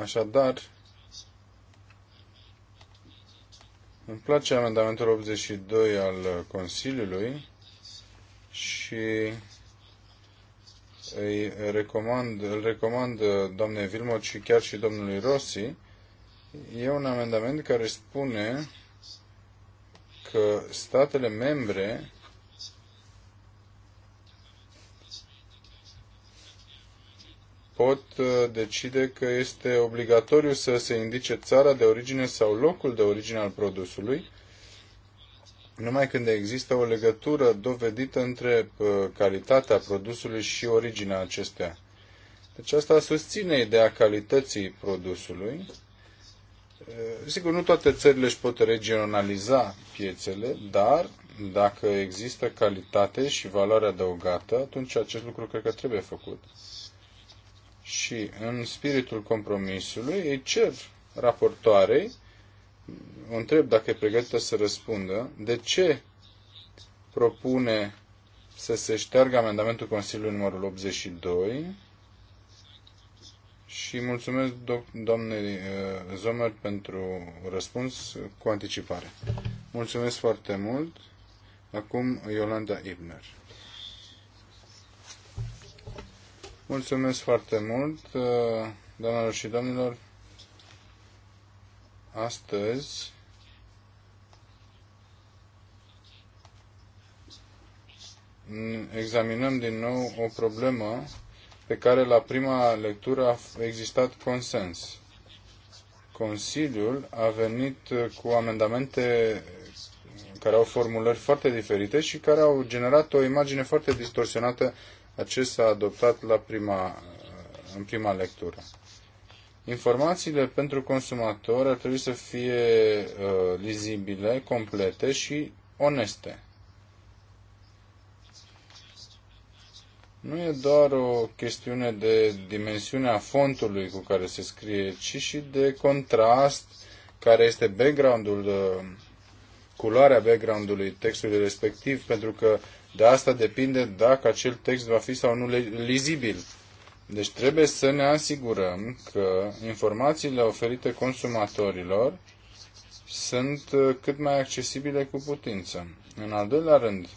Așadar, îmi place amendamentul 82 al Consiliului și îi recomand, îl recomand doamnei Vilmot și chiar și domnului Rossi. E un amendament care spune că statele membre pot uh, decide că este obligatoriu să se indice țara de origine sau locul de origine al produsului, numai când există o legătură dovedită între uh, calitatea produsului și originea acestea. Deci asta susține ideea calității produsului Eh, sigur, nu toate țările își pot regionaliza piețele, dar dacă există calitate și valoare adăugată, atunci acest lucru cred că trebuie făcut. Și în spiritul compromisului îi cer raportoarei, o întreb dacă e pregătită să răspundă, de ce propune să se șteargă amendamentul Consiliului numărul 82 și mulțumesc do- uh, Zomer pentru răspuns cu anticipare. Mulțumesc foarte mult. Acum Iolanda Ibner. Mulțumesc foarte mult, uh, doamnelor și domnilor. Astăzi examinăm din nou o problemă pe care la prima lectură a existat consens. Consiliul a venit cu amendamente care au formulări foarte diferite și care au generat o imagine foarte distorsionată a ce s-a adoptat la prima, în prima lectură. Informațiile pentru consumatori ar trebui să fie uh, lizibile, complete și oneste. nu e doar o chestiune de dimensiunea fontului cu care se scrie, ci și de contrast, care este background-ul, uh, culoarea background-ului textului respectiv, pentru că de asta depinde dacă acel text va fi sau nu lizibil. Deci trebuie să ne asigurăm că informațiile oferite consumatorilor sunt uh, cât mai accesibile cu putință. În al doilea rând,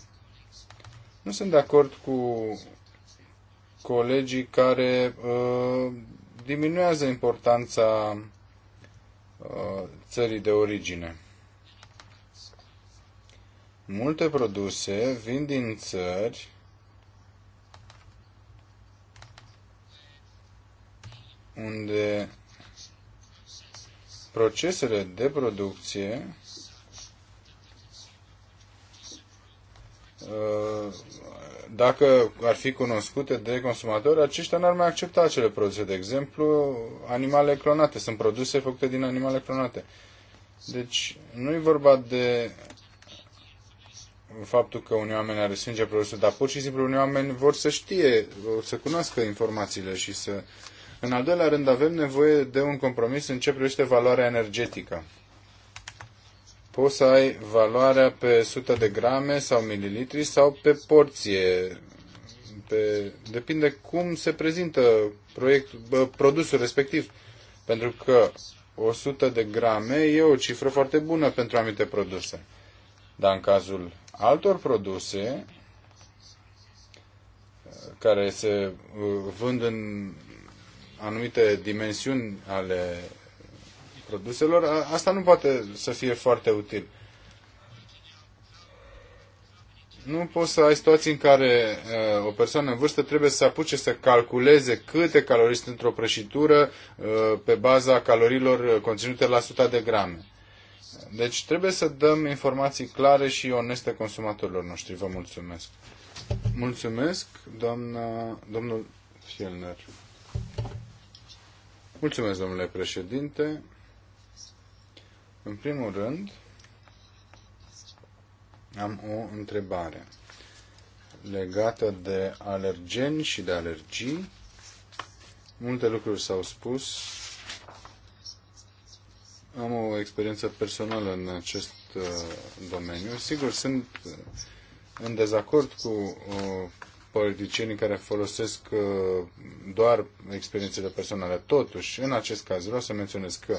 nu sunt de acord cu colegii care uh, diminuează importanța uh, țării de origine. Multe produse vin din țări unde procesele de producție uh, dacă ar fi cunoscute de consumatori, aceștia n-ar mai accepta acele produse. De exemplu, animale clonate. Sunt produse făcute din animale clonate. Deci, nu e vorba de faptul că unii oameni are sânge produsul, dar pur și simplu unii oameni vor să știe, vor să cunoască informațiile și să... În al doilea rând, avem nevoie de un compromis în ce privește valoarea energetică. Poți să ai valoarea pe 100 de grame sau mililitri sau pe porție. Pe... Depinde cum se prezintă proiect, bă, produsul respectiv. Pentru că 100 de grame e o cifră foarte bună pentru anumite produse. Dar în cazul altor produse care se uh, vând în anumite dimensiuni ale produselor, asta nu poate să fie foarte util. Nu poți să ai situații în care uh, o persoană în vârstă trebuie să apuce să calculeze câte calorii sunt într-o prăjitură uh, pe baza calorilor conținute la 100 de grame. Deci trebuie să dăm informații clare și oneste consumatorilor noștri. Vă mulțumesc. Mulțumesc, doamna, domnul Fielner. Mulțumesc, domnule președinte. În primul rând, am o întrebare legată de alergeni și de alergii. Multe lucruri s-au spus. Am o experiență personală în acest uh, domeniu. Sigur, sunt uh, în dezacord cu uh, politicienii care folosesc doar experiențele personale. Totuși, în acest caz, vreau să menționez că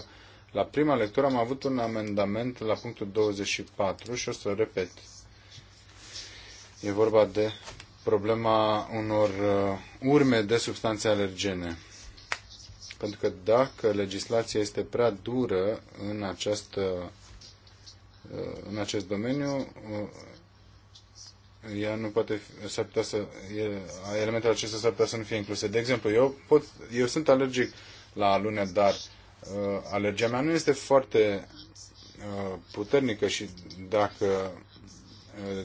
la prima lectură am avut un amendament la punctul 24 și o să repet. E vorba de problema unor uh, urme de substanțe alergene. Pentru că dacă legislația este prea dură în, această, uh, în acest domeniu, uh, ea nu poate, s-ar putea să, elementele acestea s-ar putea să nu fie incluse. De exemplu, eu, pot, eu sunt alergic la alune, dar uh, Uh, alergia mea nu este foarte uh, puternică și dacă uh,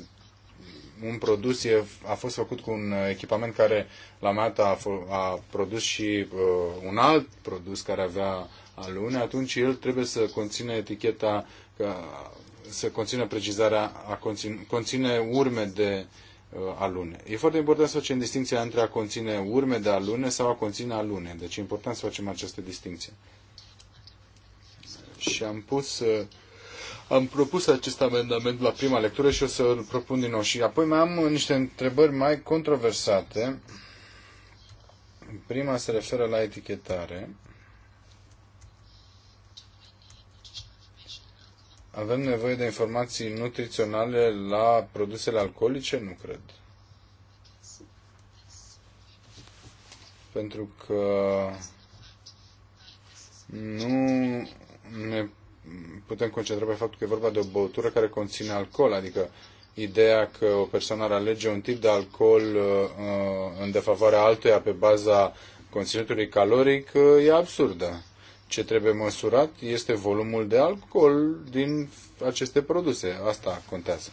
un produs e, a fost făcut cu un echipament care la mea a, a produs și uh, un alt produs care avea alune, atunci el trebuie să conține eticheta, că, să conține precizarea, a conține, conține urme de uh, alune. E foarte important să facem distinția între a conține urme de alune sau a conține alune. Deci e important să facem această distinție și am pus uh, am propus acest amendament la prima lectură și o să îl propun din nou. Și apoi mai am niște întrebări mai controversate. Prima se referă la etichetare. Avem nevoie de informații nutriționale la produsele alcoolice? Nu cred. Pentru că nu ne putem concentra pe faptul că e vorba de o băutură care conține alcool, adică ideea că o persoană ar alege un tip de alcool uh, uh, în defavoarea altuia pe baza conținutului caloric uh, e absurdă. Ce trebuie măsurat este volumul de alcool din aceste produse. Asta contează.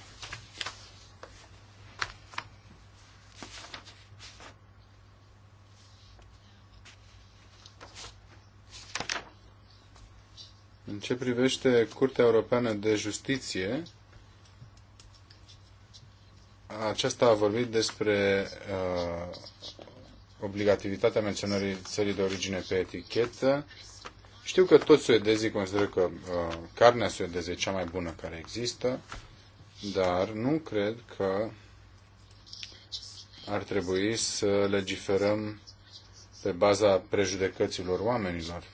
În ce privește Curtea Europeană de Justiție, aceasta a vorbit despre uh, obligativitatea menționării țării de origine pe etichetă. Știu că toți suedezii consideră că uh, carnea suedeză e cea mai bună care există, dar nu cred că ar trebui să legiferăm pe baza prejudecăților oamenilor.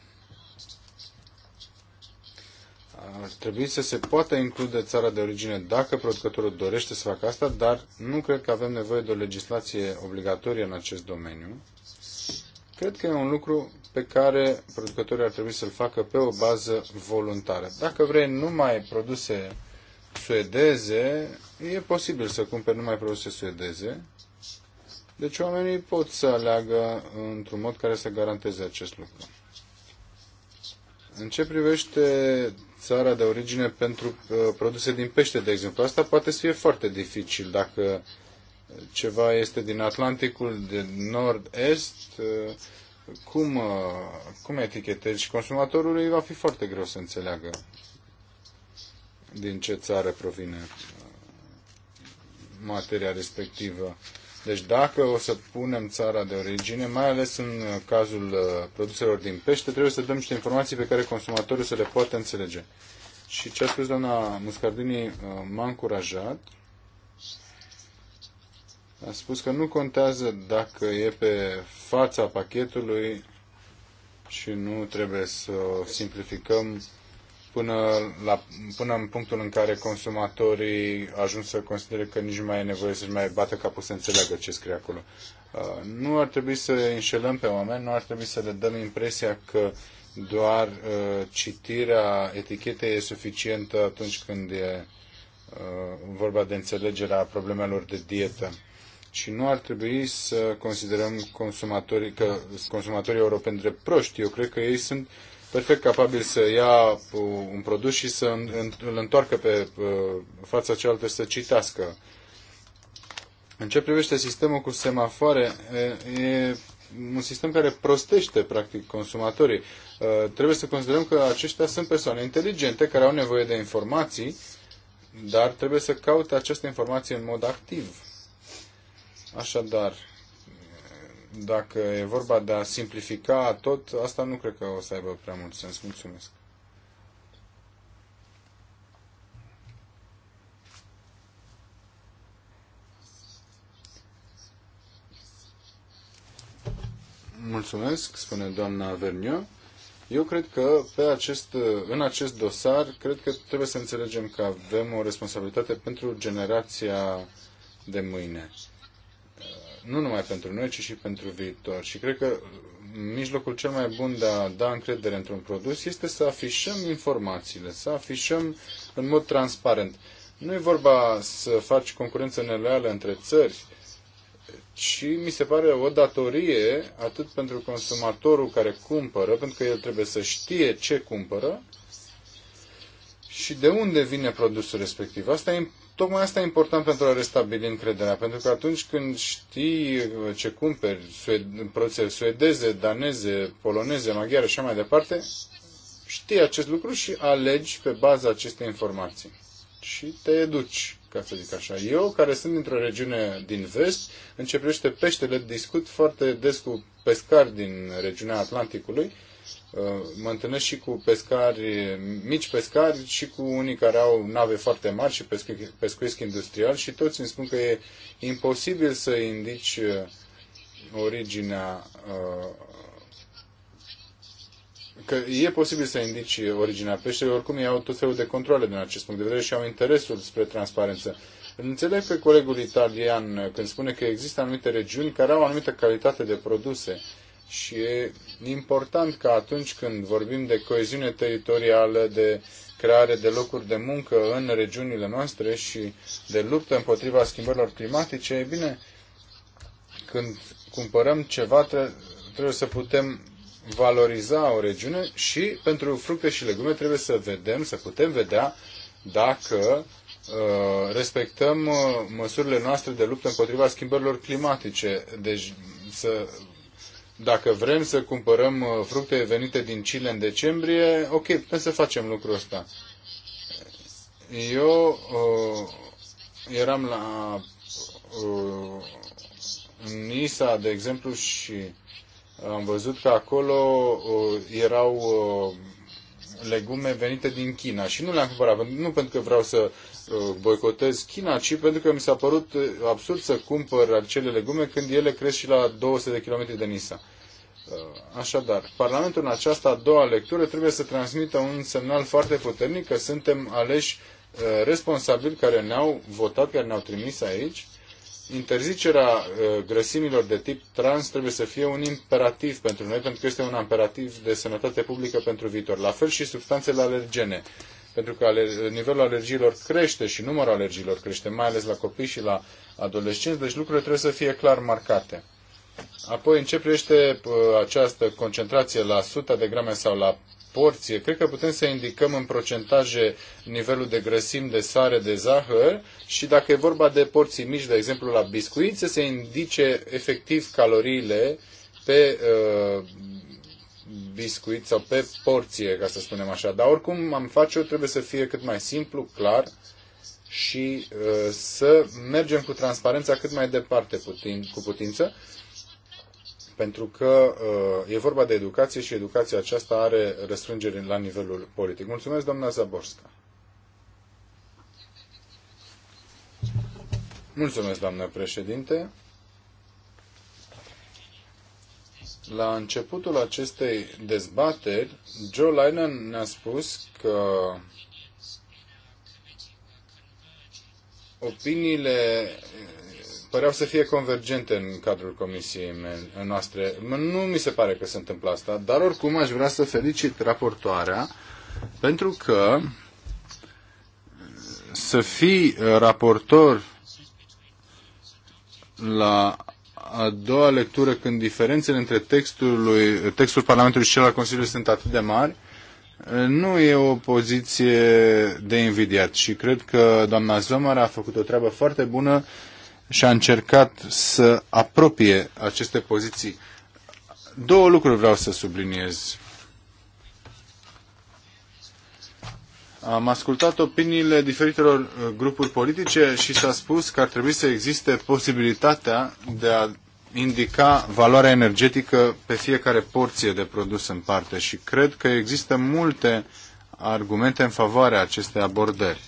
ar trebui să se poată include țara de origine dacă producătorul dorește să facă asta, dar nu cred că avem nevoie de o legislație obligatorie în acest domeniu. Cred că e un lucru pe care producătorii ar trebui să-l facă pe o bază voluntară. Dacă vrei numai produse suedeze, e posibil să cumperi numai produse suedeze. Deci oamenii pot să aleagă într-un mod care să garanteze acest lucru. În ce privește țara de origine pentru uh, produse din pește, de exemplu. Asta poate să fie foarte dificil dacă ceva este din Atlanticul de nord-est, uh, cum, uh, cum etichetezi și consumatorului va fi foarte greu să înțeleagă din ce țară provine materia respectivă. Deci dacă o să punem țara de origine, mai ales în cazul uh, produselor din pește, trebuie să dăm niște informații pe care consumatorul să le poată înțelege. Și ce a spus doamna Muscardini uh, m-a încurajat. A spus că nu contează dacă e pe fața pachetului și nu trebuie să simplificăm până, la, până în punctul în care consumatorii ajung să considere că nici nu mai e nevoie să-și mai bată capul să înțeleagă ce scrie acolo. Uh, nu ar trebui să înșelăm pe oameni, nu ar trebui să le dăm impresia că doar uh, citirea etichetei e suficientă atunci când e uh, vorba de înțelegerea problemelor de dietă. Și nu ar trebui să considerăm consumatorii, că consumatorii europeni drept proști. Eu cred că ei sunt uh, perfect capabil să ia uh, un produs și să îl întoarcă pe uh, fața cealaltă să citească. În ce privește sistemul cu semafoare, e un sistem care prostește, practic, consumatorii. Uh, trebuie să considerăm că aceștia sunt persoane inteligente care au nevoie de informații, dar trebuie să caute această informație în mod activ. Așadar, dacă e vorba de a simplifica tot, asta nu cred că o să aibă prea mult sens. Mulțumesc. Mulțumesc, spune doamna Verniu. Eu cred că pe acest, în acest dosar, cred că trebuie să înțelegem că avem o responsabilitate pentru generația de mâine nu numai pentru noi, ci și pentru viitor. Și cred că mijlocul cel mai bun de a da încredere într-un produs este să afișăm informațiile, să afișăm în mod transparent. Nu e vorba să faci concurență neloială între țări, ci mi se pare o datorie atât pentru consumatorul care cumpără, pentru că el trebuie să știe ce cumpără, și de unde vine produsul respectiv. Asta e Tocmai asta e important pentru a restabili încrederea, pentru că atunci când știi uh, ce cumperi, sued, suedeze, daneze, poloneze, maghiare și așa mai departe, știi acest lucru și alegi pe baza acestei informații. Și te educi, ca să zic așa. Eu, care sunt într o regiune din vest, începește peștele, discut foarte des cu pescari din regiunea Atlanticului, mă întâlnesc și cu pescari, mici pescari și cu unii care au nave foarte mari și pescu, pescuiesc industrial și toți îmi spun că e imposibil să indici uh, originea uh, că e posibil să indici originea peștelor, oricum ei au tot felul de controle din acest punct de vedere și au interesul spre transparență. Înțeleg pe colegul italian uh, când spune că există anumite regiuni care au anumită calitate de produse și e important că atunci când vorbim de coeziune teritorială, de creare de locuri de muncă în regiunile noastre și de luptă împotriva schimbărilor climatice, e bine, când cumpărăm ceva, trebuie să putem valoriza o regiune și pentru fructe și legume trebuie să vedem, să putem vedea dacă uh, respectăm uh, măsurile noastre de luptă împotriva schimbărilor climatice. Deci să dacă vrem să cumpărăm uh, fructe venite din Chile în decembrie, ok, putem să facem lucrul ăsta. Eu uh, eram la uh, Nisa, de exemplu, și am văzut că acolo uh, erau uh, legume venite din China și nu le-am cumpărat, nu pentru că vreau să Uh, boicotez China, ci pentru că mi s-a părut uh, absurd să cumpăr acele legume când ele cresc și la 200 de km de Nisa. Uh, așadar, Parlamentul în această a doua lectură trebuie să transmită un semnal foarte puternic că suntem aleși responsabili care ne-au votat, care ne-au trimis aici. Interzicerea grăsimilor de tip trans trebuie să fie un imperativ pentru noi, pentru că este un imperativ de sănătate publică pentru viitor. La fel și substanțele alergene pentru că nivelul alergiilor crește și numărul alergiilor crește, mai ales la copii și la adolescenți, deci lucrurile trebuie să fie clar marcate. Apoi, în ce privește uh, această concentrație la 100 de grame sau la porție, cred că putem să indicăm în procentaje nivelul de grăsimi de sare, de zahăr și dacă e vorba de porții mici, de exemplu la biscuiți, să se indice efectiv caloriile pe uh, biscuit sau pe porție, ca să spunem așa. Dar oricum am face-o, trebuie să fie cât mai simplu, clar și uh, să mergem cu transparența cât mai departe putin, cu putință, pentru că uh, e vorba de educație și educația aceasta are răsfrângere la nivelul politic. Mulțumesc, doamna Zaborska. Mulțumesc, doamnă președinte. La începutul acestei dezbateri, Joe Linen ne-a spus că opiniile eh, păreau să fie convergente în cadrul comisiei noastre. Nu mi se pare că se întâmplă asta, dar oricum aș vrea să felicit raportoarea pentru că eh, să fii eh, raportor la a doua lectură, când diferențele între textul, textul Parlamentului și cel al Consiliului sunt atât de mari, nu e o poziție de invidiat și cred că doamna Zomar a făcut o treabă foarte bună și a încercat să apropie aceste poziții. Două lucruri vreau să subliniez Am ascultat opiniile diferitelor uh, grupuri politice și s-a spus că ar trebui să existe posibilitatea de a indica valoarea energetică pe fiecare porție de produs în parte și cred că există multe argumente în favoarea acestei abordări.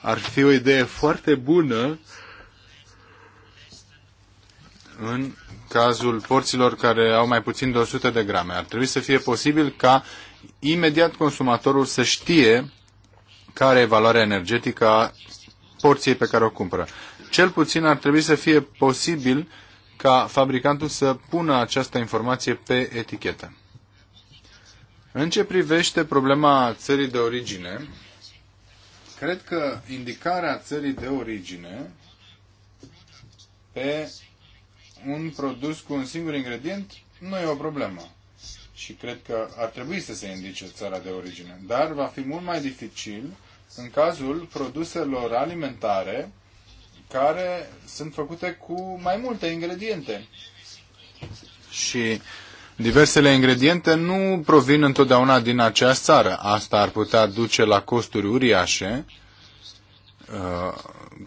Ar fi o idee foarte bună în cazul porților care au mai puțin de 100 de grame. Ar trebui să fie posibil ca imediat consumatorul să știe care e valoarea energetică a porției pe care o cumpără. Cel puțin ar trebui să fie posibil ca fabricantul să pună această informație pe etichetă. În ce privește problema țării de origine, cred că indicarea țării de origine pe un produs cu un singur ingredient nu e o problemă. Și cred că ar trebui să se indice țara de origine. Dar va fi mult mai dificil în cazul produselor alimentare care sunt făcute cu mai multe ingrediente. Și diversele ingrediente nu provin întotdeauna din aceeași țară. Asta ar putea duce la costuri uriașe uh,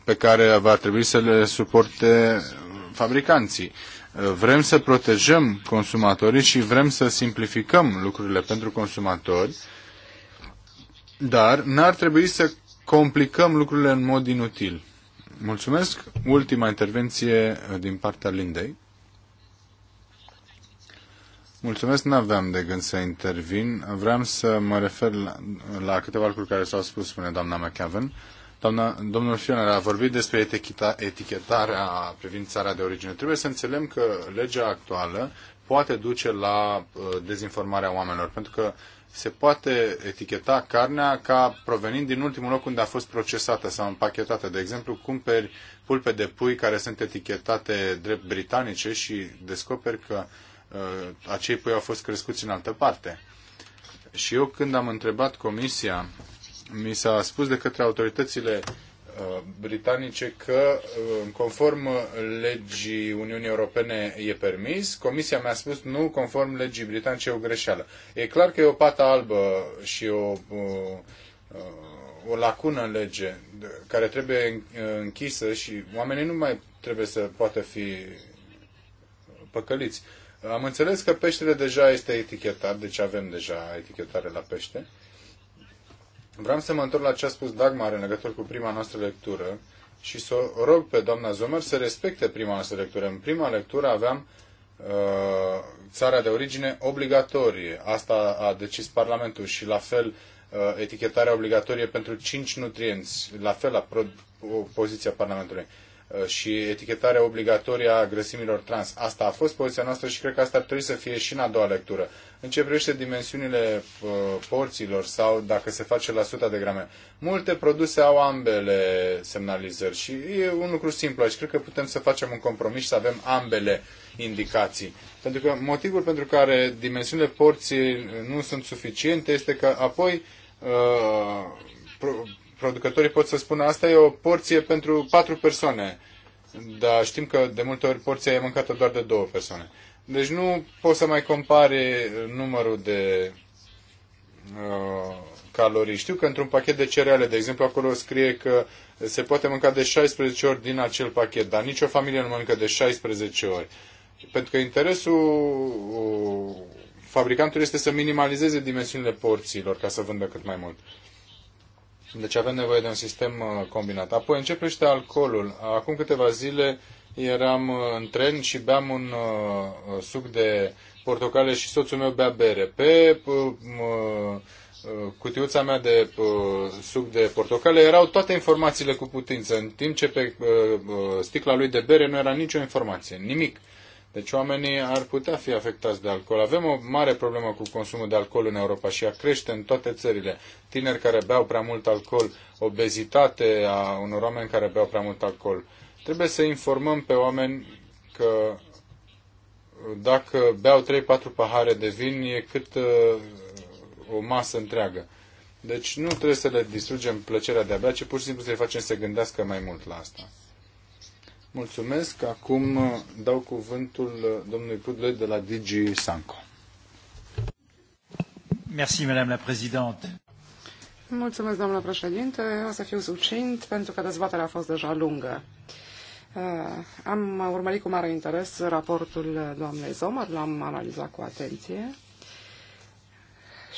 pe care va trebui să le suporte fabricanții. Vrem să protejăm consumatorii și vrem să simplificăm lucrurile pentru consumatori, dar n-ar trebui să complicăm lucrurile în mod inutil. Mulțumesc. Ultima intervenție uh, din partea Lindei. Mulțumesc, nu aveam de gând să intervin. Vreau să mă refer la, la câteva lucruri care s-au spus, spune doamna McAven. Doamna, domnul Fioner a vorbit despre eticheta, etichetarea privind țara de origine. Trebuie să înțelegem că legea actuală poate duce la uh, dezinformarea oamenilor, pentru că se poate eticheta carnea ca provenind din ultimul loc unde a fost procesată sau împachetată. De exemplu, cumperi pulpe de pui care sunt etichetate drept britanice și descoperi că uh, acei pui au fost crescuți în altă parte. Și eu când am întrebat comisia mi s-a spus de către autoritățile uh, britanice că, uh, conform uh, legii Uniunii Europene, e permis. Comisia mi-a spus nu, conform legii britanice, e o greșeală. E clar că e o pată albă și o, o lacună în lege care trebuie închisă și oamenii nu mai trebuie să poată fi păcăliți. Am înțeles că peștele deja este etichetat, deci avem deja etichetare la pește. Vreau să mă întorc la ce a spus Dagmar în legătură cu prima noastră lectură și să o rog pe doamna Zomer să respecte prima noastră lectură. În prima lectură aveam uh, țara de origine obligatorie. Asta a decis Parlamentul și la fel uh, etichetarea obligatorie pentru 5 nutrienți. La fel la poziția Parlamentului. Uh, și etichetarea obligatorie a grăsimilor trans. Asta a fost poziția noastră și cred că asta ar trebui să fie și în a doua lectură. În ce privește dimensiunile uh, porților sau dacă se face la 100 de grame. Multe produse au ambele semnalizări și e un lucru simplu și cred că putem să facem un compromis și să avem ambele indicații. Pentru că motivul pentru care dimensiunile porții nu sunt suficiente este că apoi uh, producătorii pot să spună asta e o porție pentru patru persoane, dar știm că de multe ori porția e mâncată doar de două persoane. Deci nu poți să mai compare numărul de uh, calorii. Știu că într-un pachet de cereale, de exemplu, acolo scrie că se poate mânca de 16 ori din acel pachet, dar nicio familie nu mănâncă de 16 ori. Pentru că interesul uh, fabricantului este să minimalizeze dimensiunile porțiilor ca să vândă cât mai mult. Deci avem nevoie de un sistem uh, combinat. Apoi începe și alcoolul. Acum câteva zile eram uh, în tren și beam un uh, suc de portocale și soțul meu bea bere. Pe cutiuța mea de suc de portocale erau toate informațiile cu putință, în timp ce pe sticla lui de bere nu era nicio informație, nimic. Deci oamenii ar putea fi afectați de alcool. Avem o mare problemă cu consumul de alcool în Europa și a crește în toate țările. Tineri care beau prea mult alcool, obezitate a unor oameni care beau prea mult alcool. Trebuie să informăm pe oameni că dacă beau 3-4 pahare de vin e cât uh, o masă întreagă. Deci nu trebuie să le distrugem plăcerea de a bea, ci pur și simplu să le facem să gândească mai mult la asta. Mulțumesc. Acum uh, dau cuvântul uh, domnului Pudle de la DG Sanco. Merci, madame la présidente. Mulțumesc, doamnă președinte. O să fiu succint pentru că dezbaterea a fost deja lungă. Uh, am urmărit cu mare interes raportul doamnei Zomar, l-am analizat cu atenție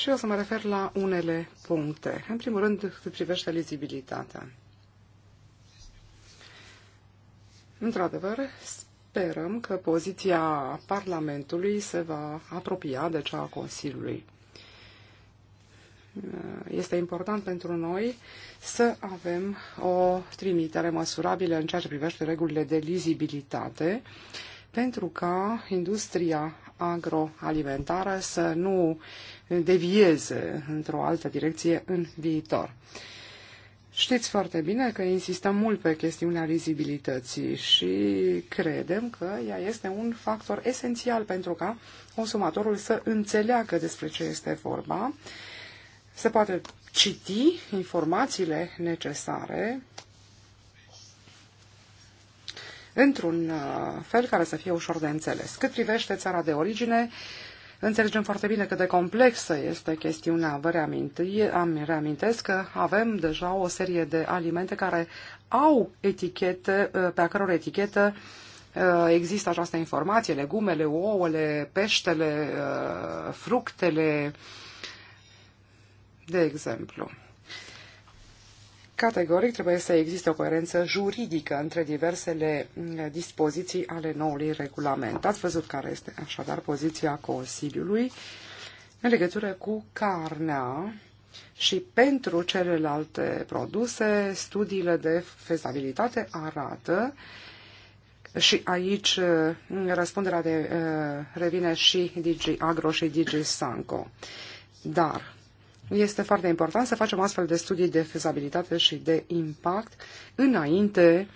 și o să mă refer la unele puncte. În primul rând, cât privește lizibilitatea. Într-adevăr, sperăm că poziția Parlamentului se va apropia de cea a Consiliului. Este important pentru noi să avem o trimitere măsurabilă în ceea ce privește regulile de lizibilitate pentru ca industria agroalimentară să nu devieze într-o altă direcție în viitor. Știți foarte bine că insistăm mult pe chestiunea vizibilității și credem că ea este un factor esențial pentru ca consumatorul să înțeleagă despre ce este vorba, să poată citi informațiile necesare într-un uh, fel care să fie ușor de înțeles. Cât privește țara de origine, uh, Înțelegem foarte bine cât de complexă este chestiunea. Vă reaminti, am, reamintesc că avem deja o serie de alimente care au etichete, uh, pe a căror etichetă uh, există această informație, legumele, ouăle, peștele, uh, fructele, de exemplu. Categoric trebuie să existe o coerență juridică între diversele mm, dispoziții ale noului regulament. Ați văzut care este așadar poziția Consiliului în legătură cu carnea și pentru celelalte produse, studiile de fezabilitate arată și aici mm, răspunderea de, eh, revine și DG Agro și DG Sanco. Dar este foarte important să facem astfel de studii de fezabilitate și de impact înainte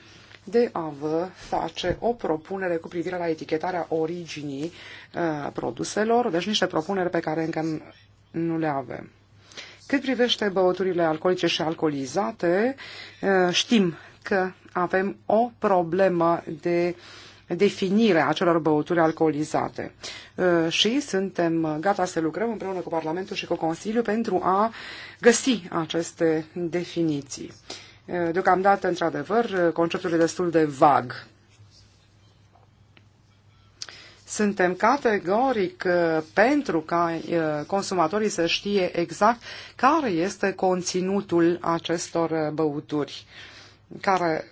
de a vă face o propunere cu privire la etichetarea originii uh, produselor, deci niște propuneri pe care încă nu le avem. Cât privește băuturile alcoolice și alcoolizate, uh, știm că avem o problemă de uh, definire a celor băuturi alcoolizate. Uh, și suntem gata să lucrăm împreună cu Parlamentul și cu Consiliul pentru a găsi aceste definiții. Uh, deocamdată, într-adevăr, uh, conceptul e destul de vag. Suntem categoric pentru ca consumatorii să știe exact care este conținutul acestor băuturi, care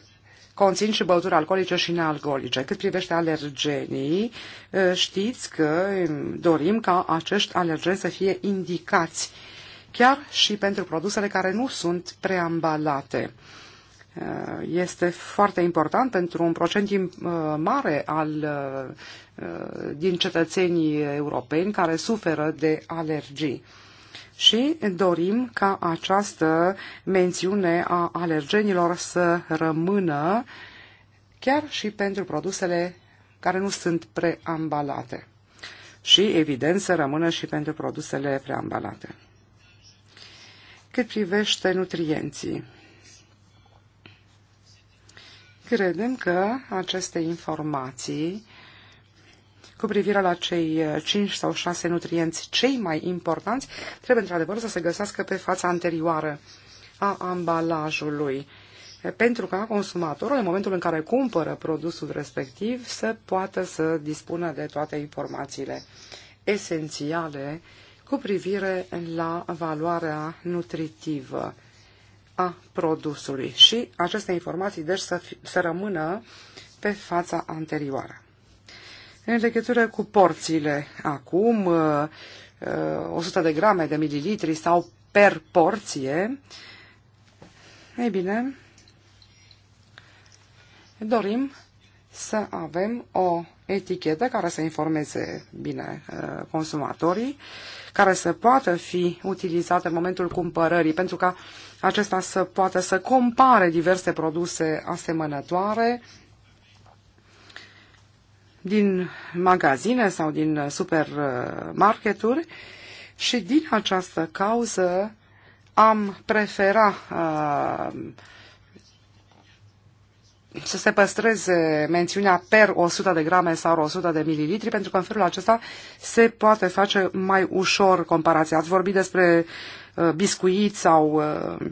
conțin și băuturi alcoolice și nealcoolice. Cât privește alergenii, știți că dorim ca acești alergeni să fie indicați chiar și pentru produsele care nu sunt preambalate. Este foarte important pentru un procent mare al, din cetățenii europeni care suferă de alergii și dorim ca această mențiune a alergenilor să rămână chiar și pentru produsele care nu sunt preambalate și, evident, să rămână și pentru produsele preambalate. Cât privește nutrienții, credem că aceste informații cu privire la cei 5 eh, sau 6 nutrienți cei mai importanți, trebuie într-adevăr să se găsească pe fața anterioară a ambalajului eh, pentru ca consumatorul, în momentul în care cumpără produsul respectiv, să poată să dispună de toate informațiile esențiale cu privire la valoarea nutritivă a produsului și aceste informații, deci, să, fi, să rămână pe fața anterioară. În legătură cu porțiile, acum 100 uh, uh, de grame de mililitri sau per porție, ei bine, dorim să avem o etichetă care să informeze bine uh, consumatorii, care să poată fi utilizată în momentul cumpărării, pentru ca acesta să poată să compare diverse produse asemănătoare din magazine sau din supermarketuri și din această cauză am prefera uh, să se păstreze mențiunea per 100 de grame sau 100 de mililitri, pentru că în felul acesta se poate face mai ușor comparația. Ați vorbit despre uh, biscuiți sau uh,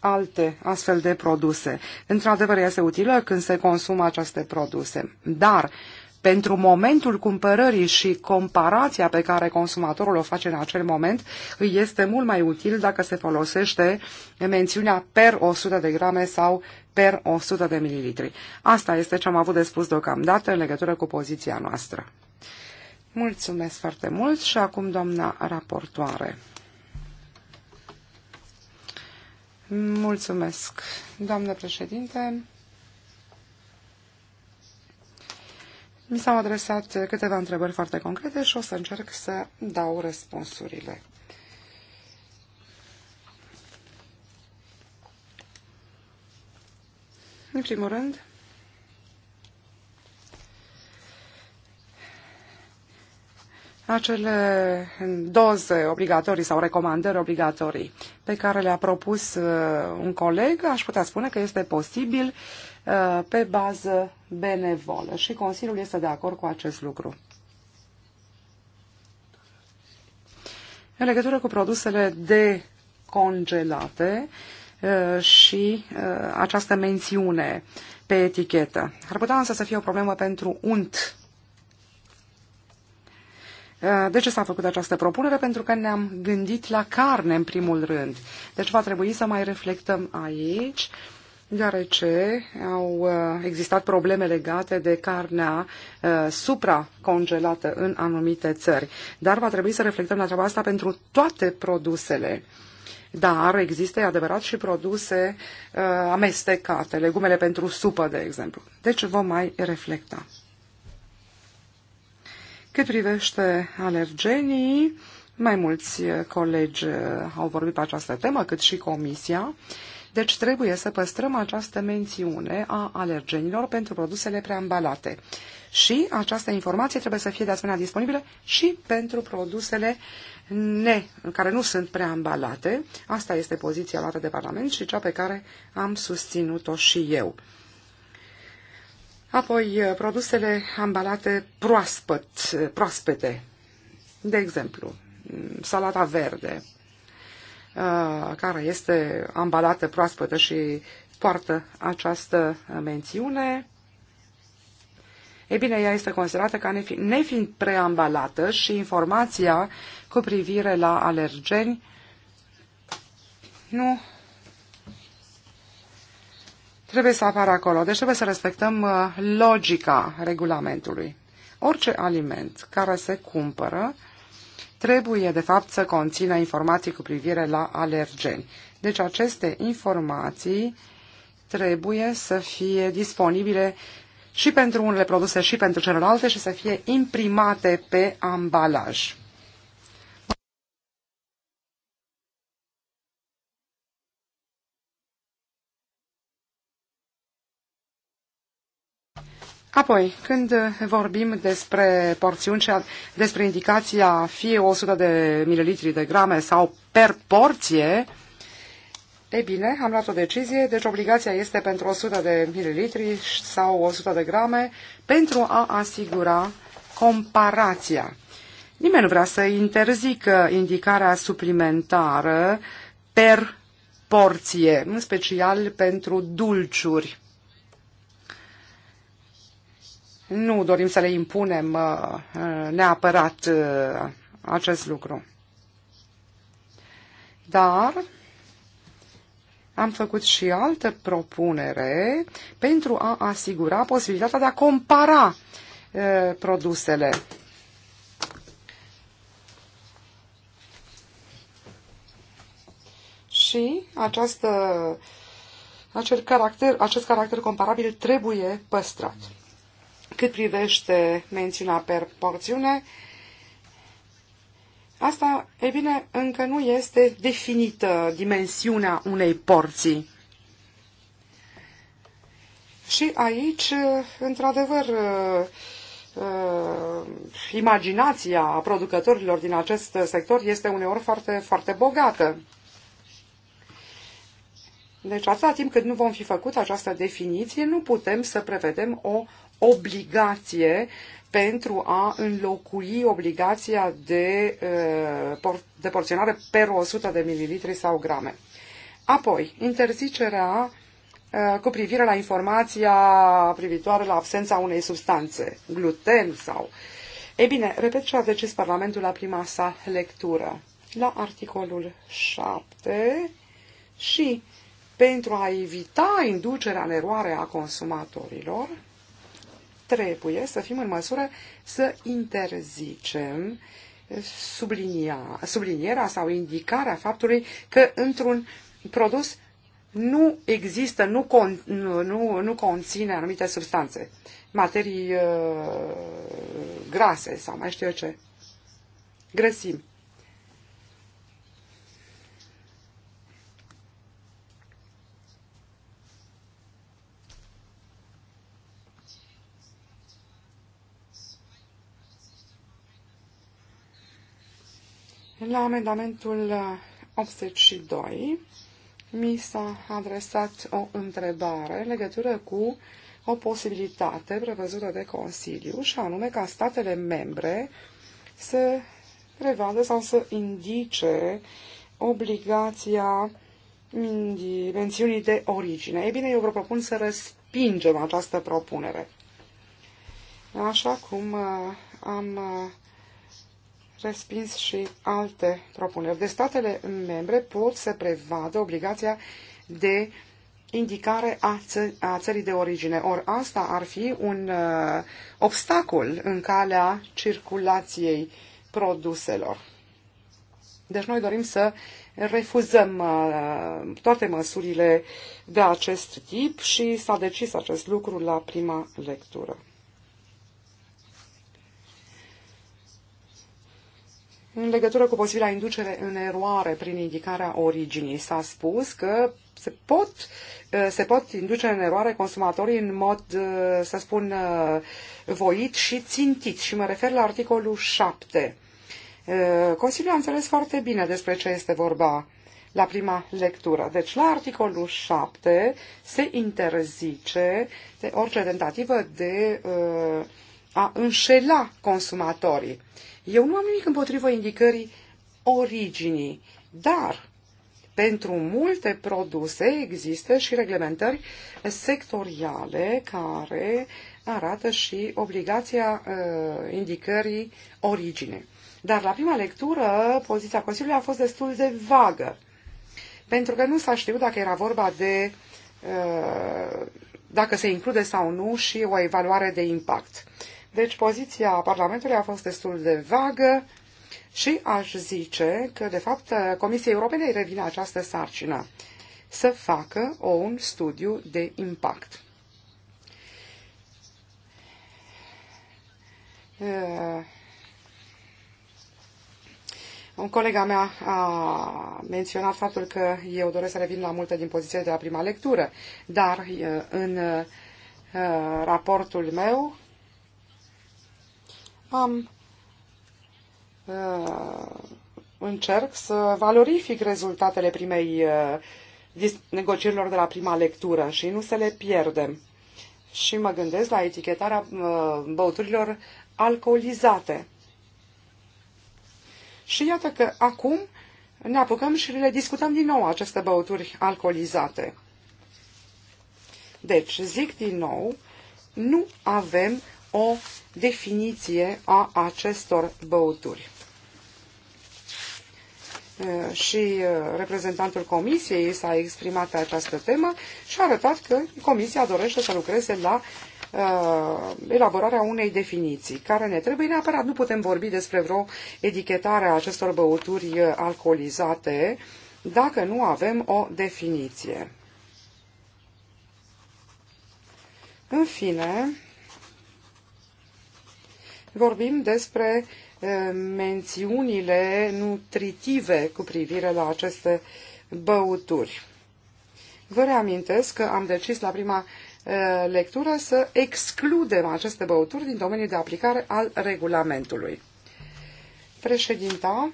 alte astfel de produse. Într-adevăr, este utilă când se consumă aceste produse, dar pentru momentul cumpărării și comparația pe care consumatorul o face în acel moment, îi este mult mai util dacă se folosește mențiunea per 100 de grame sau per 100 de mililitri. Asta este ce am avut de spus deocamdată în legătură cu poziția noastră. Mulțumesc foarte mult și acum doamna raportoare. Mulțumesc, doamnă președinte. Mi s-au adresat câteva întrebări foarte concrete și o să încerc să dau răspunsurile. În primul rând, acele doze obligatorii sau recomandări obligatorii pe care le-a propus uh, un coleg, aș putea spune că este posibil uh, pe bază benevolă și Consiliul este de acord cu acest lucru. În legătură cu produsele decongelate uh, și această mențiune pe etichetă. Ar putea însă să fie o problemă pentru unt Uh, de ce s-a făcut această propunere? Pentru că ne-am gândit la carne în primul rând. Deci va trebui să mai reflectăm aici, deoarece au uh, existat probleme legate de carnea uh, supracongelată în anumite țări. Dar va trebui să reflectăm la treaba asta pentru toate produsele. Dar există, e adevărat, și produse uh, amestecate, legumele pentru supă, de exemplu. Deci vom mai reflecta. Cât privește alergenii, mai mulți colegi au vorbit pe această temă, cât și comisia. Deci trebuie să păstrăm această mențiune a alergenilor pentru produsele preambalate. Și această informație trebuie să fie de asemenea disponibilă și pentru produsele ne, care nu sunt preambalate. Asta este poziția luată de Parlament și cea pe care am susținut-o și eu. Apoi, eh, produsele ambalate proaspăt, eh, proaspete, de exemplu, mm, salata verde, eh, care este ambalată proaspătă și poartă această mențiune, e bine, ea este considerată ca nefi, nefiind preambalată și informația cu privire la alergeni nu trebuie să apară acolo. Deci trebuie să respectăm uh, logica regulamentului. Orice aliment care se cumpără trebuie, de fapt, să conțină informații cu privire la alergeni. Deci aceste informații trebuie să fie disponibile și pentru unele produse și pentru celelalte și să fie imprimate pe ambalaj. Apoi, când vorbim despre porțiuni și despre indicația fie 100 de mililitri de grame sau per porție, e bine, am luat o decizie, deci obligația este pentru 100 de mililitri sau 100 de grame pentru a asigura comparația. Nimeni nu vrea să interzică indicarea suplimentară per porție, în special pentru dulciuri nu dorim să le impunem uh, uh, neapărat uh, acest lucru. Dar am făcut și altă propunere pentru a asigura posibilitatea de a compara produsele. Și această, acest, caracter, acest caracter comparabil trebuie păstrat. Cât privește mențiunea per porțiune, asta, e bine, încă nu este definită dimensiunea unei porții. Și aici, într-adevăr, uh, uh, imaginația producătorilor din acest sector este uneori foarte, foarte bogată. Deci, atâta timp cât nu vom fi făcut această definiție, nu putem să prevedem o obligație pentru a înlocui obligația de uh, porționare per 100 de mililitri sau grame. Apoi, interzicerea uh, cu privire la informația privitoare la absența unei substanțe, gluten sau... Ei bine, repet ce a decis Parlamentul la prima sa lectură. La articolul 7 și pentru a evita inducerea în eroare a consumatorilor, trebuie să fim în măsură să interzicem sublinia, sublinierea sau indicarea faptului că într-un produs nu există, nu, con, nu, nu, nu conține anumite substanțe, materii uh, grase sau mai știu eu ce, grăsimi. La amendamentul 82 mi s-a adresat o întrebare în legătură cu o posibilitate prevăzută de Consiliu și anume ca statele membre să prevadă sau să indice obligația mențiunii de origine. Ei bine, eu vă propun să respingem această propunere. Așa cum uh, am uh, respins și alte propuneri. De deci statele membre pot să prevadă obligația de indicare a, ță- a țării de origine. Or asta ar fi un uh, obstacol în calea circulației produselor. Deci noi dorim să refuzăm uh, toate măsurile de acest tip și s-a decis acest lucru la prima lectură. În legătură cu posibila inducere în eroare prin indicarea originii, s-a spus că se pot, uh, se pot induce în eroare consumatorii în mod, uh, să spun, uh, voit și țintit. Și mă refer la articolul 7. Consiliul a înțeles foarte bine despre ce este vorba la prima lectură. Deci, la articolul 7 se interzice de orice tentativă de a înșela consumatorii. Eu nu am nimic împotriva indicării originii, dar pentru multe produse există și reglementări sectoriale care arată și obligația uh, indicării origine. Dar la prima lectură, poziția Consiliului a fost destul de vagă, pentru că nu s-a știut dacă era vorba de uh, dacă se include sau nu și o evaluare de impact. Uh, deci poziția Parlamentului a fost destul de vagă și aș zice că, de fapt, Comisiei Europene îi revine această sarcină să facă o, un studiu de impact. Uh, un colega mea a menționat faptul că eu doresc să revin la multe din pozițiile de la prima lectură, dar uh, în uh, raportul meu am uh, încerc să valorific rezultatele primei uh, negocierilor de la prima lectură și nu să le pierdem. Și mă gândesc la etichetarea uh, băuturilor alcoolizate. Și iată că acum ne apucăm și le discutăm din nou aceste băuturi alcoolizate. Deci, zic din nou, nu avem o definiție a acestor băuturi. Uh, și uh, reprezentantul comisiei s-a exprimat pe această temă și a arătat că comisia dorește să lucreze la uh, elaborarea unei definiții care ne trebuie neapărat. Nu putem vorbi despre vreo etichetare a acestor băuturi alcoolizate dacă nu avem o definiție. În fine, vorbim despre eh, mențiunile nutritive cu privire la aceste băuturi. Vă reamintesc că am decis la prima eh, lectură să excludem aceste băuturi din domeniul de aplicare al regulamentului. Președinta,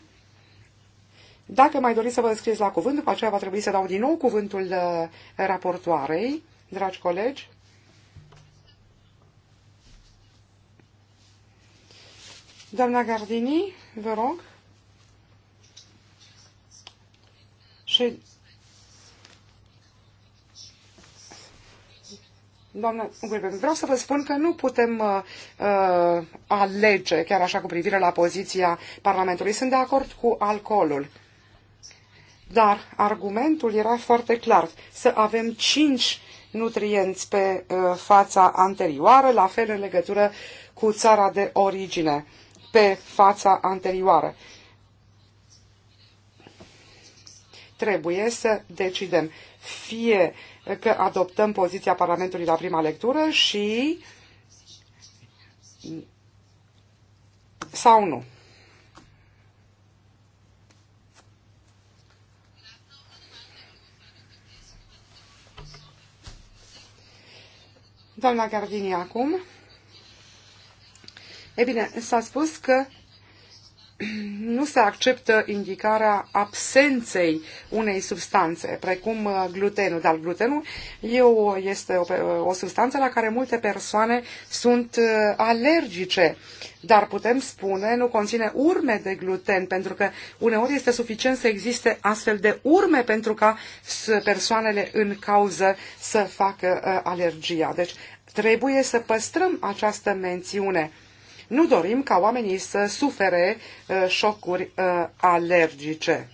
dacă mai doriți să vă înscrieți la cuvânt, după aceea va trebui să dau din nou cuvântul eh, raportoarei, dragi colegi. Doamna Gardini, vă rog. Și Doamna Gulben, vreau să vă spun că nu putem uh, uh, alege chiar așa cu privire la poziția Parlamentului. Sunt de acord cu alcoolul. Dar argumentul era foarte clar. Să avem cinci nutrienți pe uh, fața anterioară, la fel în legătură cu țara de origine. Uh, pe fața anterioară. Trebuie să decidem fie că adoptăm poziția Parlamentului la prima lectură și sau nu. Doamna Gardini acum. E bine, s-a spus că nu se acceptă indicarea absenței unei substanțe, precum uh, glutenul. Dar glutenul eu, uh, este o, uh, o substanță la care multe persoane sunt alergice, dar putem spune nu conține urme de gluten, pentru că uneori este suficient să existe astfel de urme pentru ca persoanele în cauză să facă alergia. Deci trebuie să păstrăm această mențiune nu dorim ca oamenii să sufere uh, șocuri uh, alergice.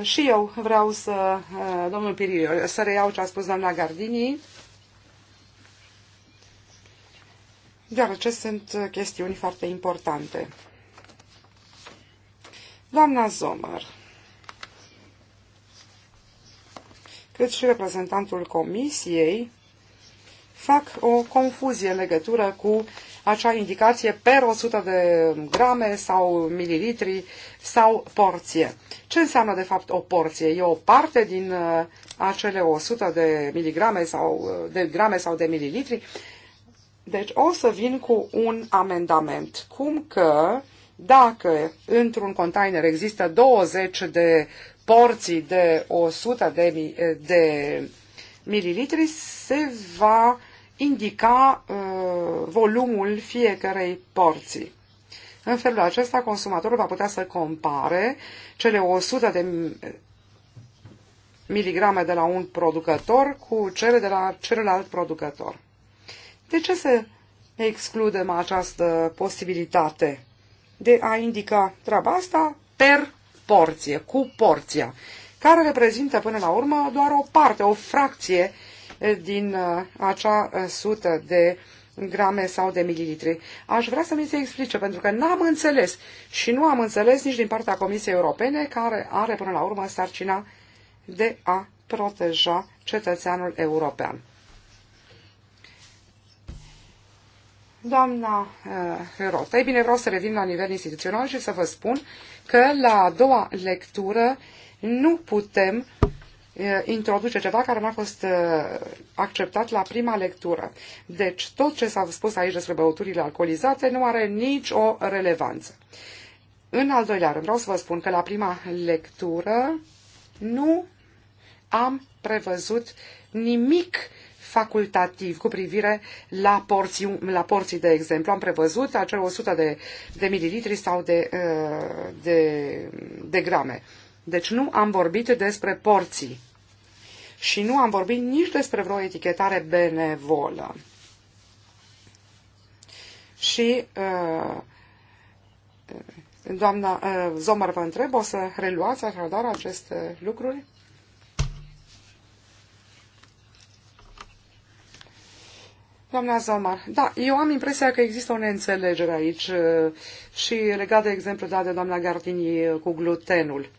Și eu vreau să, uh, domnul Piriu, să reiau ce a spus doamna Gardini, deoarece sunt chestiuni foarte importante. Doamna Zomăr, cât și reprezentantul Comisiei, fac o confuzie în legătură cu acea indicație per 100 de grame sau mililitri sau porție. Ce înseamnă de fapt o porție? E o parte din uh, acele 100 de miligrame sau uh, de grame sau de mililitri? Deci o să vin cu un amendament. Cum că dacă într-un container există 20 de porții de 100 de, de mililitri, se va indica uh, volumul fiecarei porții. În felul acesta, consumatorul va putea să compare cele 100 de miligrame de la un producător cu cele de la celălalt producător. De ce să excludem această posibilitate de a indica treaba asta per porție, cu porția, care reprezintă până la urmă doar o parte, o fracție din uh, acea uh, sută de grame sau de mililitri. Aș vrea să mi se explice, pentru că n-am înțeles și nu am înțeles nici din partea Comisiei Europene, care are până la urmă sarcina de a proteja cetățeanul european. Doamna uh, Rota, ei bine, vreau să revin la nivel instituțional și să vă spun că la a doua lectură nu putem introduce ceva care n-a fost acceptat la prima lectură. Deci tot ce s-a spus aici despre băuturile alcoolizate nu are nicio relevanță. În al doilea rând, vreau să vă spun că la prima lectură nu am prevăzut nimic facultativ cu privire la porții, la porții de exemplu. Am prevăzut acele 100 de, de mililitri sau de, de, de grame. Deci nu am vorbit despre porții și nu am vorbit nici despre vreo etichetare benevolă. Și uh, doamna uh, Zomar vă întreb, o să reluați așadar aceste lucruri? Doamna Zomar, da, eu am impresia că există o neînțelegere aici uh, și legat de exemplu dat de doamna Gardini uh, cu glutenul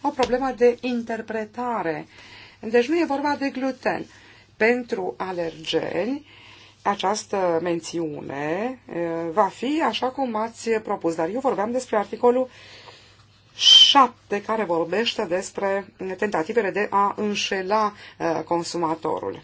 o problemă de interpretare. Deci nu e vorba de gluten. Pentru alergeni, această mențiune va fi așa cum ați propus. Dar eu vorbeam despre articolul 7 care vorbește despre tentativele de a înșela consumatorul.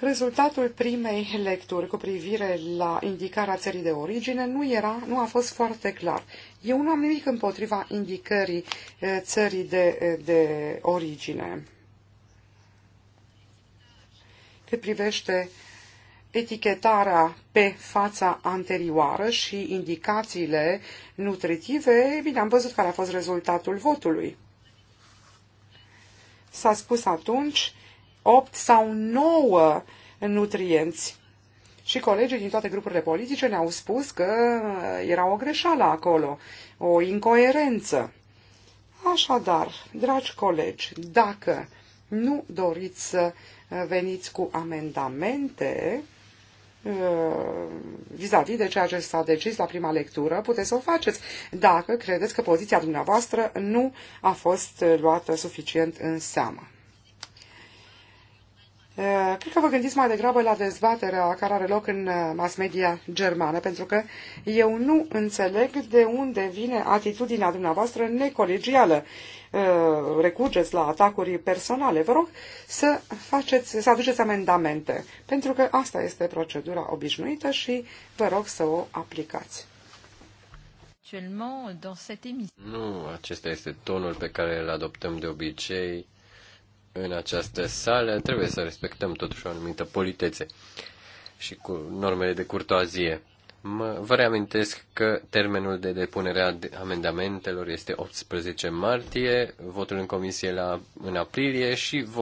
Rezultatul primei lecturi cu privire la indicarea țării de origine nu, era, nu a fost foarte clar. Eu nu am nimic împotriva indicării eh, țării de, eh, de origine. Cât privește etichetarea pe fața anterioară și indicațiile nutritive, bine, am văzut care a fost rezultatul votului. S-a spus atunci 8 sau 9 nutrienți. Și colegii din toate grupurile politice ne-au spus că era o greșeală acolo, o incoerență. Așadar, dragi colegi, dacă nu doriți să veniți cu amendamente uh, vis-a-vis -vis de ceea ce s-a decis la prima lectură, puteți să o faceți dacă credeți că poziția dumneavoastră nu a fost luată suficient în seamă. Eh, cred că vă gândiți mai degrabă la dezbaterea care are loc în eh, mass media germană, pentru că eu nu înțeleg de unde vine atitudinea dumneavoastră necolegială. Eh, Recurgeți la atacuri personale. Vă rog să, faceți, să aduceți amendamente, pentru că asta este procedura obișnuită și vă rog să o aplicați. Nu, acesta este tonul pe care îl adoptăm de obicei în această sală, trebuie să respectăm totuși o anumită politețe și cu normele de curtoazie. Mă, vă reamintesc că termenul de depunere a amendamentelor este 18 martie, votul în comisie la, în aprilie și